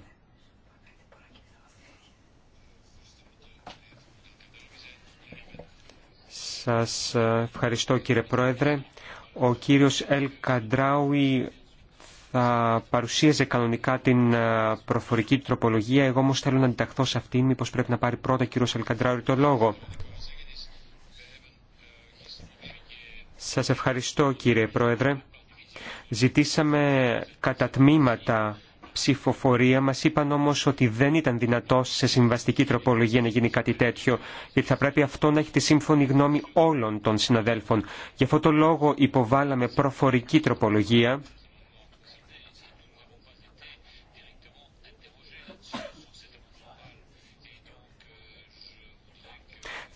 Σας ε, ευχαριστώ κύριε Πρόεδρε. Ο κύριος Ελ Καντράουι θα παρουσίαζε κανονικά την ε, προφορική τροπολογία. Εγώ όμως θέλω να αντιταχθώ σε αυτήν, μήπως πρέπει να πάρει πρώτα κύριος Ελ Καντράουι το λόγο. Σας ευχαριστώ κύριε Πρόεδρε. Ζητήσαμε κατά τμήματα ψηφοφορία. Μας είπαν όμως ότι δεν ήταν δυνατό σε συμβαστική τροπολογία να γίνει κάτι τέτοιο, γιατί θα πρέπει αυτό να έχει τη σύμφωνη γνώμη όλων των συναδέλφων. Γι' αυτό το λόγο υποβάλαμε προφορική τροπολογία.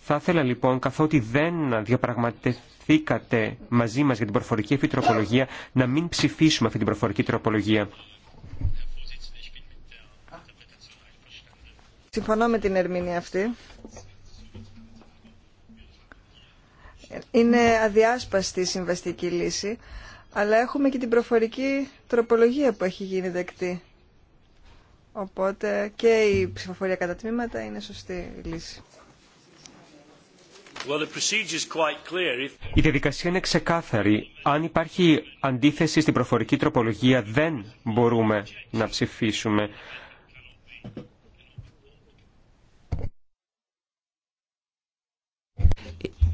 Θα ήθελα λοιπόν, καθότι δεν διαπραγματεύτηκα δεσμευθήκατε μαζί μας για την προφορική αυτή να μην ψηφίσουμε αυτή την προφορική τροπολογία. Συμφωνώ με την ερμηνεία αυτή. Είναι αδιάσπαστη η συμβαστική λύση, αλλά έχουμε και την προφορική τροπολογία που έχει γίνει δεκτή. Οπότε και η ψηφοφορία κατά τμήματα είναι σωστή λύση. Η διαδικασία είναι ξεκάθαρη. Αν υπάρχει αντίθεση στην προφορική τροπολογία δεν μπορούμε να ψηφίσουμε.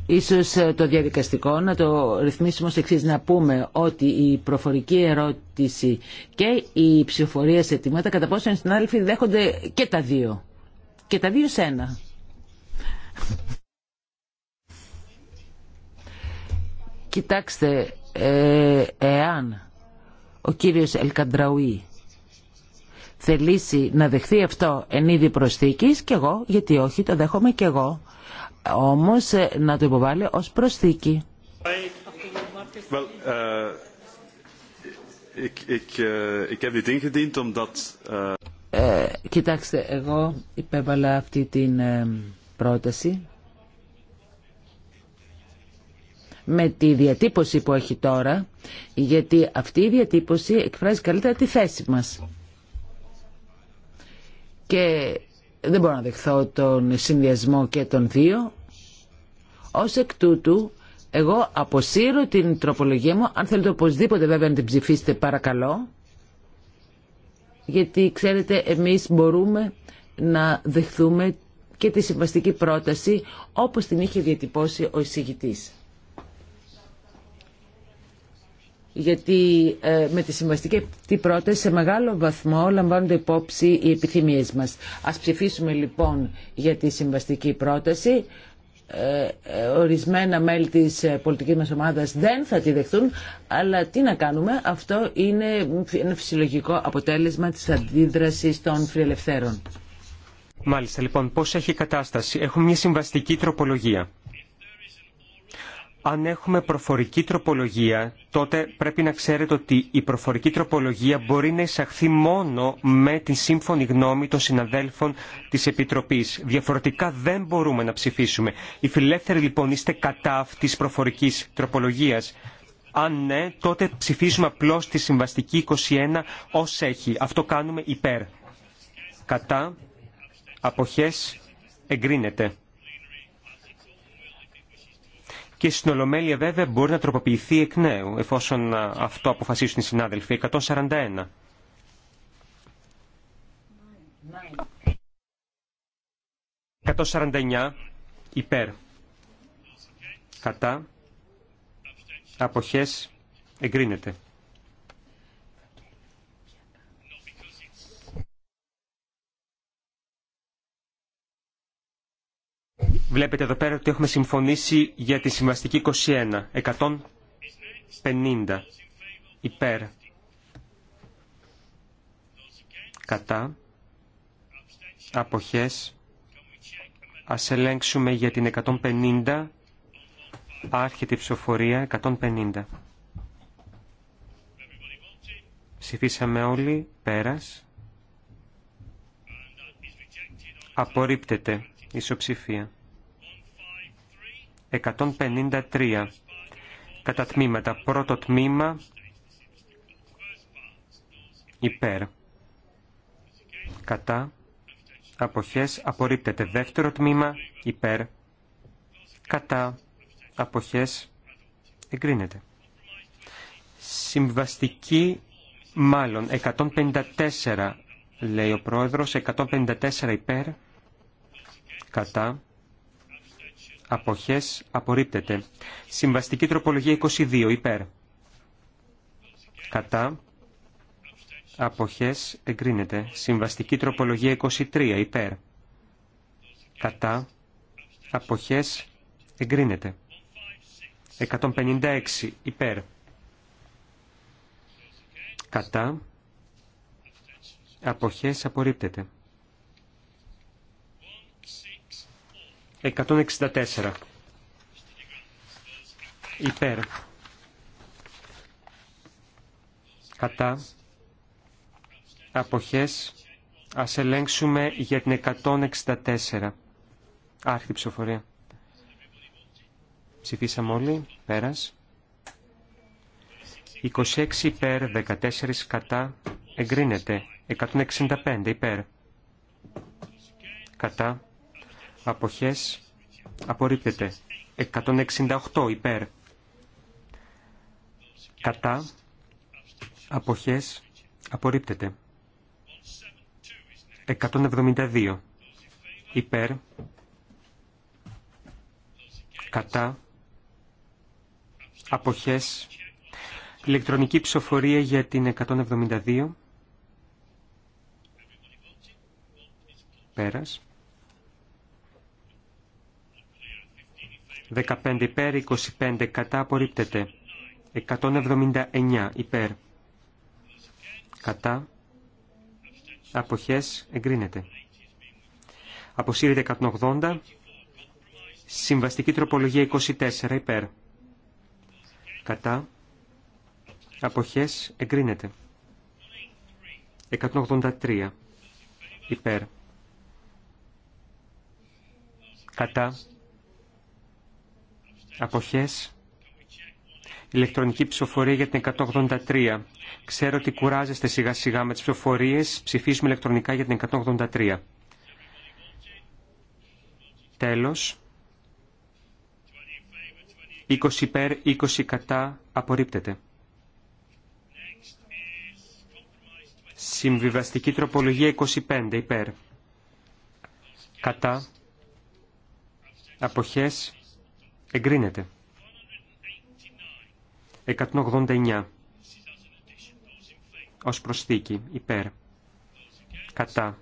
Ίσως ε, το διαδικαστικό να το ρυθμίσουμε ως εξής, να πούμε ότι η προφορική ερώτηση και η ψηφοφορία σε αιτήματα κατά πόσο στην δέχονται και τα δύο. Και τα δύο σε ένα. Κοιτάξτε, ε, εάν ο κύριος Ελκαντραουή θελήσει να δεχθεί αυτό εν είδη προσθήκης και εγώ, γιατί όχι, το δέχομαι και εγώ, όμως ε, να το υποβάλει ως προσθήκη. Well, ε, ik, ik, ε, ik heb dit omdat... κοιτάξτε, εγώ υπέβαλα αυτή την πρόταση με τη διατύπωση που έχει τώρα, γιατί αυτή η διατύπωση εκφράζει καλύτερα τη θέση μας. Και δεν μπορώ να δεχθώ τον συνδυασμό και τον δύο. Ως εκ τούτου, εγώ αποσύρω την τροπολογία μου, αν θέλετε οπωσδήποτε βέβαια να την ψηφίσετε παρακαλώ, γιατί ξέρετε εμείς μπορούμε να δεχθούμε και τη συμβαστική πρόταση όπως την είχε διατυπώσει ο εισηγητής. γιατί ε, με τη συμβαστική πρόταση σε μεγάλο βαθμό λαμβάνονται υπόψη οι επιθυμίες μας. Ας ψηφίσουμε λοιπόν για τη συμβαστική πρόταση. Ε, ε, ορισμένα μέλη της πολιτικής μας ομάδας δεν θα τη δεχτούν, αλλά τι να κάνουμε, αυτό είναι ένα φυσιολογικό αποτέλεσμα της αντίδρασης των φιλελευθέρων. Μάλιστα, λοιπόν, πώς έχει η κατάσταση. Έχουμε μια συμβαστική τροπολογία αν έχουμε προφορική τροπολογία, τότε πρέπει να ξέρετε ότι η προφορική τροπολογία μπορεί να εισαχθεί μόνο με τη σύμφωνη γνώμη των συναδέλφων της Επιτροπής. Διαφορετικά δεν μπορούμε να ψηφίσουμε. Οι φιλεύθεροι λοιπόν είστε κατά αυτής προφορικής τροπολογίας. Αν ναι, τότε ψηφίσουμε απλώς τη συμβαστική 21 ως έχει. Αυτό κάνουμε υπέρ. Κατά, αποχές, εγκρίνεται και στην Ολομέλεια βέβαια μπορεί να τροποποιηθεί εκ νέου, εφόσον αυτό αποφασίσουν οι συνάδελφοι. 141. 149 υπέρ κατά αποχές εγκρίνεται. Βλέπετε εδώ πέρα ότι έχουμε συμφωνήσει για τη συμβαστική 21. 150 υπέρ. Κατά. Αποχές. Ας ελέγξουμε για την 150. Άρχεται η ψηφοφορία 150. Ψηφίσαμε όλοι. Πέρας. Απορρίπτεται ισοψηφία. 153 κατά τμήματα. Πρώτο τμήμα υπέρ. Κατά. Αποχές απορρίπτεται. Δεύτερο τμήμα υπέρ. Κατά. Αποχές εγκρίνεται. Συμβαστική μάλλον 154 λέει ο πρόεδρος. 154 υπέρ. Κατά αποχές απορρίπτεται. Συμβαστική τροπολογία 22 υπέρ. Κατά αποχές εγκρίνεται. Συμβαστική τροπολογία 23 υπέρ. Κατά αποχές εγκρίνεται. 156 υπέρ. Κατά αποχές απορρίπτεται. 164. Υπέρ. Κατά. Αποχές. Ας ελέγξουμε για την 164. Άρχιτη ψηφοφορία. Ψηφίσαμε όλοι. Πέρας. 26 υπέρ, 14 κατά. Εγκρίνεται. 165 υπέρ. Κατά αποχές απορρίπτεται 168 υπέρ κατά αποχές απορρίπτεται 172 υπέρ κατά αποχές ηλεκτρονική ψηφοφορία για την 172 πέρας 15 υπέρ, 25 κατά, απορρίπτεται. 179 υπέρ, κατά, αποχές, εγκρίνεται. Αποσύρεται 180, συμβαστική τροπολογία 24 υπέρ, κατά, αποχές, εγκρίνεται. 183 υπέρ, κατά, αποχές, ηλεκτρονική ψηφοφορία για την 183. Ξέρω ότι κουράζεστε σιγά σιγά με τις ψηφοφορίες, ψηφίσουμε ηλεκτρονικά για την 183. Τέλος. 20 υπέρ, 20 κατά, απορρίπτεται. Συμβιβαστική τροπολογία 25 υπέρ. Κατά. Αποχές. Εγκρίνεται. 189. Ως προσθήκη. Υπέρ. Κατά.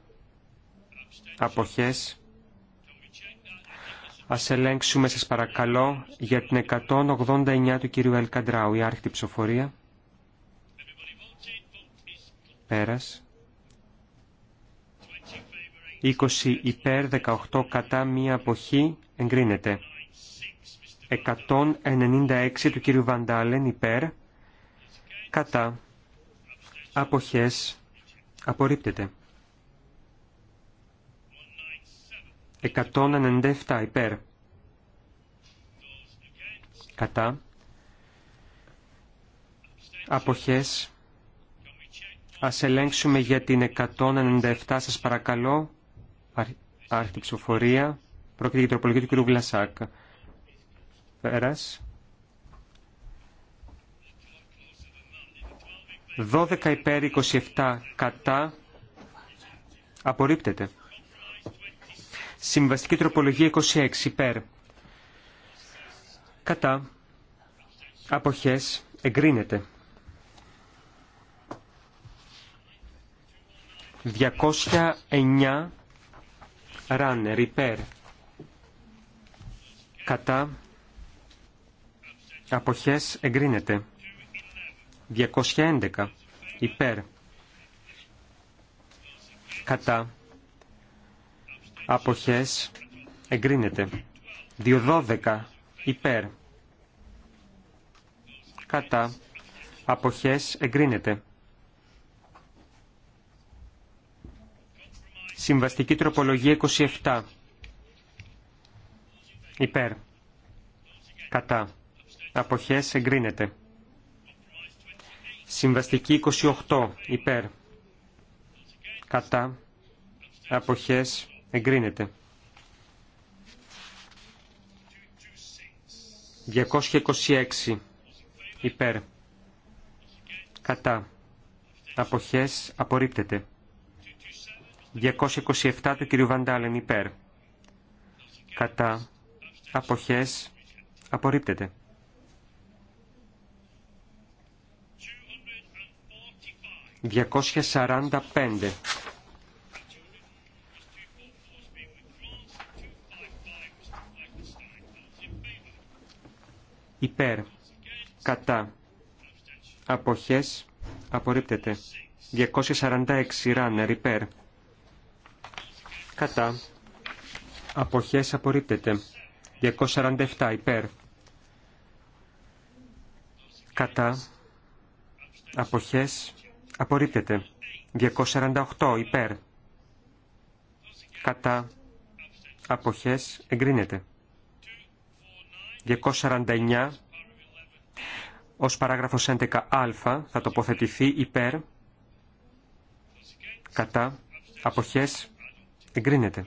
Αποχές. Ας ελέγξουμε σας παρακαλώ για την 189 του κυρίου Ελκαντράου. Η άρχιτη ψηφοφορία. Πέρας. 20 υπέρ, 18 κατά, μία αποχή. Εγκρίνεται. 196 του κύριου Βαντάλεν υπέρ κατά αποχές απορρίπτεται. 197 υπέρ κατά αποχές ας ελέγξουμε για την 197 σας παρακαλώ άρχιτη ψηφοφορία πρόκειται για τροπολογία του κύριου Βλασάκα Πέρας. 12 υπέρ 27 κατά. Απορρίπτεται. Συμβαστική τροπολογία 26 υπέρ. Κατά. Αποχές. Εγκρίνεται. 209 ράνερ υπέρ. Κατά αποχές εγκρίνεται. 211 υπέρ κατά αποχές εγκρίνεται. 212 υπέρ κατά αποχές εγκρίνεται. Συμβαστική τροπολογία 27 υπέρ κατά αποχές εγκρίνεται. Συμβαστική 28 υπέρ κατά αποχές εγκρίνεται. 226 υπέρ κατά αποχές απορρίπτεται. 227 του κ. Βαντάλεν υπέρ κατά αποχές απορρίπτεται. 245. Υπέρ, κατά, αποχές, απορρίπτεται. 246, ράνερ, υπέρ, κατά, αποχές, απορρίπτεται. 247, υπέρ, κατά, αποχές, Απορρίπτεται. 248 υπέρ. Κατά. Αποχές. Εγκρίνεται. 249 ως παράγραφος 11α θα τοποθετηθεί υπέρ. Κατά. Αποχές. Εγκρίνεται.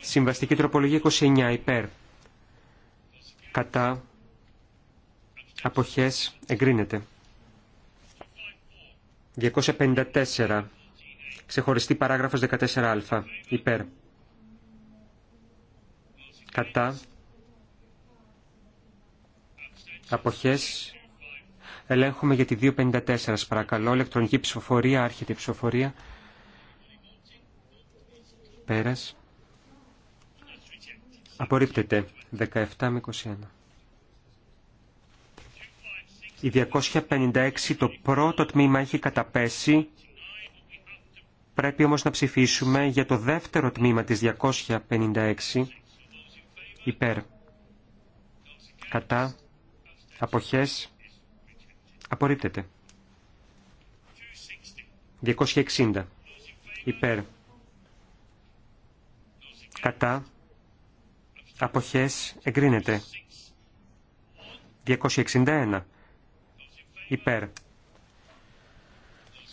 Συμβαστική τροπολογία 29 υπέρ. Κατά. Αποχές. Εγκρίνεται. 254. Ξεχωριστή παράγραφος 14α. Υπέρ. Κατά. Αποχές. Ελέγχουμε για τη 254. Σας παρακαλώ. Ελεκτρονική ψηφοφορία. Άρχεται η ψηφοφορία. Πέρας. Απορρίπτεται. 17 με 21. Η 256 το πρώτο τμήμα έχει καταπέσει. Πρέπει όμως να ψηφίσουμε για το δεύτερο τμήμα της 256 υπέρ. Κατά. Αποχές. Απορρίπτεται. 260 υπέρ. Κατά. Αποχές εγκρίνεται. 261 υπέρ.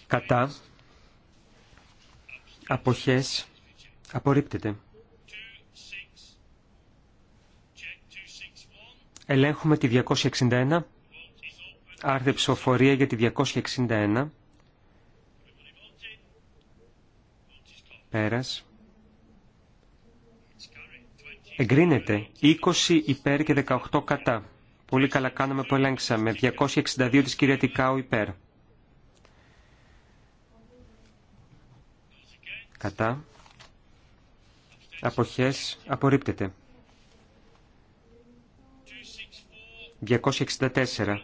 Κατά. Αποχές. Απορρίπτεται. Ελέγχουμε τη 261. Άρθε ψηφοφορία για τη 261. Πέρας. Εγκρίνεται 20 υπέρ και 18 κατά. Πολύ καλά κάναμε που ελέγξαμε. 262 της κυρία Τικάου υπέρ. Κατά. Αποχές απορρίπτεται. 264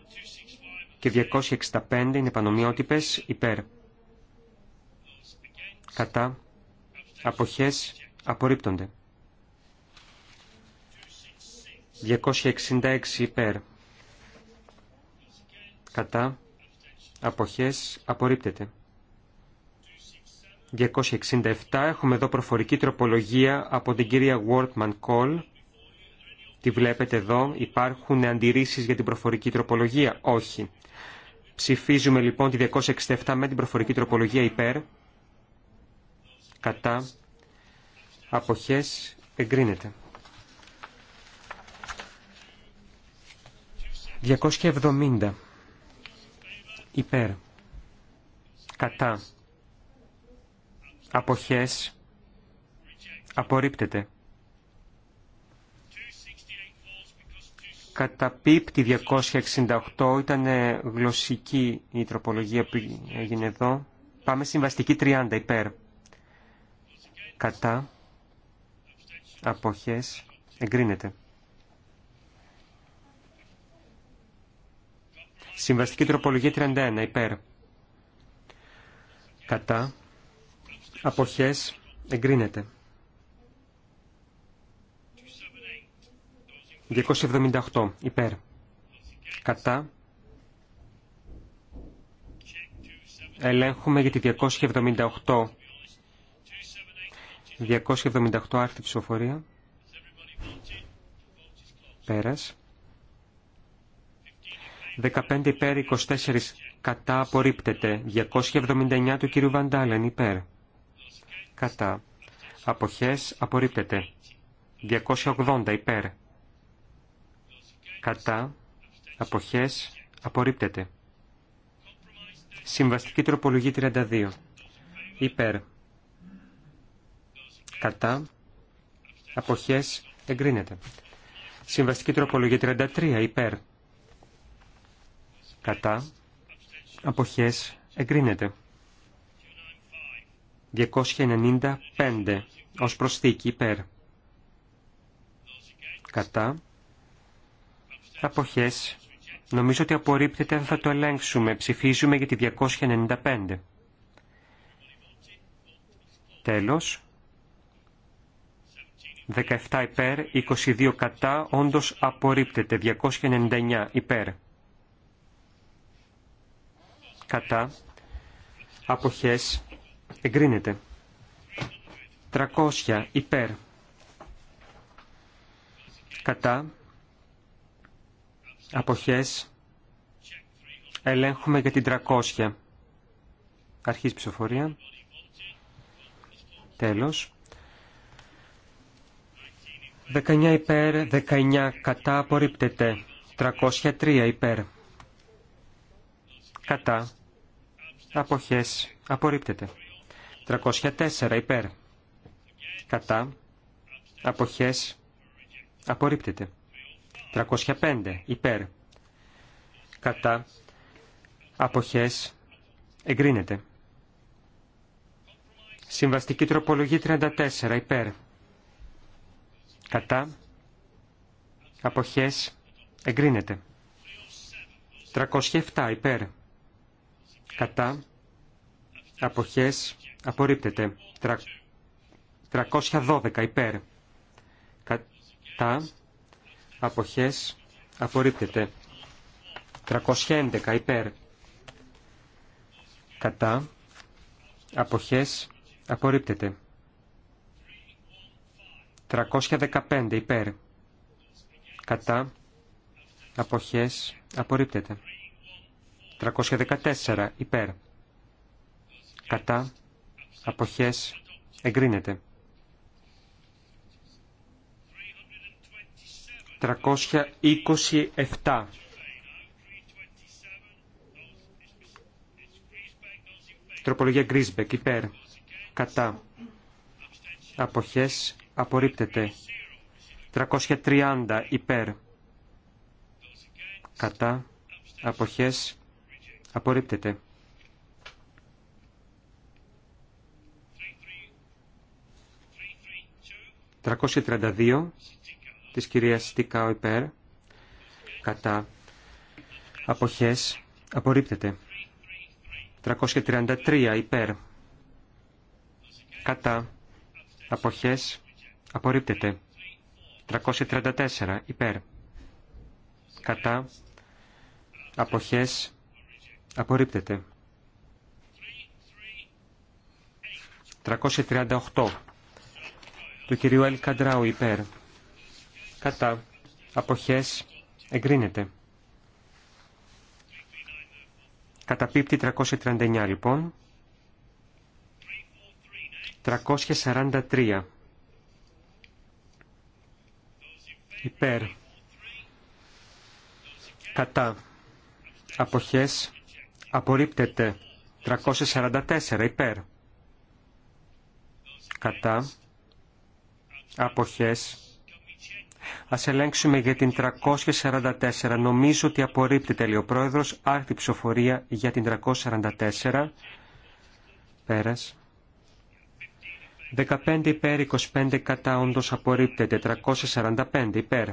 και 265 είναι πανομοιότυπες υπέρ. Κατά. Αποχές απορρίπτονται. 266 υπέρ. Κατά. Αποχές απορρίπτεται. 267. Έχουμε εδώ προφορική τροπολογία από την κυρία Wortman Κολ Τη βλέπετε εδώ. Υπάρχουν αντιρρήσεις για την προφορική τροπολογία. Όχι. Ψηφίζουμε λοιπόν τη 267 με την προφορική τροπολογία υπέρ. Κατά. Αποχές εγκρίνεται. 270 υπέρ κατά αποχές απορρίπτεται. Καταπίπτει 268, ήταν ε, γλωσσική η τροπολογία που έγινε εδώ. Πάμε συμβαστική 30 υπέρ. Κατά αποχές εγκρίνεται. Συμβαστική τροπολογία 31 υπέρ. Κατά. Αποχές εγκρίνεται. 278 υπέρ. Κατά. Ελέγχουμε για τη 278. 278 άρθρη ψηφοφορία. Πέρας. 15 υπέρ, 24 κατά, απορρίπτεται. 279 του κύριου Βαντάλεν υπέρ. Κατά. Αποχές, απορρίπτεται. 280 υπέρ. Κατά. Αποχές, απορρίπτεται. Συμβαστική τροπολογή 32. Υπέρ. Κατά. Αποχές, εγκρίνεται. Συμβαστική τροπολογία 33. Υπέρ κατά, αποχές, εγκρίνεται. 295 ως προσθήκη υπέρ. Κατά, αποχές, νομίζω ότι απορρίπτεται θα το ελέγξουμε. Ψηφίζουμε για τη 295. Τέλος. 17 υπέρ, 22 κατά, όντως απορρίπτεται, 299 υπέρ κατά, αποχές, εγκρίνεται. 300 υπέρ, κατά, αποχές, ελέγχουμε για την 300. Αρχής ψηφοφορία. Τέλος. 19 υπέρ, 19 κατά απορρίπτεται. 303 υπέρ. Κατά αποχές απορρίπτεται. 304 υπέρ κατά αποχές απορρίπτεται. 305 υπέρ κατά αποχές εγκρίνεται. Συμβαστική τροπολογή 34 υπέρ κατά αποχές εγκρίνεται. 307 υπέρ κατά, αποχές, απορρίπτεται. 312 υπέρ, κατά, αποχές, απορρίπτεται. 311 υπέρ, κατά, αποχές, απορρίπτεται. 315 υπέρ, κατά, αποχές, απορρίπτεται. 314 υπέρ. Κατά. Αποχές. Εγκρίνεται. 327 Τροπολογία Γκρίσμπεκ υπέρ. Κατά. Αποχές. Απορρίπτεται. 330 υπέρ. Κατά. Αποχές Απορρίπτεται. 332 της κυρίας υπέρ κατά αποχές απορρίπτεται 333 υπέρ κατά αποχές απορρίπτεται 334 υπέρ κατά αποχές Απορρίπτεται. 338 του κυρίου Ελ Καντράου υπέρ. Κατά. Αποχές. Εγκρίνεται. Καταπίπτει 339 λοιπόν. 343. Υπέρ. Κατά. Αποχές. Απορρίπτεται. 344 υπέρ. Κατά. Αποχές. Ας ελέγξουμε για την 344. Νομίζω ότι απορρίπτεται, λέει ο πρόεδρος, άρτη ψηφοφορία για την 344. Πέρας. 15 υπέρ, 25 κατά, όντως απορρίπτεται. 345 υπέρ.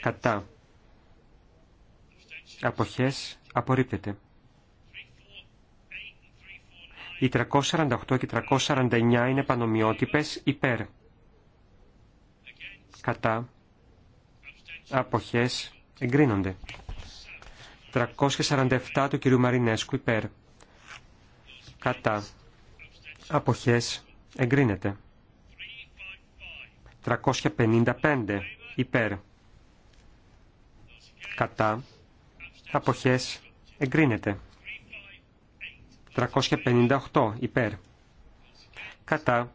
Κατά. Αποχές. Απορρίπτεται. Οι 348 και 349 είναι πανομοιότυπες υπέρ. Κατά. Αποχές εγκρίνονται. 347 του κυρίου Μαρινέσκου υπέρ. Κατά. Αποχές εγκρίνεται. 355 υπέρ. Κατά. Αποχές Εγκρίνεται. 358 υπέρ. Κατά.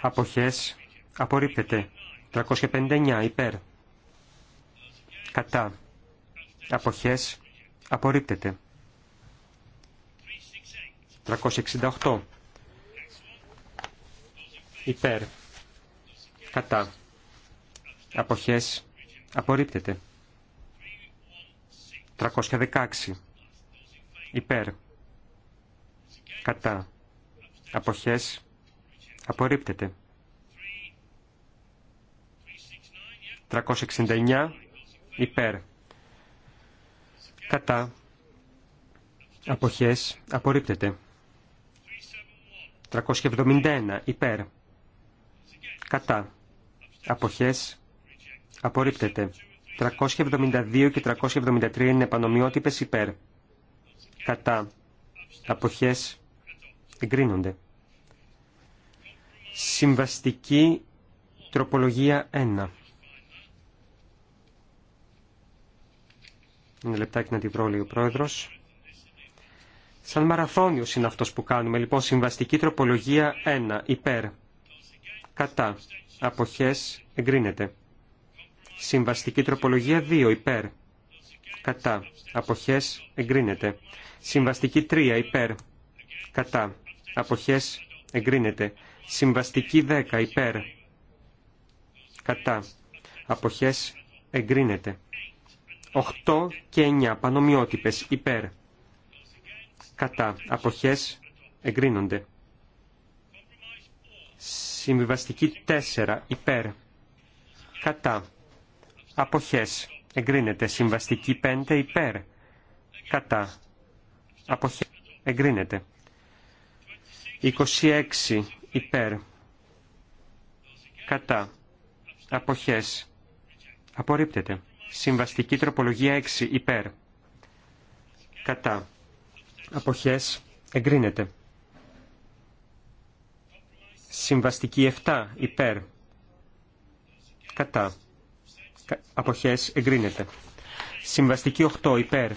Αποχές. Απορρίπτεται. 359 υπέρ. Κατά. Αποχές. Απορρίπτεται. 368 υπέρ. Κατά. Αποχές. Απορρίπτεται. 316 υπέρ, κατά, αποχές, απορρίπτεται. 369 υπέρ, κατά, αποχές, απορρίπτεται. 371 υπέρ, κατά, αποχές, απορρίπτεται. 372 και 373 είναι επανομοιότυπες υπέρ κατά αποχές εγκρίνονται. Συμβαστική τροπολογία 1. Ένα λεπτάκι να τη βρω, λέει ο πρόεδρος. Σαν μαραθώνιος είναι αυτός που κάνουμε. Λοιπόν, συμβαστική τροπολογία 1. Υπέρ. Κατά. Αποχές εγκρίνεται. Συμβαστική τροπολογία 2. Υπέρ κατά, αποχές, εγκρίνεται. Συμβαστική 3 υπέρ, κατά, αποχές, εγκρίνεται. Συμβαστική 10 υπέρ, κατά, αποχές, εγκρίνεται. 8 και 9 πανομοιότυπες υπέρ, κατά, αποχές, εγκρίνονται. Συμβαστική 4 υπέρ, κατά, αποχές, εγκρίνεται. Συμβαστική 5 υπέρ, κατά, αποχέ, εγκρίνεται. 26 υπέρ, κατά, αποχές, απορρίπτεται. Συμβαστική τροπολογία 6 υπέρ, κατά, αποχές, εγκρίνεται. Συμβαστική 7 υπέρ, κατά, αποχές εγκρίνεται. Συμβαστική 8 υπέρ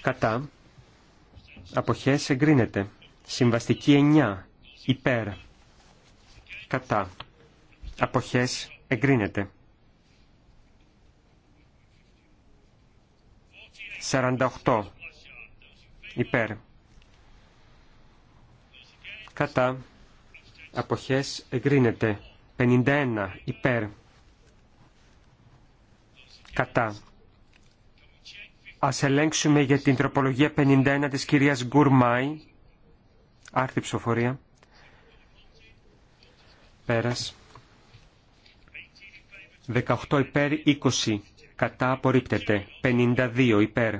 κατά αποχές εγκρίνεται. Συμβαστική 9 υπέρ κατά αποχές εγκρίνεται. 48 υπέρ κατά αποχές εγκρίνεται. 51 υπέρ κατά. Ας ελέγξουμε για την τροπολογία 51 της κυρίας Γκουρμάη. Άρθιψη ψηφοφορία. Πέρας. 18 υπέρ, 20 κατά απορρίπτεται. 52 υπέρ.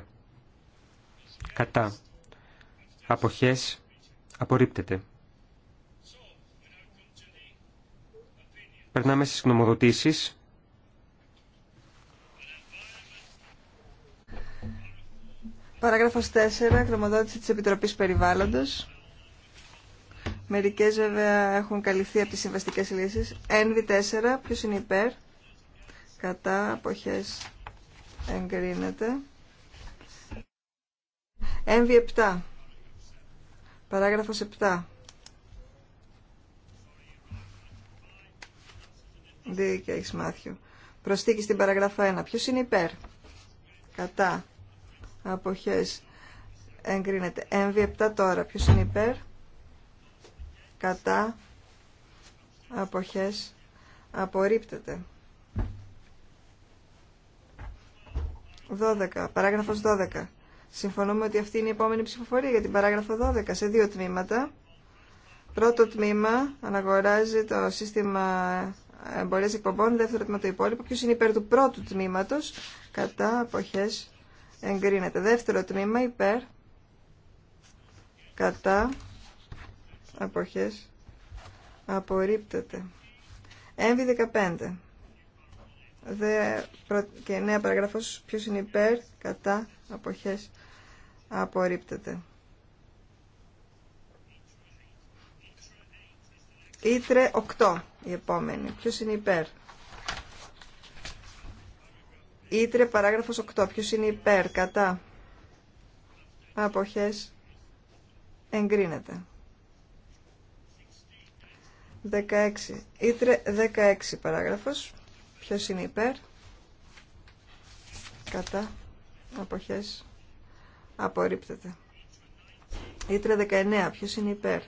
Κατά. Αποχές απορρίπτεται. Περνάμε στις γνωμοδοτήσεις. Παράγραφος 4, γνωμοδότηση της Επιτροπής Περιβάλλοντος. Μερικές βέβαια έχουν καλυφθεί από τις συμβαστικές λύσεις. NV4, ποιος είναι υπέρ. Κατά, αποχές, εγκρίνεται. NV7, παράγραφος 7. Δίκαια Δίκαιο μάθιο. Προσθήκη στην παραγράφα 1. Ποιος είναι υπέρ. Κατά αποχές Εμβιεπτά MV7 τώρα. Ποιος είναι υπέρ. Κατά. Αποχές. Απορρίπτεται. 12. Παράγραφος 12. Συμφωνούμε ότι αυτή είναι η επόμενη ψηφοφορία για την παράγραφο 12 σε δύο τμήματα. Πρώτο τμήμα αναγοράζει το σύστημα εμπορίας εκπομπών, δεύτερο τμήμα το υπόλοιπο. Ποιος είναι υπέρ του πρώτου τμήματος κατά αποχές εγκρίνεται. Δεύτερο τμήμα υπέρ, κατά, αποχές, απορρίπτεται. Έμβη 15. Δε, και νέα παραγράφος, ποιος είναι υπέρ, κατά, αποχές, απορρίπτεται. Ήτρε 8 η επόμενη. Ποιος είναι υπέρ, Ήτρε παράγραφος 8. Ποιος είναι υπέρ, κατά. Αποχές. Εγκρίνεται. 16. Ήτρε 16 παράγραφος. Ποιος είναι υπέρ. Κατά. Αποχές. Απορρίπτεται. Ήτρε 19. Ποιος είναι υπέρ.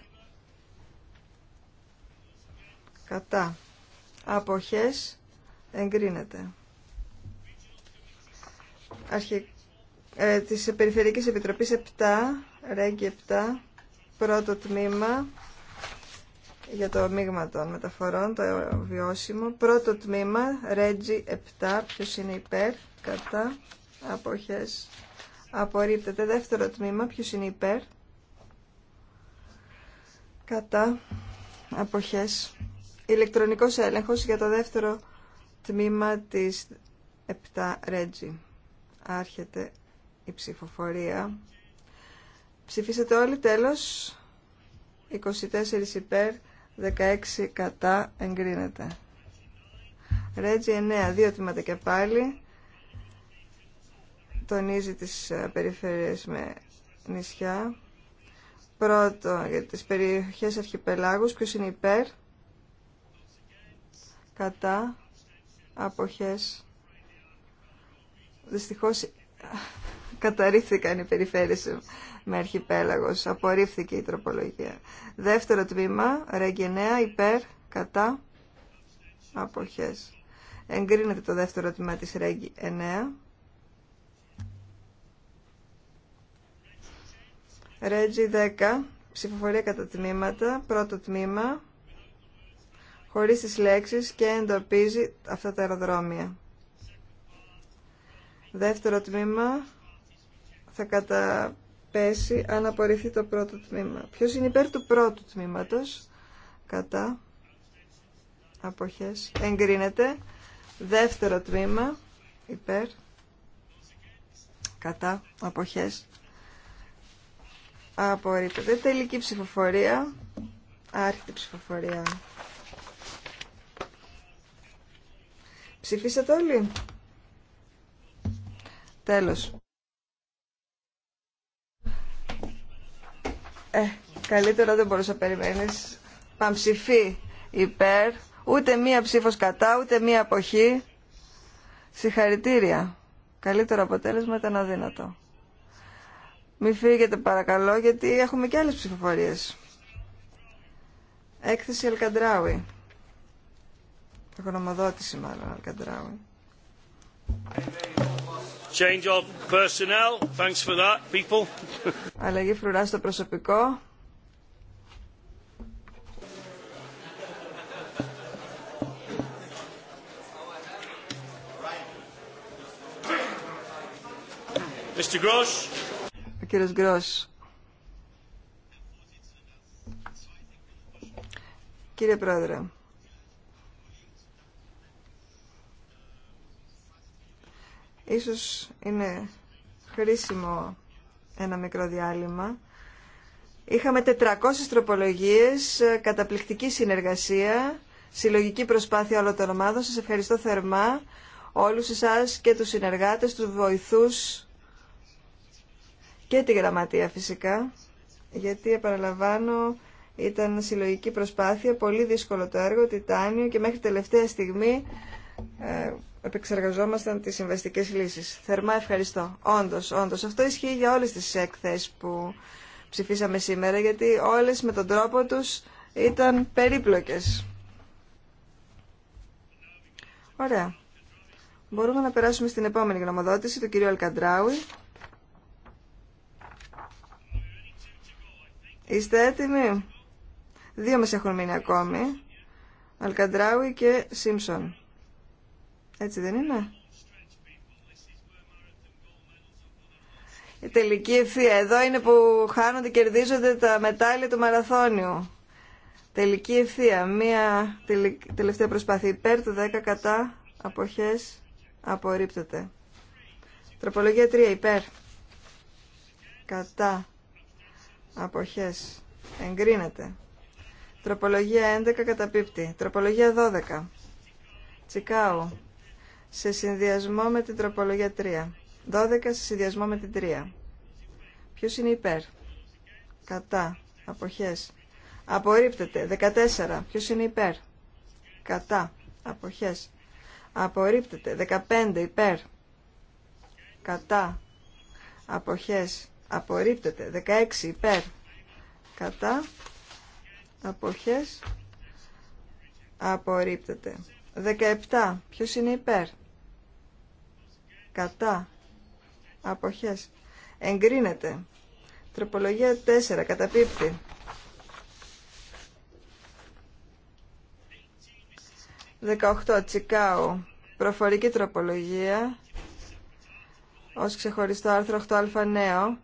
Κατά. Αποχές. Εγκρίνεται αρχι... ε, της Περιφερειακής Επιτροπής 7, ΡΕΓΚΙ 7, πρώτο τμήμα για το μείγμα των μεταφορών, το βιώσιμο. Πρώτο τμήμα, Ρέγγι 7, ποιος είναι υπέρ, κατά, αποχές, απορρίπτεται. Δεύτερο τμήμα, ποιος είναι υπέρ, κατά, αποχές. Ηλεκτρονικός έλεγχος για το δεύτερο τμήμα της 7 Ρέτζι. Άρχεται η ψηφοφορία. Ψηφίσατε όλοι τέλος. 24 υπέρ, 16 κατά εγκρίνεται. Ρέτζι 9, δύο τμήματα και πάλι. Τονίζει τις ε, περιφέρειες με νησιά. Πρώτο, για τις περιοχές αρχιπελάγους, ποιος είναι υπέρ, κατά, αποχές, δυστυχώς καταρρίφθηκαν οι περιφέρειες με αρχιπέλαγος. Απορρίφθηκε η τροπολογία. Δεύτερο τμήμα, ρεγγενέα, υπέρ, κατά, αποχές. Εγκρίνεται το δεύτερο τμήμα της ρέγγι 9. Ρέγγι 10, ψηφοφορία κατά τμήματα, πρώτο τμήμα, χωρίς τις λέξεις και εντοπίζει αυτά τα αεροδρόμια. Δεύτερο τμήμα θα καταπέσει αν απορριφθεί το πρώτο τμήμα. Ποιος είναι υπέρ του πρώτου τμήματος. Κατά. Αποχές. Εγκρίνεται. Δεύτερο τμήμα. Υπέρ. Κατά. Αποχές. Απορρίπτεται. Τελική ψηφοφορία. Άρχιτη ψηφοφορία. Ψηφίσατε όλοι. Τέλος. Ε, καλύτερα δεν μπορούσα να περιμένεις. Παμψηφί υπέρ, ούτε μία ψήφος κατά, ούτε μία αποχή. Συγχαρητήρια. Καλύτερο αποτέλεσμα ήταν αδύνατο. Μη φύγετε παρακαλώ γιατί έχουμε και άλλες ψηφοφορίες. Έκθεση Αλκαντράουι. Γνωμοδότηση μάλλον Αλκαντράουι. Change of personnel. Thanks for that, people. Αλλαγή φρουρά στο προσωπικό. Mr. Gross. Ο κύριος Γκρός. Κύριε Πρόεδρε, Ίσως είναι χρήσιμο ένα μικρό διάλειμμα. Είχαμε 400 τροπολογίες, ε, καταπληκτική συνεργασία, συλλογική προσπάθεια όλων των ομάδων. Σας ευχαριστώ θερμά όλους εσάς και τους συνεργάτες, τους βοηθούς και τη γραμματεία φυσικά, γιατί επαναλαμβάνω ήταν συλλογική προσπάθεια, πολύ δύσκολο το έργο, τιτάνιο και μέχρι τελευταία στιγμή ε, επεξεργαζόμασταν τις συμβαστικές λύσεις. Θερμά ευχαριστώ. Όντως, όντως. Αυτό ισχύει για όλες τις εκθέσεις που ψηφίσαμε σήμερα, γιατί όλες με τον τρόπο τους ήταν περίπλοκες. Ωραία. Μπορούμε να περάσουμε στην επόμενη γνωμοδότηση του κυρίου Αλκαντράουι. Είστε έτοιμοι? Δύο μας έχουν μείνει ακόμη. Αλκαντράουι και Σίμψον. Έτσι δεν είναι. Η τελική ευθεία. Εδώ είναι που χάνονται, κερδίζονται τα μετάλλια του μαραθώνιου. Τελική ευθεία. Μία τελευταία προσπάθεια. Υπέρ του 10 κατά αποχές απορρίπτεται. Τροπολογία 3. Υπέρ. Κατά. Αποχές. Εγκρίνεται. Τροπολογία 11 καταπίπτει. Τροπολογία 12. Τσικάου σε συνδυασμό με την τροπολογία 3. 12 σε συνδυασμό με την 3. Ποιος είναι υπέρ. Κατά. Αποχές. Απορρίπτεται. 14. Ποιος είναι υπέρ. Κατά. Αποχές. Απορρίπτεται. 15. Υπέρ. Κατά. Αποχές. Απορρίπτεται. 16. Υπέρ. Κατά. Αποχές. Απορρίπτεται. 17. Ποιος είναι υπέρ. Κατά. Αποχές. Εγκρίνεται. Τροπολογία 4. Καταπίπτει. 18. Τσικάου. Προφορική τροπολογία. Ως ξεχωριστό άρθρο 8α νέο.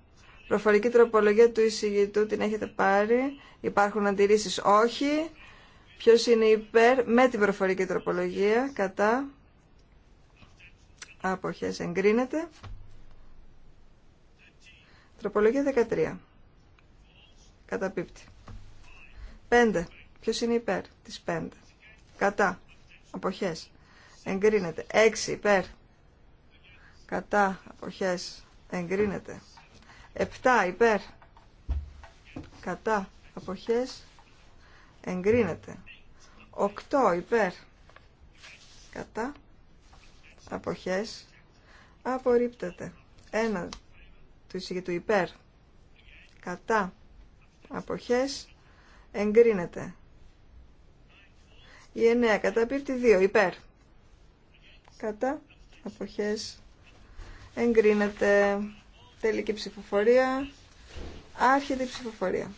Προφορική τροπολογία του εισηγητού την έχετε πάρει. Υπάρχουν αντιρρήσεις όχι. Ποιος είναι υπέρ με την προφορική τροπολογία κατά αποχές εγκρίνεται. Τροπολογία 13. Καταπίπτει. 5. Ποιος είναι υπέρ της 5. Κατά. Αποχές. Εγκρίνεται. 6. Υπέρ. Κατά. Αποχές. Εγκρίνεται. 7. Υπέρ. Κατά. Αποχές εγκρίνεται. Οκτώ υπέρ κατά αποχές απορρίπτεται. Ένα του του υπέρ κατά αποχές εγκρίνεται. Η κατά καταπίπτει δύο υπέρ κατά αποχές εγκρίνεται. Τελική ψηφοφορία. Άρχεται η ψηφοφορία.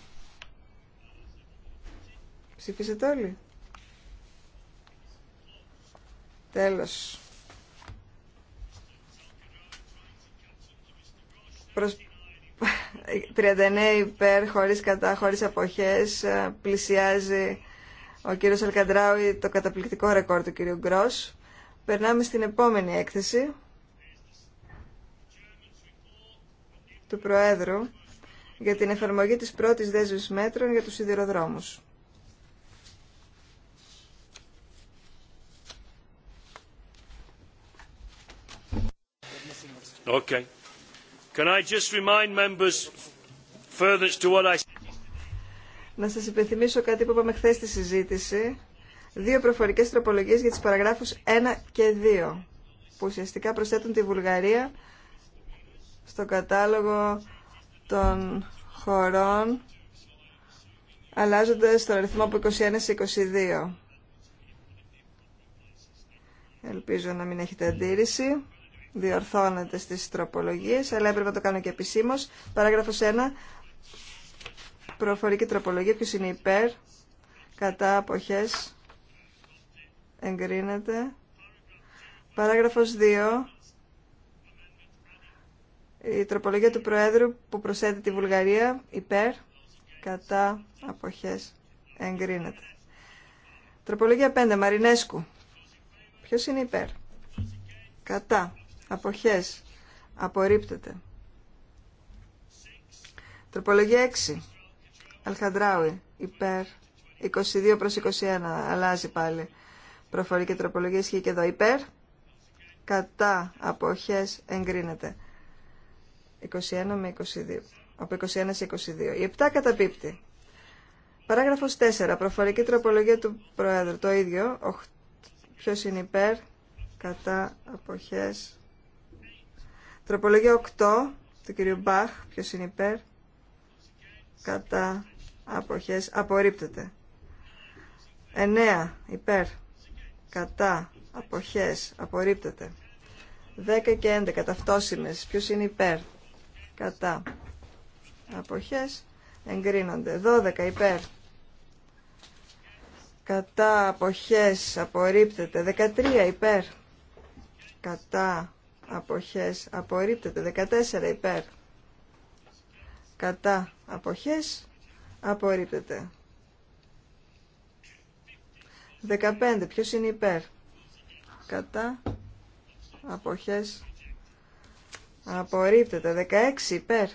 Ψήφισετε όλοι. Τέλος. Προς 39 υπέρ, χωρίς κατά, χωρίς αποχές, ε, πλησιάζει ο κύριος Αλκαντράουι το καταπληκτικό ρεκόρ του κύριου Γκρός. Περνάμε στην επόμενη έκθεση του Προέδρου για την εφαρμογή της πρώτης δέσμης μέτρων για τους σιδηροδρόμους. Να σας υπενθυμίσω κάτι που είπαμε χθε στη συζήτηση. Δύο προφορικές τροπολογίες για τις παραγράφους 1 και 2, που ουσιαστικά προσθέτουν τη Βουλγαρία στο κατάλογο των χωρών, αλλάζοντας τον αριθμό από 21 σε 22. Ελπίζω να μην έχετε αντίρρηση διορθώνεται στις τροπολογίες, αλλά έπρεπε να το κάνω και επισήμω. Παράγραφος 1, προφορική τροπολογία, ποιος είναι υπέρ, κατά αποχές, εγκρίνεται. Παράγραφος 2, η τροπολογία του Προέδρου που προσθέτει τη Βουλγαρία, υπέρ, κατά αποχές, εγκρίνεται. Τροπολογία 5, Μαρινέσκου. Ποιος είναι υπέρ. Κατά. Αποχές. Απορρίπτεται. Τροπολογία 6. Αλχαντράουι. Υπέρ. 22 προς 21. Αλλάζει πάλι. Προφορική τροπολογία ισχύει και εδώ. Υπέρ. Κατά. Αποχές. Εγκρίνεται. 21 με 22. Από 21 σε 22. Η 7 καταπίπτει. Παράγραφος 4. Προφορική τροπολογία του Προέδρου. Το ίδιο. Ποιος είναι υπέρ. Κατά. Αποχές. Τροπολογία 8 του κυρίου Μπαχ, Ποιο είναι υπέρ, κατά αποχές, απορρίπτεται. 9 υπέρ, κατά αποχές, απορρίπτεται. 10 και 11 Ταυτόσιμες. Ποιο είναι υπέρ, κατά αποχές, εγκρίνονται. 12 υπέρ, κατά αποχές, απορρίπτεται. 13 υπέρ, κατά αποχές απορρίπτεται 14 υπέρ κατά αποχές απορρίπτεται 15 ποιος είναι υπέρ κατά αποχές απορρίπτεται 16 υπέρ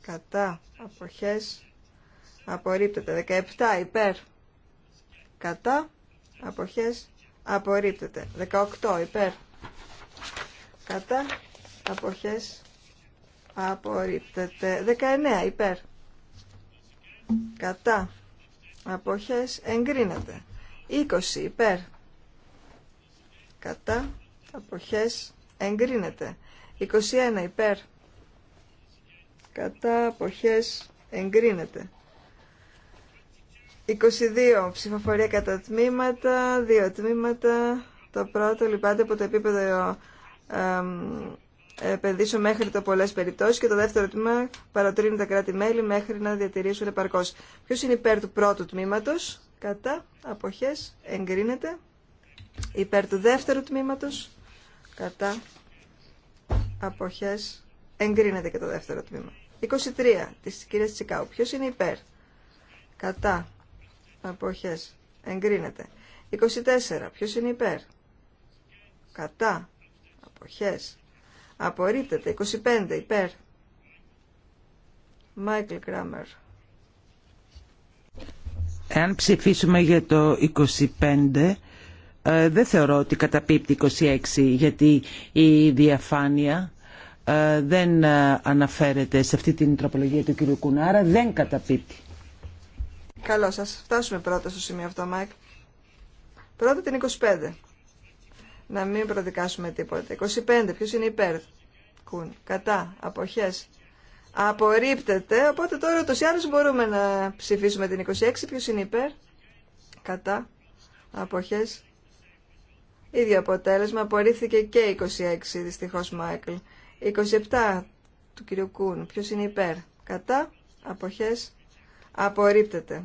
κατά αποχές απορρίπτεται 17 υπέρ κατά αποχές απορρίπτεται 18 υπέρ Κατά. Αποχές. Απορρίπτεται. 19. Υπέρ. Κατά. Αποχές. Εγκρίνεται. 20. Υπέρ. Κατά. Αποχές. Εγκρίνεται. 21. Υπέρ. Κατά. Αποχές. Εγκρίνεται. 22. Ψηφοφορία κατά τμήματα. Δύο τμήματα. Το πρώτο λυπάται από το επίπεδο επενδύσεων μέχρι το πολλέ περιπτώσει και το δεύτερο τμήμα παρατρύνει τα κράτη-μέλη μέχρι να διατηρήσουν επαρκώ. Ποιο είναι υπέρ του πρώτου τμήματο, κατά, αποχέ, εγκρίνεται. Υπέρ του δεύτερου τμήματο, κατά, απόχέ. εγκρίνεται και το δεύτερο τμήμα. 23 Τη κυρία Τσικάου. Ποιο είναι υπέρ, κατά, αποχέ, εγκρίνεται. 24. Ποιο είναι υπέρ, κατά, εποχές. Απορρίπτεται. 25 υπέρ. Μάικλ Κράμερ. Εάν ψηφίσουμε για το 25, ε, δεν θεωρώ ότι καταπίπτει 26, γιατί η διαφάνεια ε, δεν ε, αναφέρεται σε αυτή την τροπολογία του κ. Κουνάρα, δεν καταπίπτει. Καλώς, σας φτάσουμε πρώτα στο σημείο αυτό, Μάικ. Πρώτα την 25 να μην προδικάσουμε τίποτα. 25. Ποιο είναι υπέρ. Κουν. Κατά. Αποχές. Απορρίπτεται. Οπότε τώρα ούτω ή άλλω μπορούμε να ψηφίσουμε την 26. Ποιο είναι υπέρ. Κατά. Αποχές. Ίδιο αποτέλεσμα. Απορρίφθηκε και 26 δυστυχώς Μάικλ. 27 του κυρίου Κούν. Ποιο είναι υπέρ. Κατά. Αποχές. Απορρίπτεται.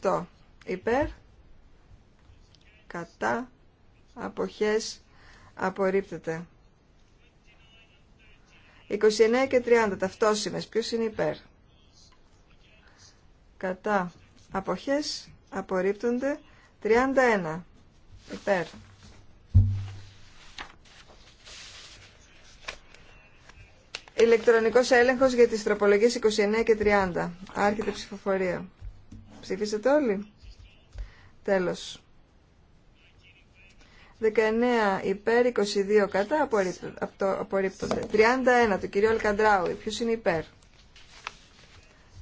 28. Υπέρ. Κατά αποχές απορρίπτεται. 29 και 30 ταυτόσιμες. Ποιος είναι υπέρ. Κατά. Αποχές απορρίπτονται. 31. Υπέρ. Ηλεκτρονικός έλεγχος για τις τροπολογίες 29 και 30. Άρχεται ψηφοφορία. Ψηφίσατε όλοι. Τέλος. 19 υπέρ, 22 κατά, απορρίπτονται. 31 του κυρίου Αλκαντράου, Ποιο είναι υπέρ.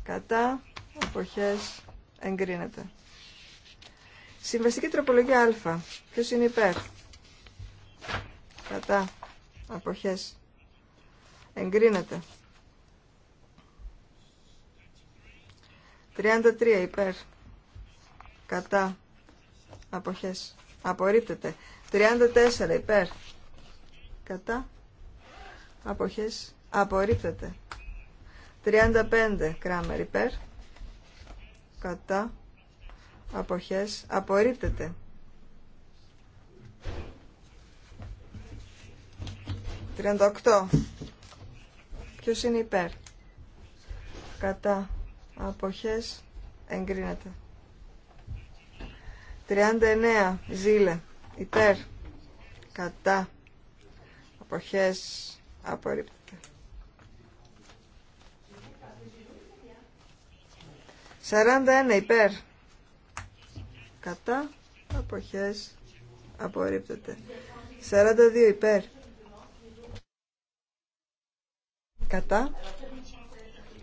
Κατά, αποχές, εγκρίνεται. Συμβαστική τροπολογία α, Ποιο είναι υπέρ. Κατά, αποχές, εγκρίνεται. 33 υπέρ, κατά, αποχές, απορρίπτεται. 34 υπέρ. Κατά. Αποχές. Απορρίπτεται. 35 κράμερ υπέρ. Κατά. Αποχές. Απορρίπτεται. 38. Ποιος είναι υπέρ. Κατά. Αποχές. Εγκρίνεται. 39. Ζήλε υπέρ κατά αποχές απορρίπτεται 41 υπέρ κατά αποχές απορρίπτεται 42 υπέρ κατά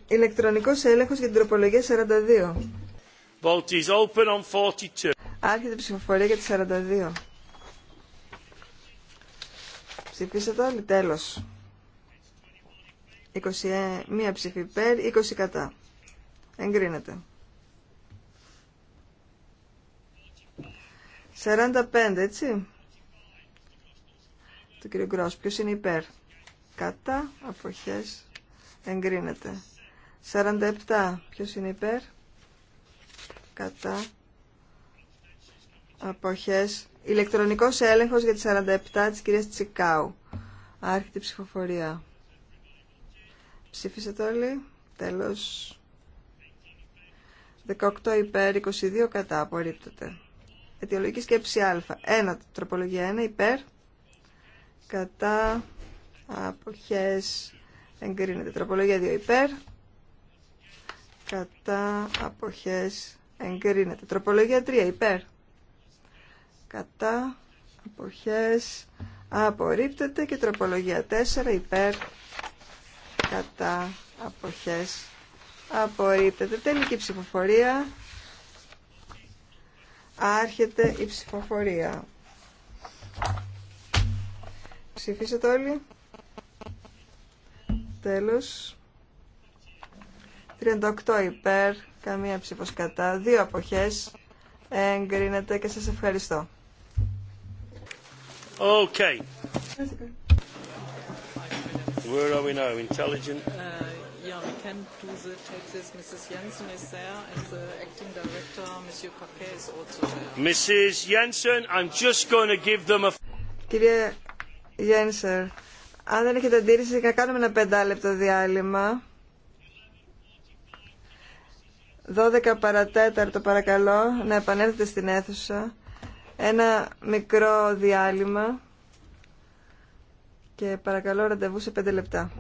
ηλεκτρονικός έλεγχος για την τροπολογία 42 42. Άρχεται η ψηφοφορία για τη 42. Ψηφίσατε όλοι. Τέλος. 21 ψήφι υπέρ, 20 κατά. Εγκρίνεται. 45, έτσι. Του κύριο Γκρός. Ποιος είναι υπέρ. Κατά, αποχές, εγκρίνεται. 47, ποιος είναι υπέρ. Κατά, αποχές ηλεκτρονικός έλεγχος για τις 47 της κυρίας Τσικάου άρχιτη ψηφοφορία ψήφισατε όλοι τέλος 18 υπέρ 22 κατά απορρίπτεται αιτιολογική σκέψη α 1 τροπολογία 1 υπέρ κατά αποχές εγκρίνεται τροπολογία 2 υπέρ κατά αποχές εγκρίνεται τροπολογία 3 υπέρ κατά, αποχές, απορρίπτεται και τροπολογία 4 υπέρ, κατά, αποχές, απορρίπτεται. Τελική ψηφοφορία, άρχεται η ψηφοφορία. Ψηφίσατε όλοι. Τέλος. 38 υπέρ, καμία ψήφος κατά, δύο αποχές εγκρίνεται και σας ευχαριστώ. Okay. Where are we now? Intelligent? Yeah, we can do the taxes. Mrs. Jensen is there, and the acting director, Monsieur Paquet, is also there. Mrs. Jensen, I'm just going to give them a... Κυρία Jensen. αν δεν έχετε αντίρρηση, να κάνουμε ένα πεντάλεπτο διάλειμμα. 12 παρατέταρτο παρακαλώ να επανέλθετε στην αίθουσα ένα μικρό διάλειμμα και παρακαλώ ραντεβού σε 5 λεπτά.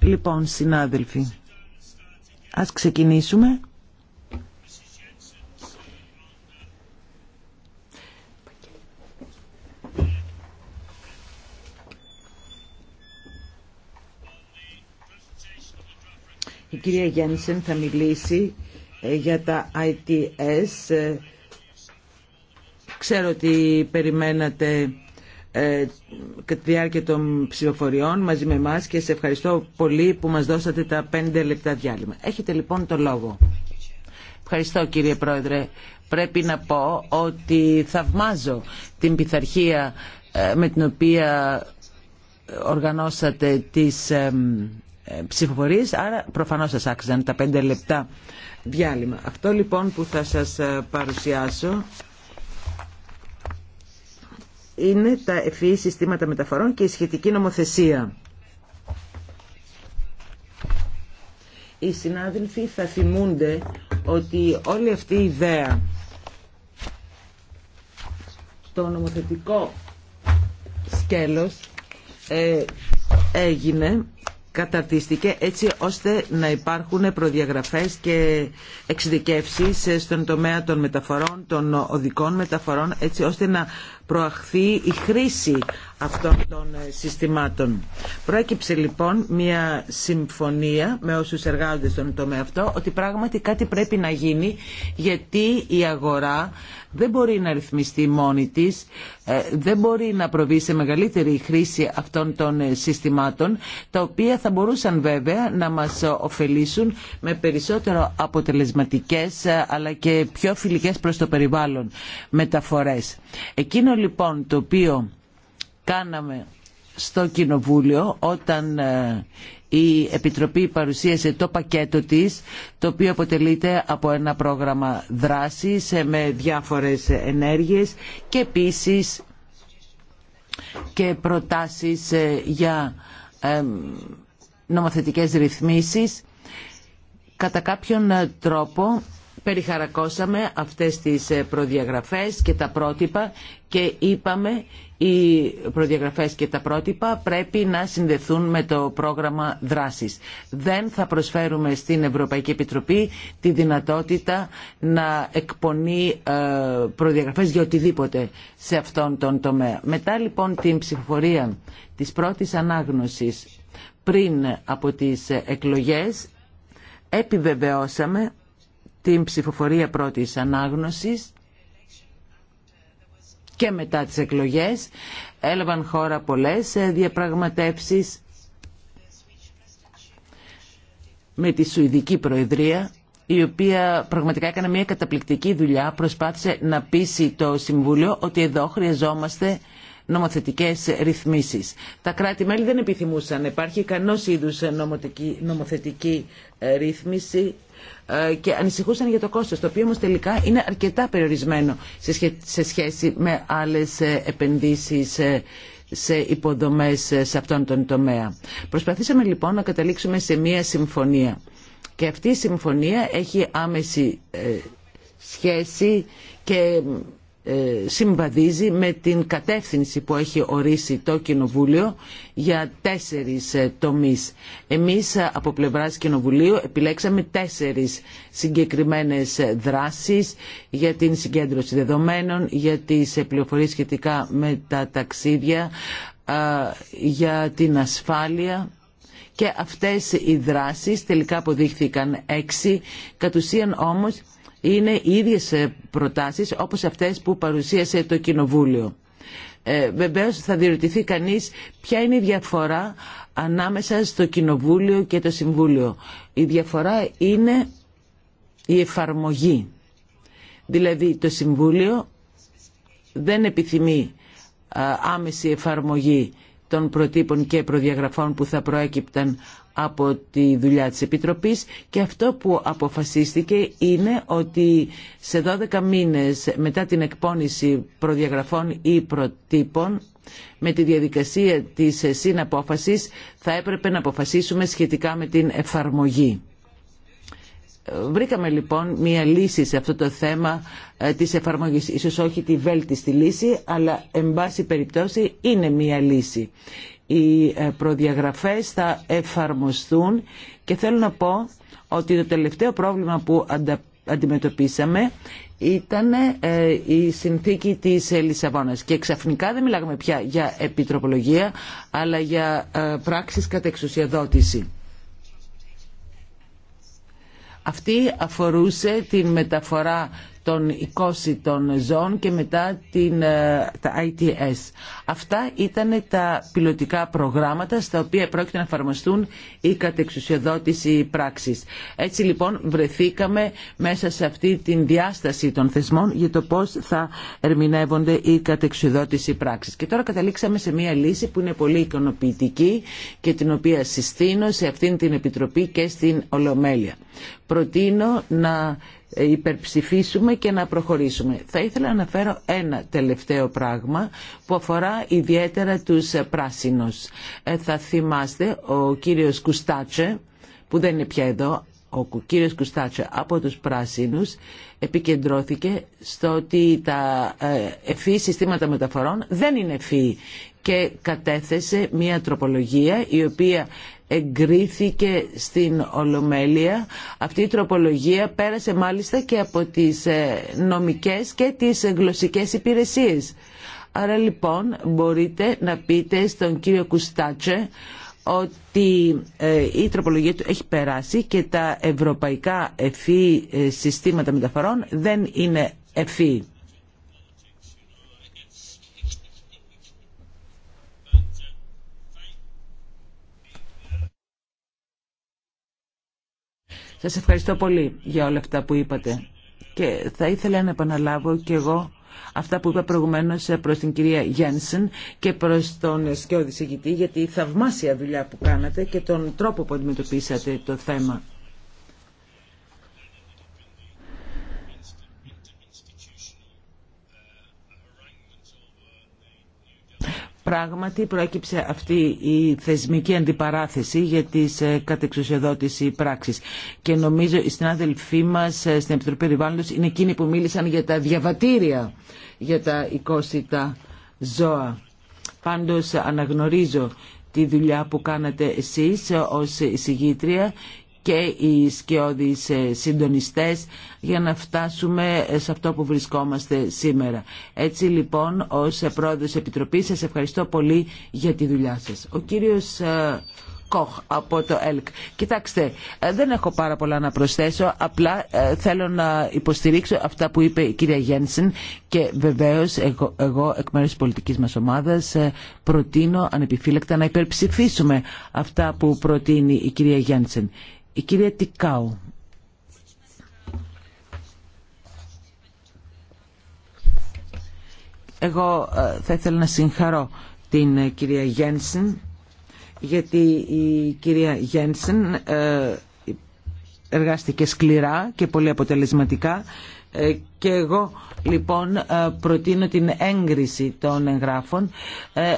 Λοιπόν, συνάδελφοι, ας ξεκινήσουμε. Η κυρία Γιάννησεν θα μιλήσει ε, για τα ITS. Ε, ξέρω ότι περιμένατε ε, κατά τη διάρκεια των ψηφοφοριών μαζί με εμά και σε ευχαριστώ πολύ που μας δώσατε τα πέντε λεπτά διάλειμμα. Έχετε λοιπόν το λόγο. Ευχαριστώ κύριε Πρόεδρε. Πρέπει να πω ότι θαυμάζω την πειθαρχία ε, με την οποία οργανώσατε τις ε, ψηφοφορίες, άρα προφανώς σας άξιζαν τα πέντε λεπτά διάλειμμα. Αυτό λοιπόν που θα σας παρουσιάσω είναι τα ευφυή συστήματα μεταφορών και η σχετική νομοθεσία. Οι συνάδελφοι θα θυμούνται ότι όλη αυτή η ιδέα το νομοθετικό σκέλος ε, έγινε καταρτίστηκε έτσι ώστε να υπάρχουν προδιαγραφές και εξειδικεύσεις στον τομέα των μεταφορών, των οδικών μεταφορών, έτσι ώστε να προαχθεί η χρήση αυτών των συστημάτων. Πρόκειψε λοιπόν μια συμφωνία με όσους εργάζονται στον τομέα αυτό ότι πράγματι κάτι πρέπει να γίνει γιατί η αγορά δεν μπορεί να ρυθμιστεί μόνη της ε, δεν μπορεί να προβεί σε μεγαλύτερη χρήση αυτών των ε, συστημάτων, τα οποία θα μπορούσαν βέβαια να μας ε, ωφελήσουν με περισσότερο αποτελεσματικές αλλά και πιο φιλικές προς το περιβάλλον μεταφορές. Εκείνο λοιπόν το οποίο κάναμε στο Κοινοβούλιο όταν η Επιτροπή παρουσίασε το πακέτο της, το οποίο αποτελείται από ένα πρόγραμμα δράσης με διάφορες ενέργειες και επίσης και προτάσεις ε, για νομοθετικές ρυθμίσεις. Κατά κάποιον ε, τρόπο περιχαρακώσαμε αυτές τις ε, προδιαγραφές και τα πρότυπα και είπαμε οι προδιαγραφές και τα πρότυπα πρέπει να συνδεθούν με το πρόγραμμα δράσης. Δεν θα προσφέρουμε στην Ευρωπαϊκή Επιτροπή τη δυνατότητα να εκπονεί ε, προδιαγραφές για οτιδήποτε σε αυτόν τον τομέα. Μετά λοιπόν την ψηφοφορία της πρώτης ανάγνωσης πριν από τις ε, εκλογές επιβεβαιώσαμε την ψηφοφορία πρώτης ανάγνωσης και μετά τις εκλογές έλαβαν χώρα πολλές ε, διαπραγματεύσεις με τη Σουηδική Προεδρία η οποία πραγματικά έκανε μια καταπληκτική δουλειά, προσπάθησε να πείσει το Συμβούλιο ότι εδώ χρειαζόμαστε νομοθετικές ρυθμίσεις. Τα κράτη-μέλη δεν επιθυμούσαν να υπάρχει κανός είδους νομοθετική ε, ρύθμιση ε, και ανησυχούσαν για το κόστος, το οποίο όμως τελικά είναι αρκετά περιορισμένο σε σχέση με άλλες ε, επενδύσεις ε, σε υποδομές σε αυτόν τον τομέα. Προσπαθήσαμε λοιπόν να καταλήξουμε σε μία συμφωνία. Και αυτή η συμφωνία έχει άμεση σχέση και ε, συμβαδίζει με την κατεύθυνση που έχει ορίσει το Κοινοβούλιο για τέσσερις ε, τομείς. Εμείς ε, από πλευράς Κοινοβουλίου επιλέξαμε τέσσερις συγκεκριμένες δράσεις για την συγκέντρωση δεδομένων, για τις πληροφορίες σχετικά με τα ταξίδια, για την ασφάλεια και αυτές οι δράσεις τελικά αποδείχθηκαν έξι, κατ' ουσίαν όμως είναι οι ίδιες ε, προτάσεις όπως αυτές που παρουσίασε το Κοινοβούλιο. Ε, βεβαίως θα διερωτηθεί κανείς ποια είναι η διαφορά ανάμεσα στο Κοινοβούλιο και το Συμβούλιο. Η διαφορά είναι η εφαρμογή. Δηλαδή το Συμβούλιο δεν επιθυμεί ε, άμεση εφαρμογή των προτύπων και προδιαγραφών που θα προέκυπταν από τη δουλειά της Επιτροπής και αυτό που αποφασίστηκε είναι ότι σε 12 μήνες μετά την εκπόνηση προδιαγραφών ή προτύπων με τη διαδικασία της συναπόφασης θα έπρεπε να αποφασίσουμε σχετικά με την εφαρμογή. Βρήκαμε λοιπόν μία λύση σε αυτό το θέμα ε, της εφαρμογής. Ίσως όχι τη βέλτιστη λύση, αλλά εν πάση περιπτώσει είναι μία λύση οι ε, προδιαγραφές θα εφαρμοστούν και θέλω να πω ότι το τελευταίο πρόβλημα που αντιμετωπίσαμε ήταν ε, η συνθήκη της Λισαβόνας και ξαφνικά δεν μιλάγαμε πια για επιτροπολογία αλλά για ε, πράξεις κατά εξουσιαδότηση. Αυτή αφορούσε την μεταφορά των 20 των ζώων και μετά την, ε, τα ITS. Αυτά ήταν τα πιλωτικά προγράμματα στα οποία πρόκειται να εφαρμοστούν η κατεξουσιοδότηση πράξης. Έτσι λοιπόν βρεθήκαμε μέσα σε αυτή την διάσταση των θεσμών για το πώς θα ερμηνεύονται η κατεξουσιοδότηση πράξης. Και τώρα καταλήξαμε σε μια λύση που είναι πολύ ικανοποιητική και την οποία συστήνω σε αυτήν την Επιτροπή και στην Ολομέλεια. Προτείνω να υπερψηφίσουμε και να προχωρήσουμε. Θα ήθελα να φέρω ένα τελευταίο πράγμα που αφορά ιδιαίτερα τους πράσινους. Ε, θα θυμάστε ο κύριος Κουστάτσε που δεν είναι πια εδώ, ο κύριος Κουστάτσε από τους πράσινους επικεντρώθηκε στο ότι τα ευφύ συστήματα μεταφορών δεν είναι ευφύ και κατέθεσε μια τροπολογία η οποία εγκρίθηκε στην Ολομέλεια. Αυτή η τροπολογία πέρασε μάλιστα και από τις ε, νομικές και τις γλωσσικές υπηρεσίες. Άρα λοιπόν μπορείτε να πείτε στον κύριο Κουστάτσε ότι ε, η τροπολογία του έχει περάσει και τα ευρωπαϊκά ευφύ ε, συστήματα μεταφορών δεν είναι ευφύ. Σας ευχαριστώ πολύ για όλα αυτά που είπατε. Και θα ήθελα να επαναλάβω και εγώ αυτά που είπα προηγουμένως προς την κυρία Γένσεν και προς τον Σκιώδη Σιγητή για τη θαυμάσια δουλειά που κάνατε και τον τρόπο που αντιμετωπίσατε το θέμα. Πράγματι προέκυψε αυτή η θεσμική αντιπαράθεση για τι ε, κατεξουσιοδότηση πράξης και νομίζω οι συνάδελφοί μας ε, στην Επιτροπή περιβάλλοντο, είναι εκείνοι που μίλησαν για τα διαβατήρια για τα οικόσιτα ζώα. Πάντως αναγνωρίζω τη δουλειά που κάνατε εσείς ως εισηγήτρια και οι σκιώδεις ε, συντονιστές για να φτάσουμε ε, σε αυτό που βρισκόμαστε σήμερα. Έτσι λοιπόν ως ε, πρόεδρος Επιτροπής σας ευχαριστώ πολύ για τη δουλειά σας. Ο κύριος Κοχ από το ΕΛΚ. Κοιτάξτε, δεν έχω πάρα πολλά να προσθέσω, απλά θέλω να υποστηρίξω αυτά που είπε η κυρία Γένσεν και βεβαίως εγώ, εγώ εκ μέρους της πολιτικής μας ομάδας προτείνω ανεπιφύλακτα να υπερψηφίσουμε αυτά που προτείνει η κυρία Γένσεν. Η κυρία Τικάου. Εγώ ε, θα ήθελα να συγχαρώ την ε, κυρία Γένσεν γιατί η κυρία Γένσεν ε, εργάστηκε σκληρά και πολύ αποτελεσματικά και εγώ λοιπόν προτείνω την έγκριση των εγγράφων.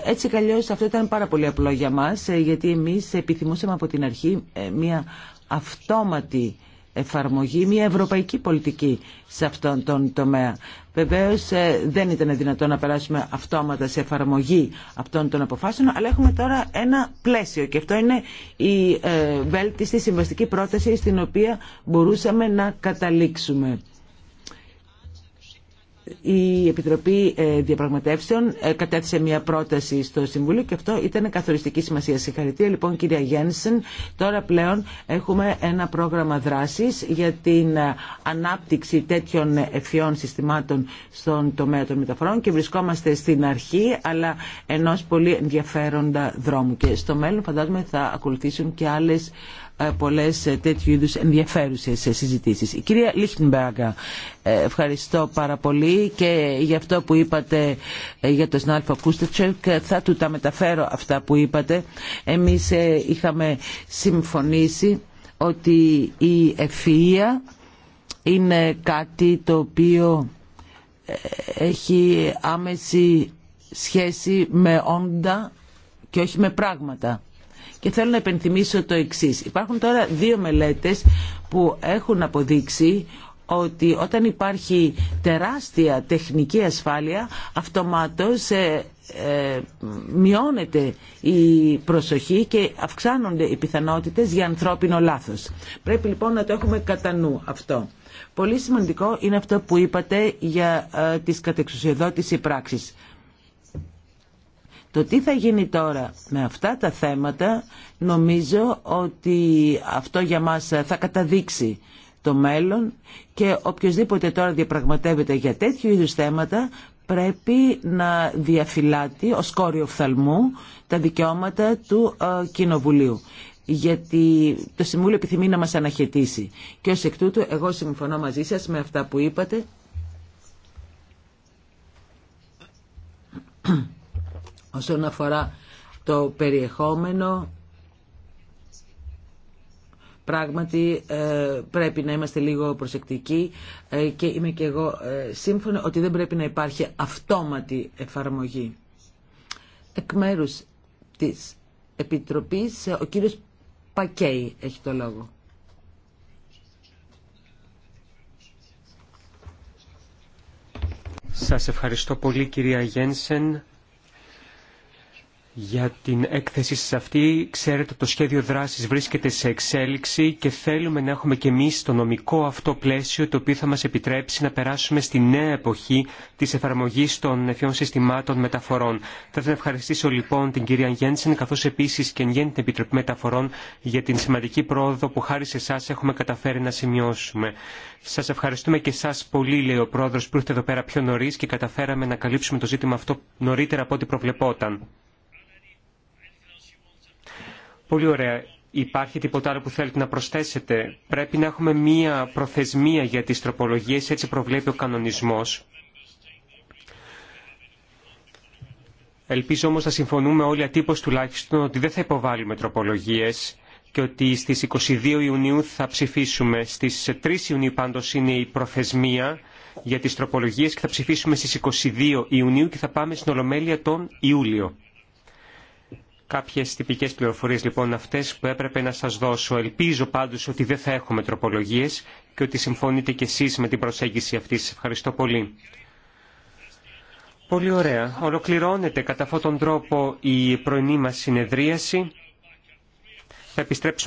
Έτσι καλλιώς αυτό ήταν πάρα πολύ απλό για μας γιατί εμείς επιθυμούσαμε από την αρχή μια αυτόματη εφαρμογή, μια ευρωπαϊκή πολιτική σε αυτόν τον τομέα. Βεβαίω ε, δεν ήταν δυνατόν να περάσουμε αυτόματα σε εφαρμογή αυτών των αποφάσεων, αλλά έχουμε τώρα ένα πλαίσιο και αυτό είναι η ε, βέλτιστη συμβαστική πρόταση στην οποία μπορούσαμε να καταλήξουμε η Επιτροπή ε, Διαπραγματεύσεων ε, κατέθεσε μια πρόταση στο Συμβούλιο και αυτό ήταν καθοριστική σημασία. Συγχαρητήρια λοιπόν κυρία Γένσεν. Τώρα πλέον έχουμε ένα πρόγραμμα δράσης για την ε, ανάπτυξη τέτοιων ευφυών συστημάτων στον τομέα των μεταφορών και βρισκόμαστε στην αρχή αλλά ενός πολύ ενδιαφέροντα δρόμου και στο μέλλον φαντάζομαι θα ακολουθήσουν και άλλες ε, Πολλέ ε, τέτοιου είδου ενδιαφέρουσε ε, συζητήσεις. Η κυρία Λίχνμπεράγκα, ευχαριστώ πάρα πολύ και για αυτό που είπατε για τον συνάδελφο Κούστετσερ και θα του τα μεταφέρω αυτά που είπατε. Εμείς είχαμε συμφωνήσει ότι η ευφυΐα είναι κάτι το οποίο έχει άμεση σχέση με όντα και όχι με πράγματα. Και θέλω να επενθυμίσω το εξή. Υπάρχουν τώρα δύο μελέτες που έχουν αποδείξει ότι όταν υπάρχει τεράστια τεχνική ασφάλεια αυτομάτως ε, ε, μειώνεται η προσοχή και αυξάνονται οι πιθανότητες για ανθρώπινο λάθος. Πρέπει λοιπόν να το έχουμε κατά νου αυτό. Πολύ σημαντικό είναι αυτό που είπατε για ε, τις κατεξουσιοδότηση πράξης. Το τι θα γίνει τώρα με αυτά τα θέματα νομίζω ότι αυτό για μας θα καταδείξει το μέλλον και οποιοδήποτε τώρα διαπραγματεύεται για τέτοιου είδους θέματα πρέπει να διαφυλάτει ως κόριο οφθαλμού τα δικαιώματα του ε, Κοινοβουλίου γιατί το Συμβούλιο επιθυμεί να μας αναχαιτήσει. Και ως εκ τούτου εγώ συμφωνώ μαζί σας με αυτά που είπατε όσον αφορά το περιεχόμενο πράγματι ε, πρέπει να είμαστε λίγο προσεκτικοί ε, και είμαι και εγώ ε, σύμφωνο ότι δεν πρέπει να υπάρχει αυτόματη εφαρμογή. Εκ μέρους της Επιτροπής ο κύριος Πακέη έχει το λόγο. Σας ευχαριστώ πολύ κυρία Γένσεν για την έκθεση σας αυτή. Ξέρετε ότι το σχέδιο δράσης βρίσκεται σε εξέλιξη και θέλουμε να έχουμε και εμείς το νομικό αυτό πλαίσιο το οποίο θα μας επιτρέψει να περάσουμε στη νέα εποχή της εφαρμογής των νεφιών συστημάτων μεταφορών. Θα ήθελα να ευχαριστήσω λοιπόν την κυρία Γένσεν καθώς επίσης και γέννη την Επιτροπή Μεταφορών για την σημαντική πρόοδο που χάρη σε εσά έχουμε καταφέρει να σημειώσουμε. Σας ευχαριστούμε και εσά πολύ, λέει ο πρόεδρος, που ήρθε εδώ πέρα πιο νωρί και καταφέραμε να καλύψουμε το ζήτημα αυτό νωρίτερα από ό,τι προβλεπόταν. Πολύ ωραία. Υπάρχει τίποτα άλλο που θέλετε να προσθέσετε. Πρέπει να έχουμε μία προθεσμία για τις τροπολογίες, έτσι προβλέπει ο κανονισμός. Ελπίζω όμως να συμφωνούμε όλοι ατύπως τουλάχιστον ότι δεν θα υποβάλουμε τροπολογίες και ότι στις 22 Ιουνίου θα ψηφίσουμε. Στις 3 Ιουνίου πάντως είναι η προθεσμία για τις τροπολογίες και θα ψηφίσουμε στις 22 Ιουνίου και θα πάμε στην Ολομέλεια τον Ιούλιο κάποιες τυπικές πληροφορίες λοιπόν αυτές που έπρεπε να σας δώσω. Ελπίζω πάντως ότι δεν θα έχουμε τροπολογίες και ότι συμφωνείτε κι εσείς με την προσέγγιση αυτή. Σας ευχαριστώ πολύ. Πολύ ωραία. Ολοκληρώνεται κατά αυτόν τον τρόπο η πρωινή μας συνεδρίαση. Θα επιστρέψουμε